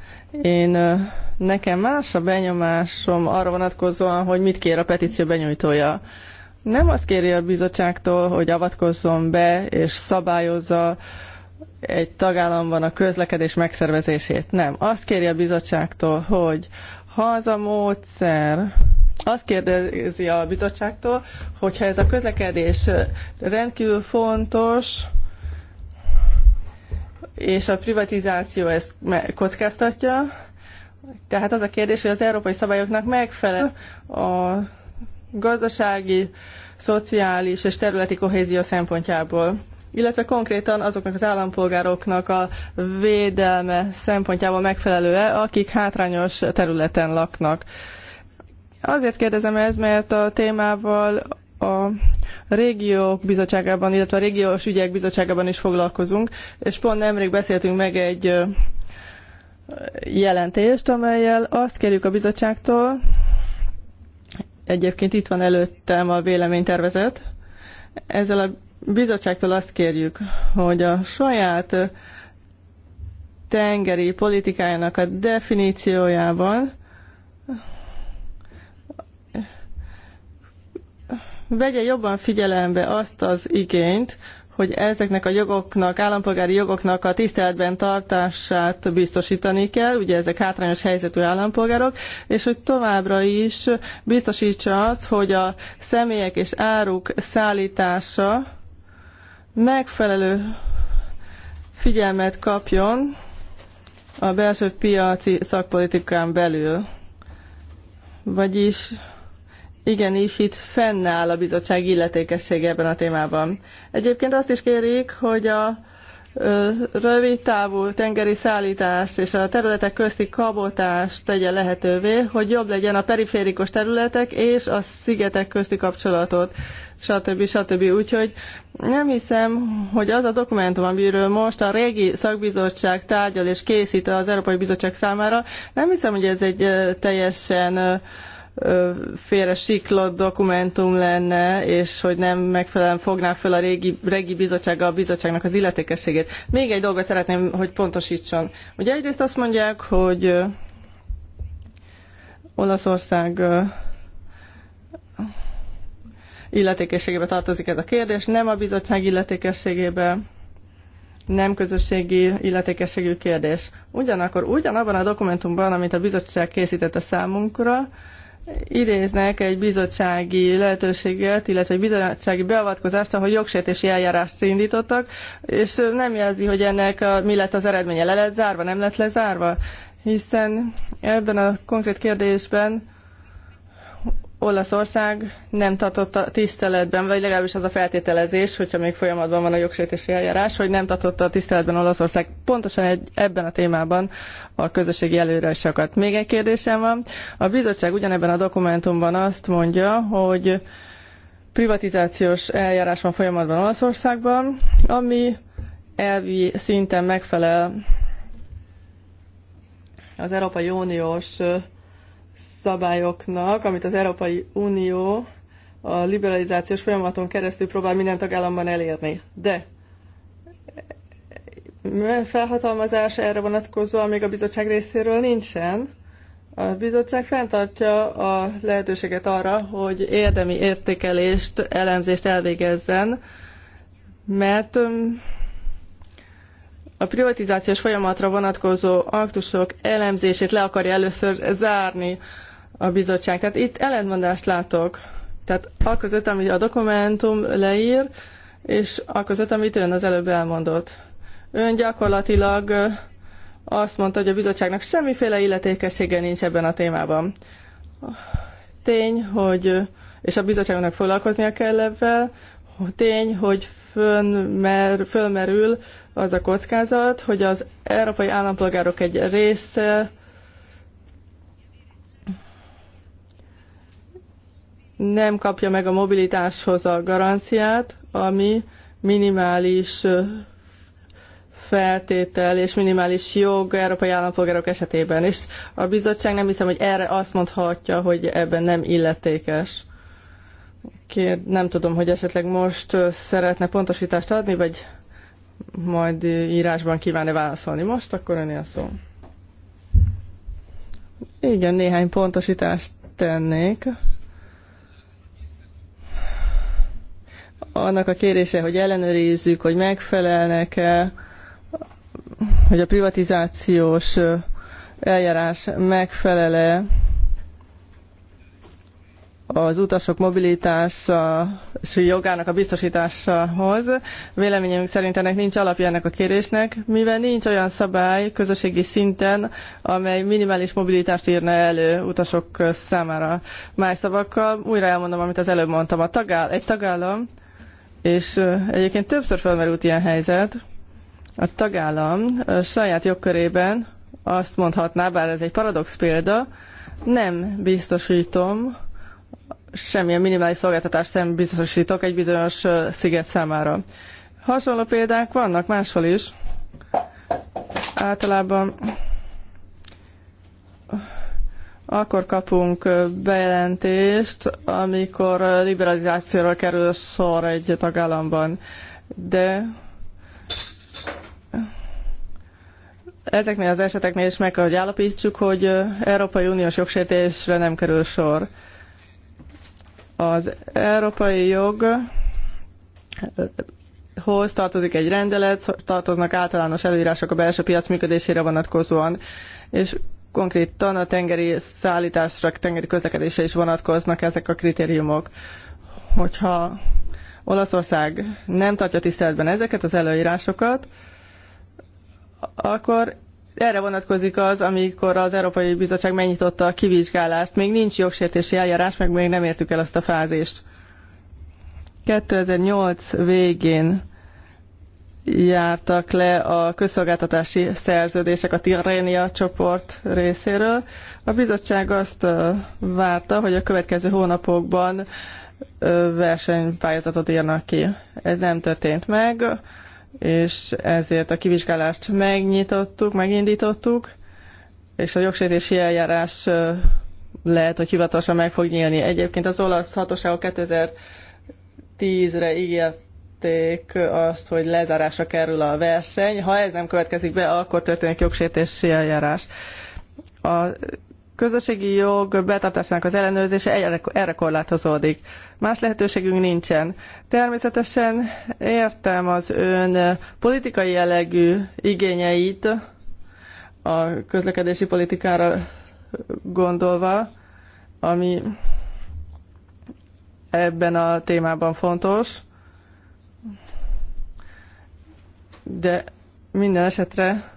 én nekem más a benyomásom arra vonatkozóan, hogy mit kér a petíció benyújtója. Nem azt kéri a bizottságtól, hogy avatkozzon be és szabályozza egy tagállamban a közlekedés megszervezését. Nem. Azt kéri a bizottságtól, hogy ha az a módszer, azt kérdezi a bizottságtól, hogyha ez a közlekedés rendkívül fontos, és a privatizáció ezt kockáztatja, tehát az a kérdés, hogy az európai szabályoknak megfelel a gazdasági, szociális és területi kohézió szempontjából illetve konkrétan azoknak az állampolgároknak a védelme szempontjából megfelelő-e, akik hátrányos területen laknak. Azért kérdezem ez, mert a témával a régiók bizottságában, illetve a régiós ügyek bizottságában is foglalkozunk, és pont nemrég beszéltünk meg egy jelentést, amelyel azt kérjük a bizottságtól, egyébként itt van előttem a véleménytervezet, ezzel a bizottságtól azt kérjük, hogy a saját tengeri politikájának a definíciójában vegye jobban figyelembe azt az igényt, hogy ezeknek a jogoknak, állampolgári jogoknak a tiszteletben tartását biztosítani kell, ugye ezek hátrányos helyzetű állampolgárok, és hogy továbbra is biztosítsa azt, hogy a személyek és áruk szállítása megfelelő figyelmet kapjon a belső piaci szakpolitikán belül. Vagyis igenis itt fennáll a bizottság illetékessége ebben a témában. Egyébként azt is kérik, hogy a rövid távú tengeri szállítást és a területek közti kabotást tegye lehetővé, hogy jobb legyen a periférikus területek és a szigetek közti kapcsolatot, stb. stb. Úgyhogy nem hiszem, hogy az a dokumentum, amiről most a régi szakbizottság tárgyal és készít az Európai Bizottság számára, nem hiszem, hogy ez egy teljesen félre siklott dokumentum lenne, és hogy nem megfelelően fogná fel a régi, régi bizottsága a bizottságnak az illetékességét. Még egy dolgot szeretném, hogy pontosítson. Ugye egyrészt azt mondják, hogy Olaszország illetékességébe tartozik ez a kérdés, nem a bizottság illetékességébe, nem közösségi illetékességű kérdés. Ugyanakkor ugyanabban a dokumentumban, amit a bizottság készített a számunkra, idéznek egy bizottsági lehetőséget, illetve egy bizottsági beavatkozást, ahol jogsértési eljárást indítottak, és nem jelzi, hogy ennek a, mi lett az eredménye, le lett zárva, nem lett lezárva, hiszen ebben a konkrét kérdésben Olaszország nem tartotta tiszteletben, vagy legalábbis az a feltételezés, hogyha még folyamatban van a jogsértési eljárás, hogy nem tartotta tiszteletben Olaszország pontosan egy, ebben a témában a közösségi előírásokat. Még egy kérdésem van. A bizottság ugyanebben a dokumentumban azt mondja, hogy privatizációs eljárás van folyamatban Olaszországban, ami elvi szinten megfelel az Európai Uniós szabályoknak, amit az Európai Unió a liberalizációs folyamaton keresztül próbál minden tagállamban elérni. De felhatalmazás erre vonatkozóan még a bizottság részéről nincsen. A bizottság fenntartja a lehetőséget arra, hogy érdemi értékelést, elemzést elvégezzen, mert a privatizációs folyamatra vonatkozó aktusok elemzését le akarja először zárni a bizottság. Tehát itt ellentmondást látok. Tehát aközött, amit a dokumentum leír, és aközött, amit ön az előbb elmondott. Ön gyakorlatilag azt mondta, hogy a bizottságnak semmiféle illetékessége nincs ebben a témában. Tény, hogy, és a bizottságnak foglalkoznia kell ebben, tény, hogy fönmer, fölmerül az a kockázat, hogy az európai állampolgárok egy része nem kapja meg a mobilitáshoz a garanciát, ami minimális feltétel és minimális jog európai állampolgárok esetében. És a bizottság nem hiszem, hogy erre azt mondhatja, hogy ebben nem illetékes. Kér, nem tudom, hogy esetleg most szeretne pontosítást adni, vagy majd írásban kíván-e válaszolni most, akkor önél szó. Igen, néhány pontosítást tennék. Annak a kérése, hogy ellenőrizzük, hogy megfelelnek-e, hogy a privatizációs eljárás megfelele az utasok mobilitása és jogának a biztosításához. Véleményünk szerint ennek nincs alapja ennek a kérésnek, mivel nincs olyan szabály közösségi szinten, amely minimális mobilitást írna elő utasok számára. Más szavakkal újra elmondom, amit az előbb mondtam. A tagáll- egy tagállam, és egyébként többször felmerült ilyen helyzet, a tagállam a saját jogkörében azt mondhatná, bár ez egy paradox példa, nem biztosítom semmilyen minimális szolgáltatást nem biztosítok egy bizonyos sziget számára. Hasonló példák vannak máshol is. Általában akkor kapunk bejelentést, amikor liberalizációra kerül sor egy tagállamban. De ezeknél az eseteknél is meg kell, hogy állapítsuk, hogy Európai Uniós jogsértésre nem kerül sor. Az európai jog hoz tartozik egy rendelet, tartoznak általános előírások a belső piac működésére vonatkozóan, és konkrétan a tengeri szállításra, tengeri közlekedésre is vonatkoznak ezek a kritériumok. Hogyha Olaszország nem tartja tiszteletben ezeket az előírásokat, akkor erre vonatkozik az, amikor az Európai Bizottság megnyitotta a kivizsgálást. Még nincs jogsértési eljárás, meg még nem értük el azt a fázist. 2008 végén jártak le a közszolgáltatási szerződések a Tirrenia csoport részéről. A bizottság azt várta, hogy a következő hónapokban versenypályázatot írnak ki. Ez nem történt meg és ezért a kivizsgálást megnyitottuk, megindítottuk, és a jogsértési eljárás lehet, hogy hivatalosan meg fog nyílni. Egyébként az olasz hatóságok 2010-re ígérték azt, hogy lezárásra kerül a verseny. Ha ez nem következik be, akkor történik jogsértési eljárás. A közösségi jog betartásának az ellenőrzése erre, erre korlátozódik. Más lehetőségünk nincsen. Természetesen értem az ön politikai jellegű igényeit a közlekedési politikára gondolva, ami ebben a témában fontos. De minden esetre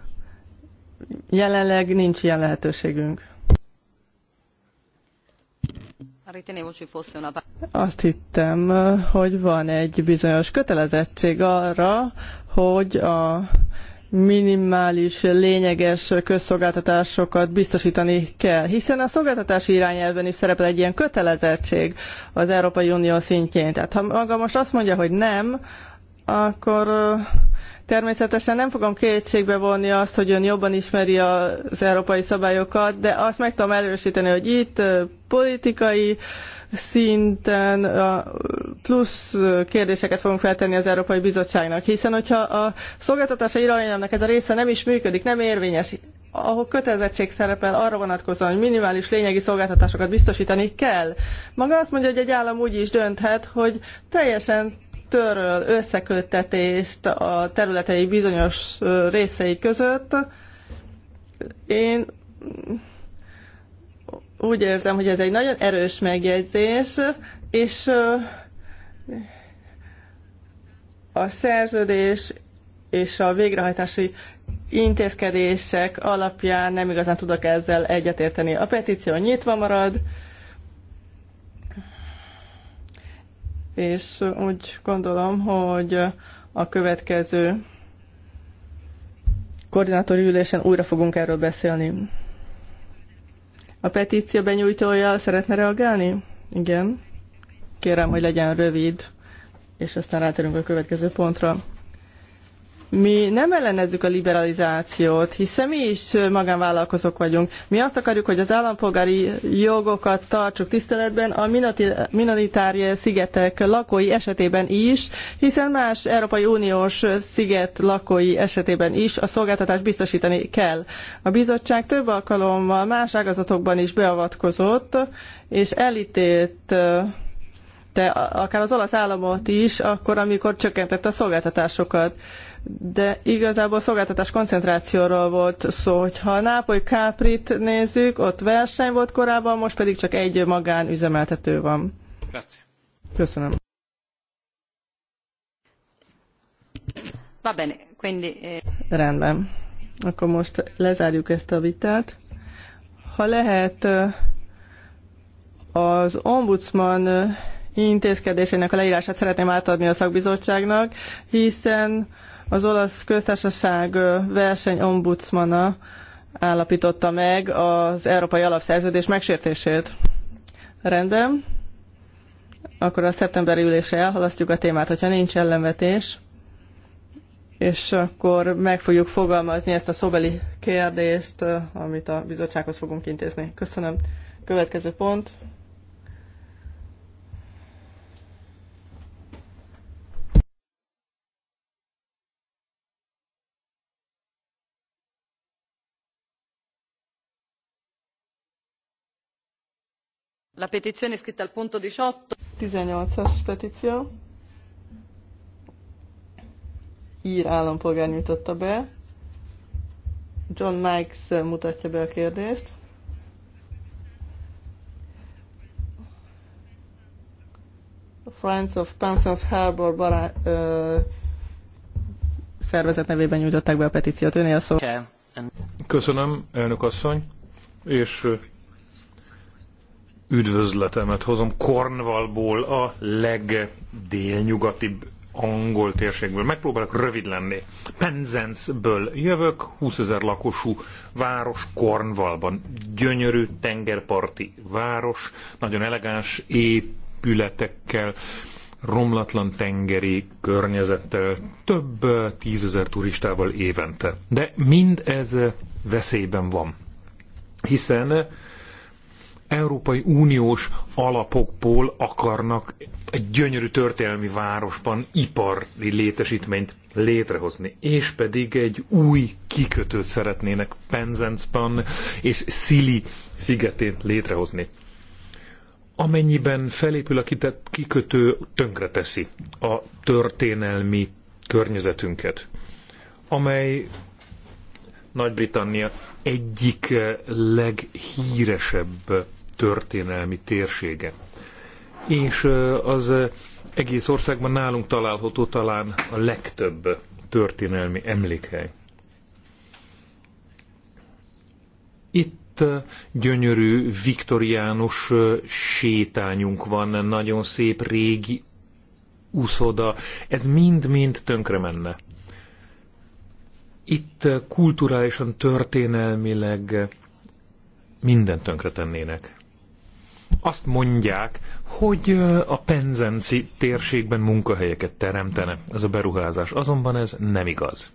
jelenleg nincs ilyen lehetőségünk. Azt hittem, hogy van egy bizonyos kötelezettség arra, hogy a minimális, lényeges közszolgáltatásokat biztosítani kell, hiszen a szolgáltatási irányelven is szerepel egy ilyen kötelezettség az Európai Unió szintjén. Tehát ha maga most azt mondja, hogy nem, akkor Természetesen nem fogom kétségbe vonni azt, hogy ön jobban ismeri az európai szabályokat, de azt meg tudom erősíteni, hogy itt politikai szinten plusz kérdéseket fogunk feltenni az Európai Bizottságnak, hiszen hogyha a szolgáltatása irányelvnek ez a része nem is működik, nem érvényes, ahol kötelezettség szerepel arra vonatkozóan, hogy minimális lényegi szolgáltatásokat biztosítani kell. Maga azt mondja, hogy egy állam úgy is dönthet, hogy teljesen töröl összeköttetést a területei bizonyos részei között. Én úgy érzem, hogy ez egy nagyon erős megjegyzés, és a szerződés és a végrehajtási intézkedések alapján nem igazán tudok ezzel egyetérteni. A petíció nyitva marad, és úgy gondolom, hogy a következő koordinátori ülésen újra fogunk erről beszélni. A petíció benyújtója szeretne reagálni? Igen. Kérem, hogy legyen rövid, és aztán rátérünk a következő pontra. Mi nem ellenezzük a liberalizációt, hiszen mi is magánvállalkozók vagyunk. Mi azt akarjuk, hogy az állampolgári jogokat tartsuk tiszteletben a minoritári szigetek lakói esetében is, hiszen más Európai Uniós sziget lakói esetében is a szolgáltatást biztosítani kell. A bizottság több alkalommal más ágazatokban is beavatkozott, és elítélt megvédte akár az olasz államot is, akkor, amikor csökkentette a szolgáltatásokat. De igazából szolgáltatás koncentrációról volt szó, hogyha a Nápoly Káprit nézzük, ott verseny volt korábban, most pedig csak egy magánüzemeltető van. Grazie. Köszönöm. Va bene, quindi... Eh, Rendben. Akkor most lezárjuk ezt a vitát. Ha lehet, eh, az ombudsman eh, intézkedésének a leírását szeretném átadni a szakbizottságnak, hiszen az olasz köztársaság versenyombudsmana állapította meg az Európai Alapszerződés megsértését. Rendben. Akkor a szeptemberi ülésre elhalasztjuk a témát, hogyha nincs ellenvetés, és akkor meg fogjuk fogalmazni ezt a szobeli kérdést, amit a bizottsághoz fogunk intézni. Köszönöm. Következő pont. La petizione scritta al punto 18. 18-as petíció. Ír állampolgár nyújtotta be. John Mikes mutatja be a kérdést. Friends of Pansons Harbor bará, ö, szervezet nevében nyújtották be a petíciót. Önél szó. Köszönöm, elnök asszony, és üdvözletemet hozom Cornwallból, a legdélnyugatibb angol térségből. Megpróbálok rövid lenni. Penzenceből jövök, 20 ezer lakosú város Cornwallban. Gyönyörű tengerparti város, nagyon elegáns épületekkel, romlatlan tengeri környezettel, több tízezer turistával évente. De mindez veszélyben van. Hiszen Európai Uniós alapokból akarnak egy gyönyörű történelmi városban ipari létesítményt létrehozni, és pedig egy új kikötőt szeretnének penzance és Szili szigetén létrehozni. Amennyiben felépül a kikötő, tönkreteszi a történelmi környezetünket, amely Nagy-Britannia egyik leghíresebb történelmi térsége. És az egész országban nálunk található talán a legtöbb történelmi emlékhely. Itt gyönyörű viktoriánus sétányunk van, nagyon szép régi úszoda, ez mind-mind tönkre menne. Itt kulturálisan, történelmileg mindent tönkre tennének azt mondják, hogy a penzenci térségben munkahelyeket teremtene ez a beruházás. Azonban ez nem igaz.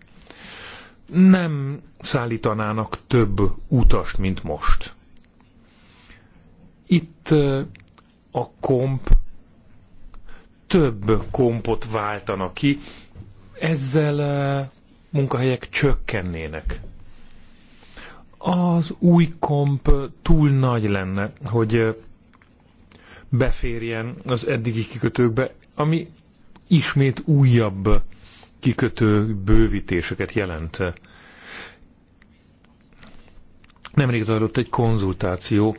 Nem szállítanának több utast, mint most. Itt a komp több kompot váltana ki, ezzel munkahelyek csökkennének. Az új komp túl nagy lenne, hogy beférjen az eddigi kikötőkbe, ami ismét újabb kikötő bővítéseket jelent. Nemrég zajlott egy konzultáció,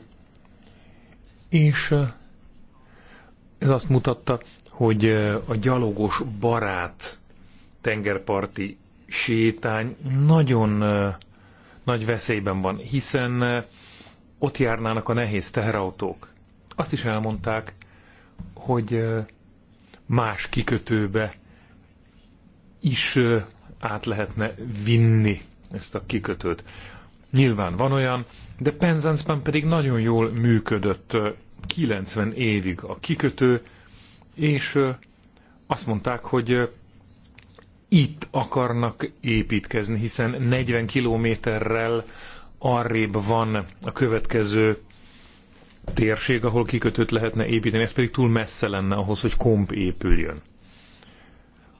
és eh, ez azt mutatta, hogy eh, a gyalogos barát tengerparti sétány nagyon eh, nagy veszélyben van, hiszen ott járnának a nehéz teherautók. Azt is elmondták, hogy más kikötőbe is át lehetne vinni ezt a kikötőt. Nyilván van olyan, de Penzanceban pedig nagyon jól működött 90 évig a kikötő, és azt mondták, hogy itt akarnak építkezni, hiszen 40 kilométerrel arrébb van a következő térség, ahol kikötőt lehetne építeni, ez pedig túl messze lenne ahhoz, hogy komp épüljön.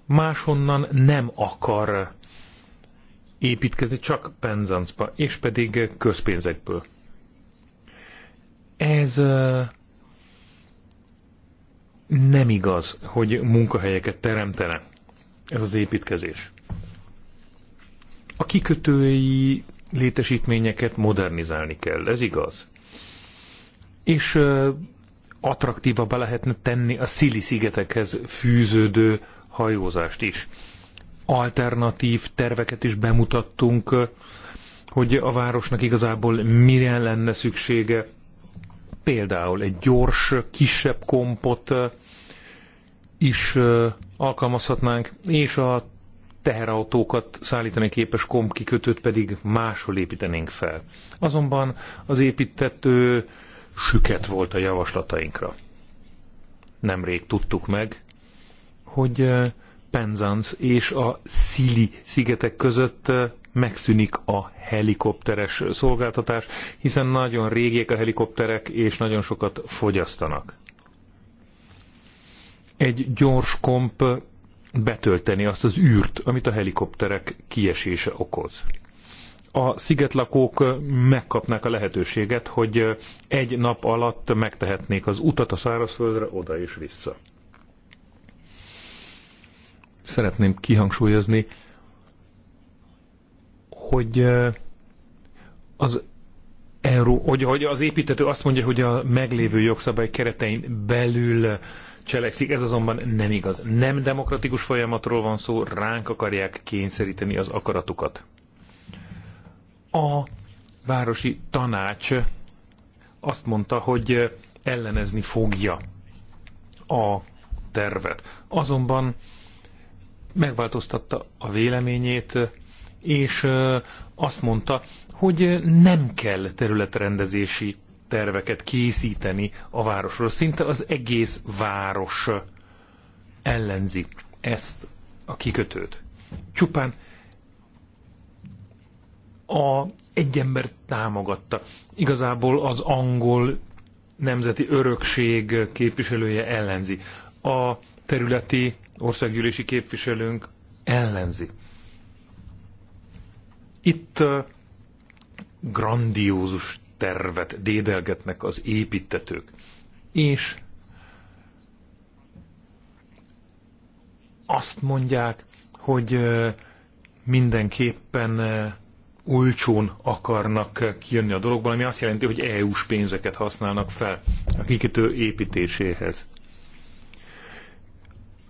Máshonnan nem akar építkezni, csak Penzancba, és pedig közpénzekből. Ez nem igaz, hogy munkahelyeket teremtene ez az építkezés. A kikötői létesítményeket modernizálni kell, ez igaz és attraktívabbá lehetne tenni a Szili szigetekhez fűződő hajózást is. Alternatív terveket is bemutattunk, hogy a városnak igazából mire lenne szüksége. Például egy gyors, kisebb kompot is alkalmazhatnánk, és a teherautókat szállítani képes komp kikötőt pedig máshol építenénk fel. Azonban az építető süket volt a javaslatainkra. Nemrég tudtuk meg, hogy eh, Penzance és a Szili szigetek között eh, megszűnik a helikopteres szolgáltatás, hiszen nagyon régiek a helikopterek, és nagyon sokat fogyasztanak. Egy gyors komp betölteni azt az űrt, amit a helikopterek kiesése okoz a szigetlakók megkapnák a lehetőséget, hogy egy nap alatt megtehetnék az utat a szárazföldre oda és vissza. Szeretném kihangsúlyozni, hogy az Euró, hogy, hogy az építető azt mondja, hogy a meglévő jogszabály keretein belül cselekszik, ez azonban nem igaz. Nem demokratikus folyamatról van szó, ránk akarják kényszeríteni az akaratukat. A városi tanács azt mondta, hogy ellenezni fogja a tervet. Azonban megváltoztatta a véleményét, és azt mondta, hogy nem kell területrendezési terveket készíteni a városról. Szinte az egész város ellenzi ezt a kikötőt. Csupán a egy ember támogatta. Igazából az angol nemzeti örökség képviselője ellenzi. A területi országgyűlési képviselőnk ellenzi. Itt uh, grandiózus tervet dédelgetnek az építetők. És azt mondják, hogy uh, mindenképpen uh, olcsón akarnak kijönni a dologból, ami azt jelenti, hogy EU-s pénzeket használnak fel a kikötő építéséhez.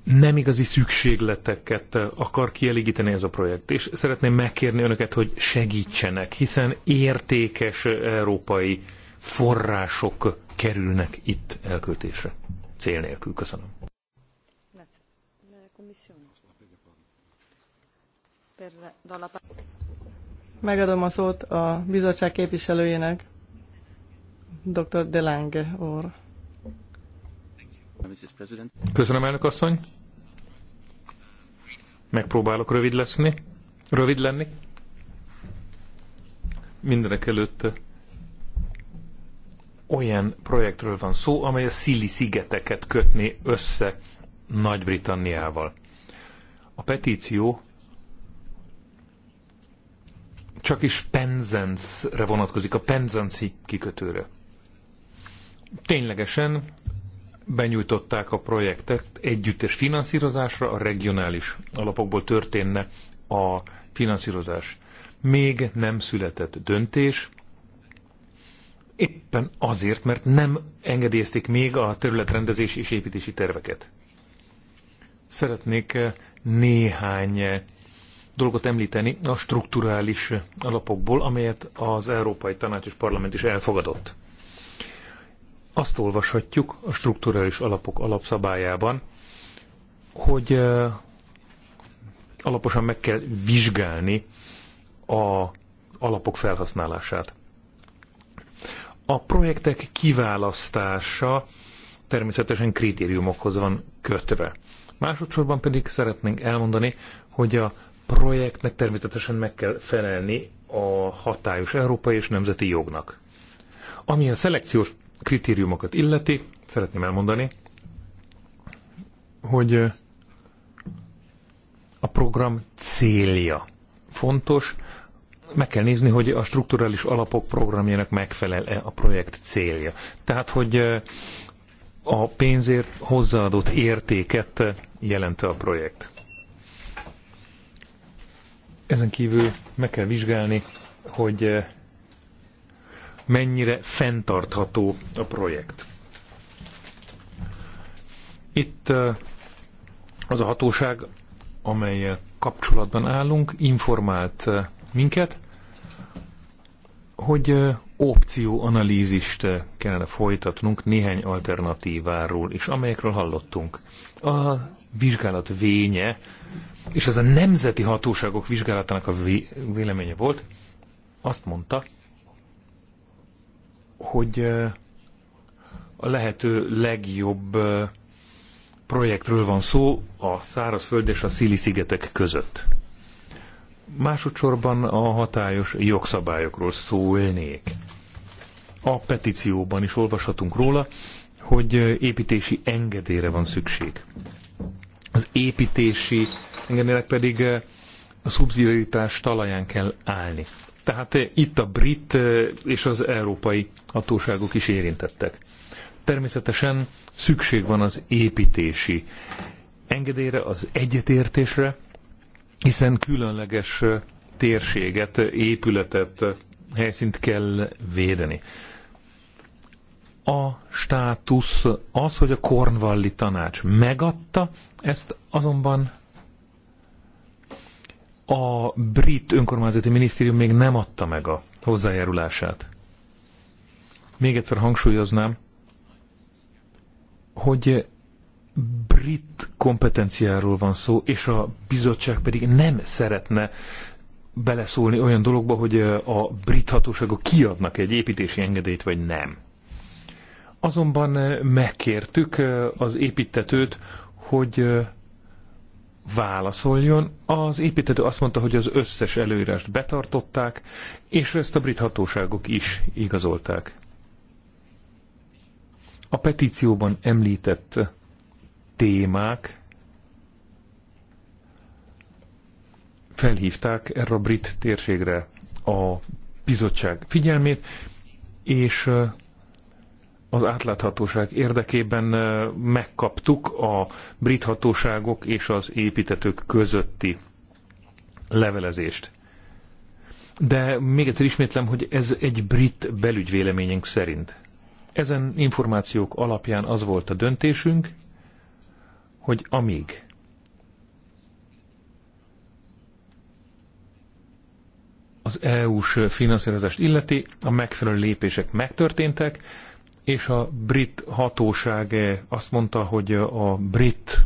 Nem igazi szükségleteket akar kielégíteni ez a projekt, és szeretném megkérni önöket, hogy segítsenek, hiszen értékes európai források kerülnek itt elköltésre. Cél nélkül. Köszönöm. Megadom a szót a bizottság képviselőjének, dr. Delange úr. Köszönöm, elnök asszony. Megpróbálok rövid leszni. Rövid lenni. Mindenek előtt olyan projektről van szó, amely a Szili szigeteket kötni össze Nagy-Britanniával. A petíció csak is Penzance-re vonatkozik, a Penzanci kikötőre. Ténylegesen benyújtották a projektet együttes finanszírozásra, a regionális alapokból történne a finanszírozás. Még nem született döntés, éppen azért, mert nem engedélyezték még a területrendezési és építési terveket. Szeretnék néhány dolgot említeni a strukturális alapokból, amelyet az Európai Tanács és Parlament is elfogadott. Azt olvashatjuk a strukturális alapok alapszabályában, hogy alaposan meg kell vizsgálni a alapok felhasználását. A projektek kiválasztása természetesen kritériumokhoz van kötve. Másodszorban pedig szeretnénk elmondani, hogy a projektnek természetesen meg kell felelni a hatályos európai és nemzeti jognak. Ami a szelekciós kritériumokat illeti, szeretném elmondani, hogy a program célja fontos, meg kell nézni, hogy a strukturális alapok programjának megfelel-e a projekt célja. Tehát, hogy a pénzért hozzáadott értéket jelente a projekt. Ezen kívül meg kell vizsgálni, hogy eh, mennyire fenntartható a projekt. Itt eh, az a hatóság, amelyel kapcsolatban állunk, informált eh, minket, hogy opcióanalízist kellene folytatnunk néhány alternatíváról is, amelyekről hallottunk. A vizsgálat vénye, és ez a nemzeti hatóságok vizsgálatának a véleménye volt, azt mondta, hogy a lehető legjobb projektről van szó a szárazföld és a Szili szigetek között. Másodszorban a hatályos jogszabályokról szólnék. A petícióban is olvashatunk róla, hogy építési engedélyre van szükség. Az építési engedélynek pedig a szubszidiaritás talaján kell állni. Tehát itt a brit és az európai hatóságok is érintettek. Természetesen szükség van az építési engedélyre, az egyetértésre, hiszen különleges térséget, épületet, helyszínt kell védeni. A státusz az, hogy a Kornvalli tanács megadta, ezt azonban a brit önkormányzati minisztérium még nem adta meg a hozzájárulását. Még egyszer hangsúlyoznám, hogy brit kompetenciáról van szó, és a bizottság pedig nem szeretne beleszólni olyan dologba, hogy eh, a brit hatóságok kiadnak egy építési engedélyt, vagy nem. Azonban eh, megkértük eh, az építetőt, hogy válaszoljon. Az építető azt mondta, hogy az összes előírást betartották, és ezt a brit hatóságok is igazolták. A petícióban említett témák felhívták erre a brit térségre a bizottság figyelmét, és az átláthatóság érdekében megkaptuk a brit hatóságok és az építetők közötti levelezést. De még egyszer ismétlem, hogy ez egy brit belügyvéleményünk szerint. Ezen információk alapján az volt a döntésünk, hogy amíg az EU-s finanszírozást illeti, a megfelelő lépések megtörténtek, és a brit hatóság azt mondta, hogy a brit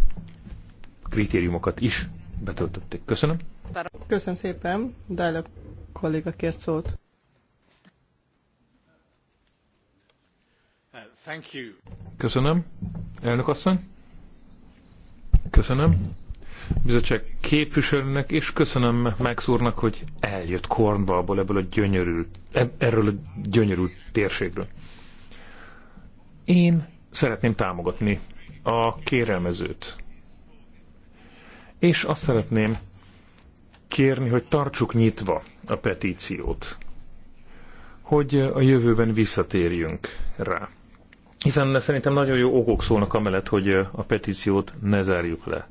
kritériumokat is betöltötték. Köszönöm. Köszönöm szépen. Dájla kolléga kért szót. Uh, Köszönöm. Elnök asszony. Köszönöm. Bizottság képviselőnek, és köszönöm Max úrnak, hogy eljött Kornbalból ebből a gyönyörű, e- erről a gyönyörű térségről. Én szeretném támogatni a kérelmezőt. És azt szeretném kérni, hogy tartsuk nyitva a petíciót, hogy a jövőben visszatérjünk rá. Hiszen szerintem nagyon jó okok szólnak amellett, hogy a petíciót ne zárjuk le.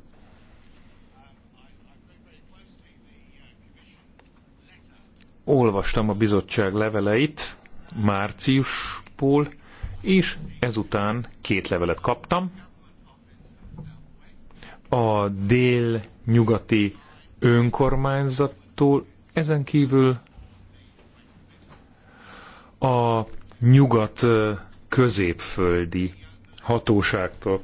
Olvastam a bizottság leveleit márciusból, és ezután két levelet kaptam. A dél-nyugati önkormányzattól, ezen kívül a nyugat középföldi hatóságtól.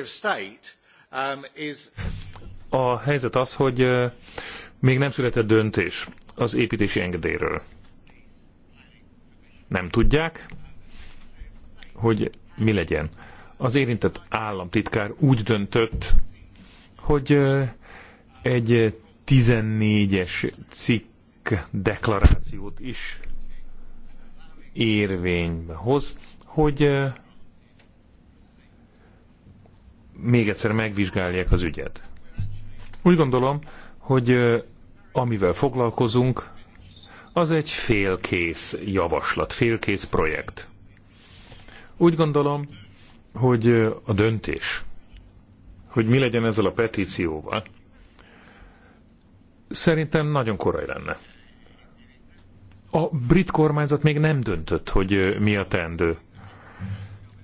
Um, A helyzet az, hogy még nem született döntés az építési engedélyről. Nem tudják, hogy mi legyen. Az érintett államtitkár úgy döntött, hogy egy 14-es cikk deklarációt is érvénybe hoz, hogy még egyszer megvizsgálják az ügyet. Úgy gondolom, hogy amivel foglalkozunk, az egy félkész javaslat, félkész projekt. Úgy gondolom, hogy a döntés, hogy mi legyen ezzel a petícióval, szerintem nagyon korai lenne. A brit kormányzat még nem döntött, hogy mi a teendő.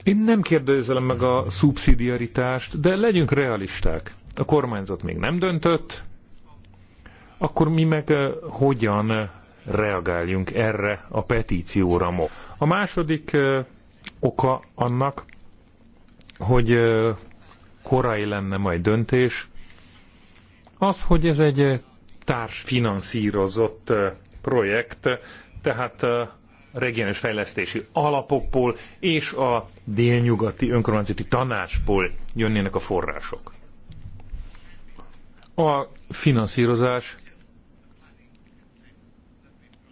Én nem kérdezelem meg a szubszidiaritást, de legyünk realisták. A kormányzat még nem döntött, akkor mi meg hogyan reagáljunk erre a petícióra ma. A második oka annak, hogy korai lenne majd döntés, az, hogy ez egy társfinanszírozott projekt, tehát a regionális fejlesztési alapokból és a délnyugati önkormányzati tanácsból jönnének a források. A finanszírozás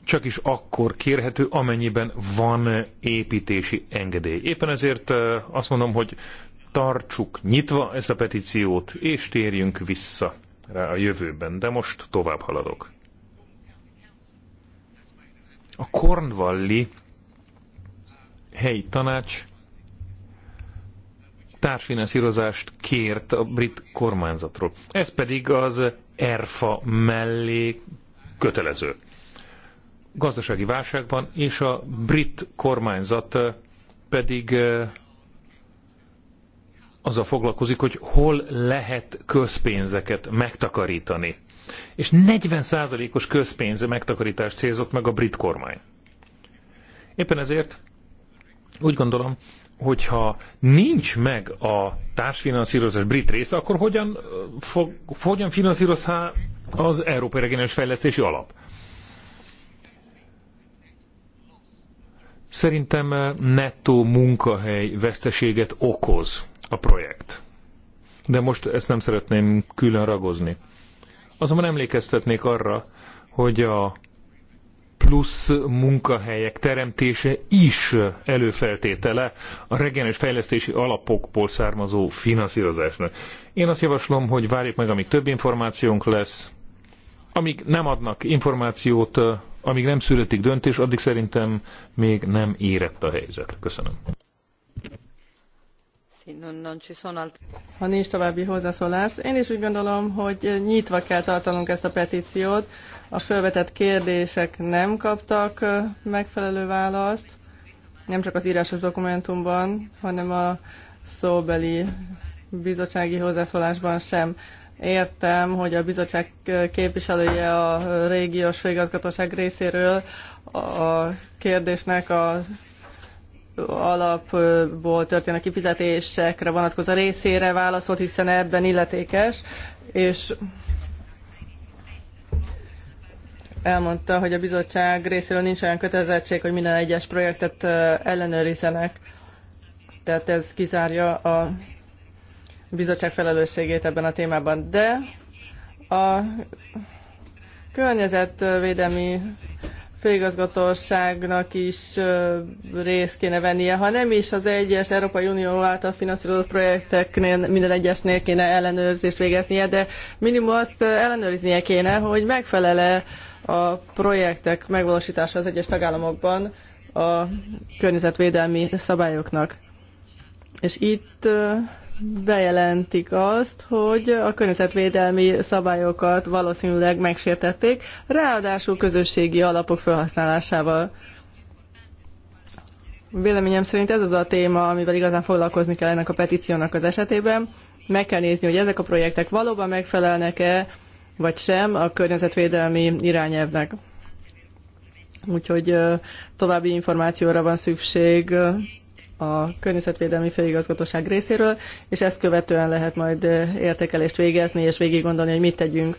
csak is akkor kérhető, amennyiben van építési engedély. Éppen ezért azt mondom, hogy tartsuk nyitva ezt a petíciót, és térjünk vissza rá a jövőben, de most tovább haladok. A Kornvalli helyi tanács társfinanszírozást kért a brit kormányzatról. Ez pedig az ERFA mellé kötelező. Gazdasági válságban, és a brit kormányzat pedig eh, azzal foglalkozik, hogy hol lehet közpénzeket megtakarítani. És 40%-os közpénze megtakarítást célzott meg a brit kormány. Éppen ezért úgy gondolom, hogyha nincs meg a társfinanszírozás brit része, akkor hogyan, fog, hogyan finanszírozhá az Európai Regionális Fejlesztési Alap? Szerintem eh, nettó munkahely veszteséget okoz a projekt. De most ezt nem szeretném külön ragozni. Azonban emlékeztetnék arra, hogy a plusz munkahelyek teremtése is előfeltétele a regionális fejlesztési alapokból származó finanszírozásnak. Én azt javaslom, hogy várjuk meg, amíg több információnk lesz, amíg nem adnak információt, amíg nem születik döntés, addig szerintem még nem érett a helyzet. Köszönöm. Ha nincs további hozzászólás, én is úgy gondolom, hogy nyitva kell tartanunk ezt a petíciót. A felvetett kérdések nem kaptak megfelelő választ, nem csak az írásos dokumentumban, hanem a szóbeli bizottsági hozzászólásban sem. Értem, hogy a bizottság képviselője a régiós főigazgatóság részéről a kérdésnek az alapból történő kifizetésekre vonatkozó részére válaszolt, hiszen ebben illetékes, és elmondta, hogy a bizottság részéről nincs olyan kötelezettség, hogy minden egyes projektet ellenőrizzenek. Tehát ez kizárja a bizottság felelősségét ebben a témában, de a környezetvédelmi főigazgatóságnak is részt kéne vennie, ha nem is az egyes Európai Unió által finanszírozott projekteknél minden egyesnél kéne ellenőrzést végeznie, de minimum azt ellenőriznie kéne, hogy megfelele a projektek megvalósítása az egyes tagállamokban a környezetvédelmi szabályoknak. És itt bejelentik azt, hogy a környezetvédelmi szabályokat valószínűleg megsértették, ráadásul közösségi alapok felhasználásával. Véleményem szerint ez az a téma, amivel igazán foglalkozni kell ennek a petíciónak az esetében. Meg kell nézni, hogy ezek a projektek valóban megfelelnek-e, vagy sem a környezetvédelmi irányelvnek. Úgyhogy további információra van szükség a Környezetvédelmi Főigazgatóság részéről, és ezt követően lehet majd eh, értékelést végezni, és végig gondolni, hogy mit tegyünk.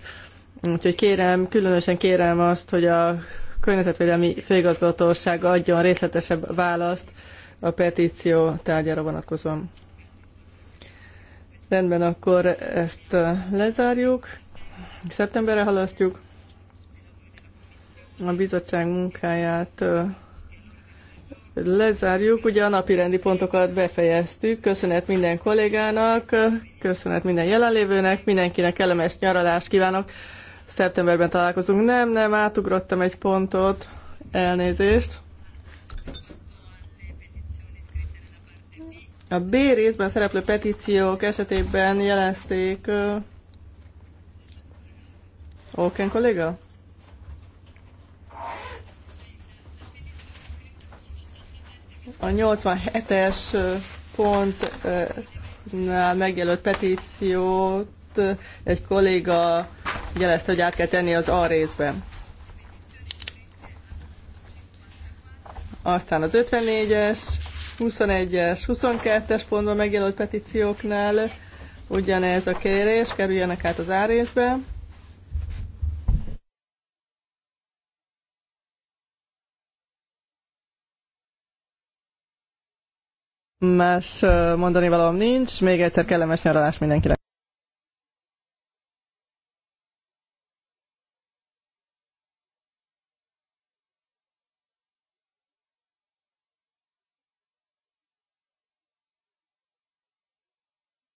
Úgyhogy kérem, különösen kérem azt, hogy a Környezetvédelmi Főigazgatóság adjon részletesebb választ a petíció tárgyára vonatkozóan. Rendben, akkor ezt eh, lezárjuk, szeptemberre halasztjuk. A bizottság munkáját eh, lezárjuk. Ugye a napi rendi pontokat befejeztük. Köszönet minden kollégának, köszönet minden jelenlévőnek, mindenkinek kellemes nyaralást kívánok. Szeptemberben találkozunk. Nem, nem, átugrottam egy pontot. Elnézést. A B részben szereplő petíciók esetében jelezték... Oké, kolléga? a 87-es pontnál megjelölt petíciót egy kolléga jelezte, hogy át kell tenni az A részbe. Aztán az 54-es, 21-es, 22-es pontban megjelölt petícióknál ugyanez a kérés, kerüljenek át az A részbe. Más mondani nincs. Még egyszer kellemes nyaralás mindenkinek.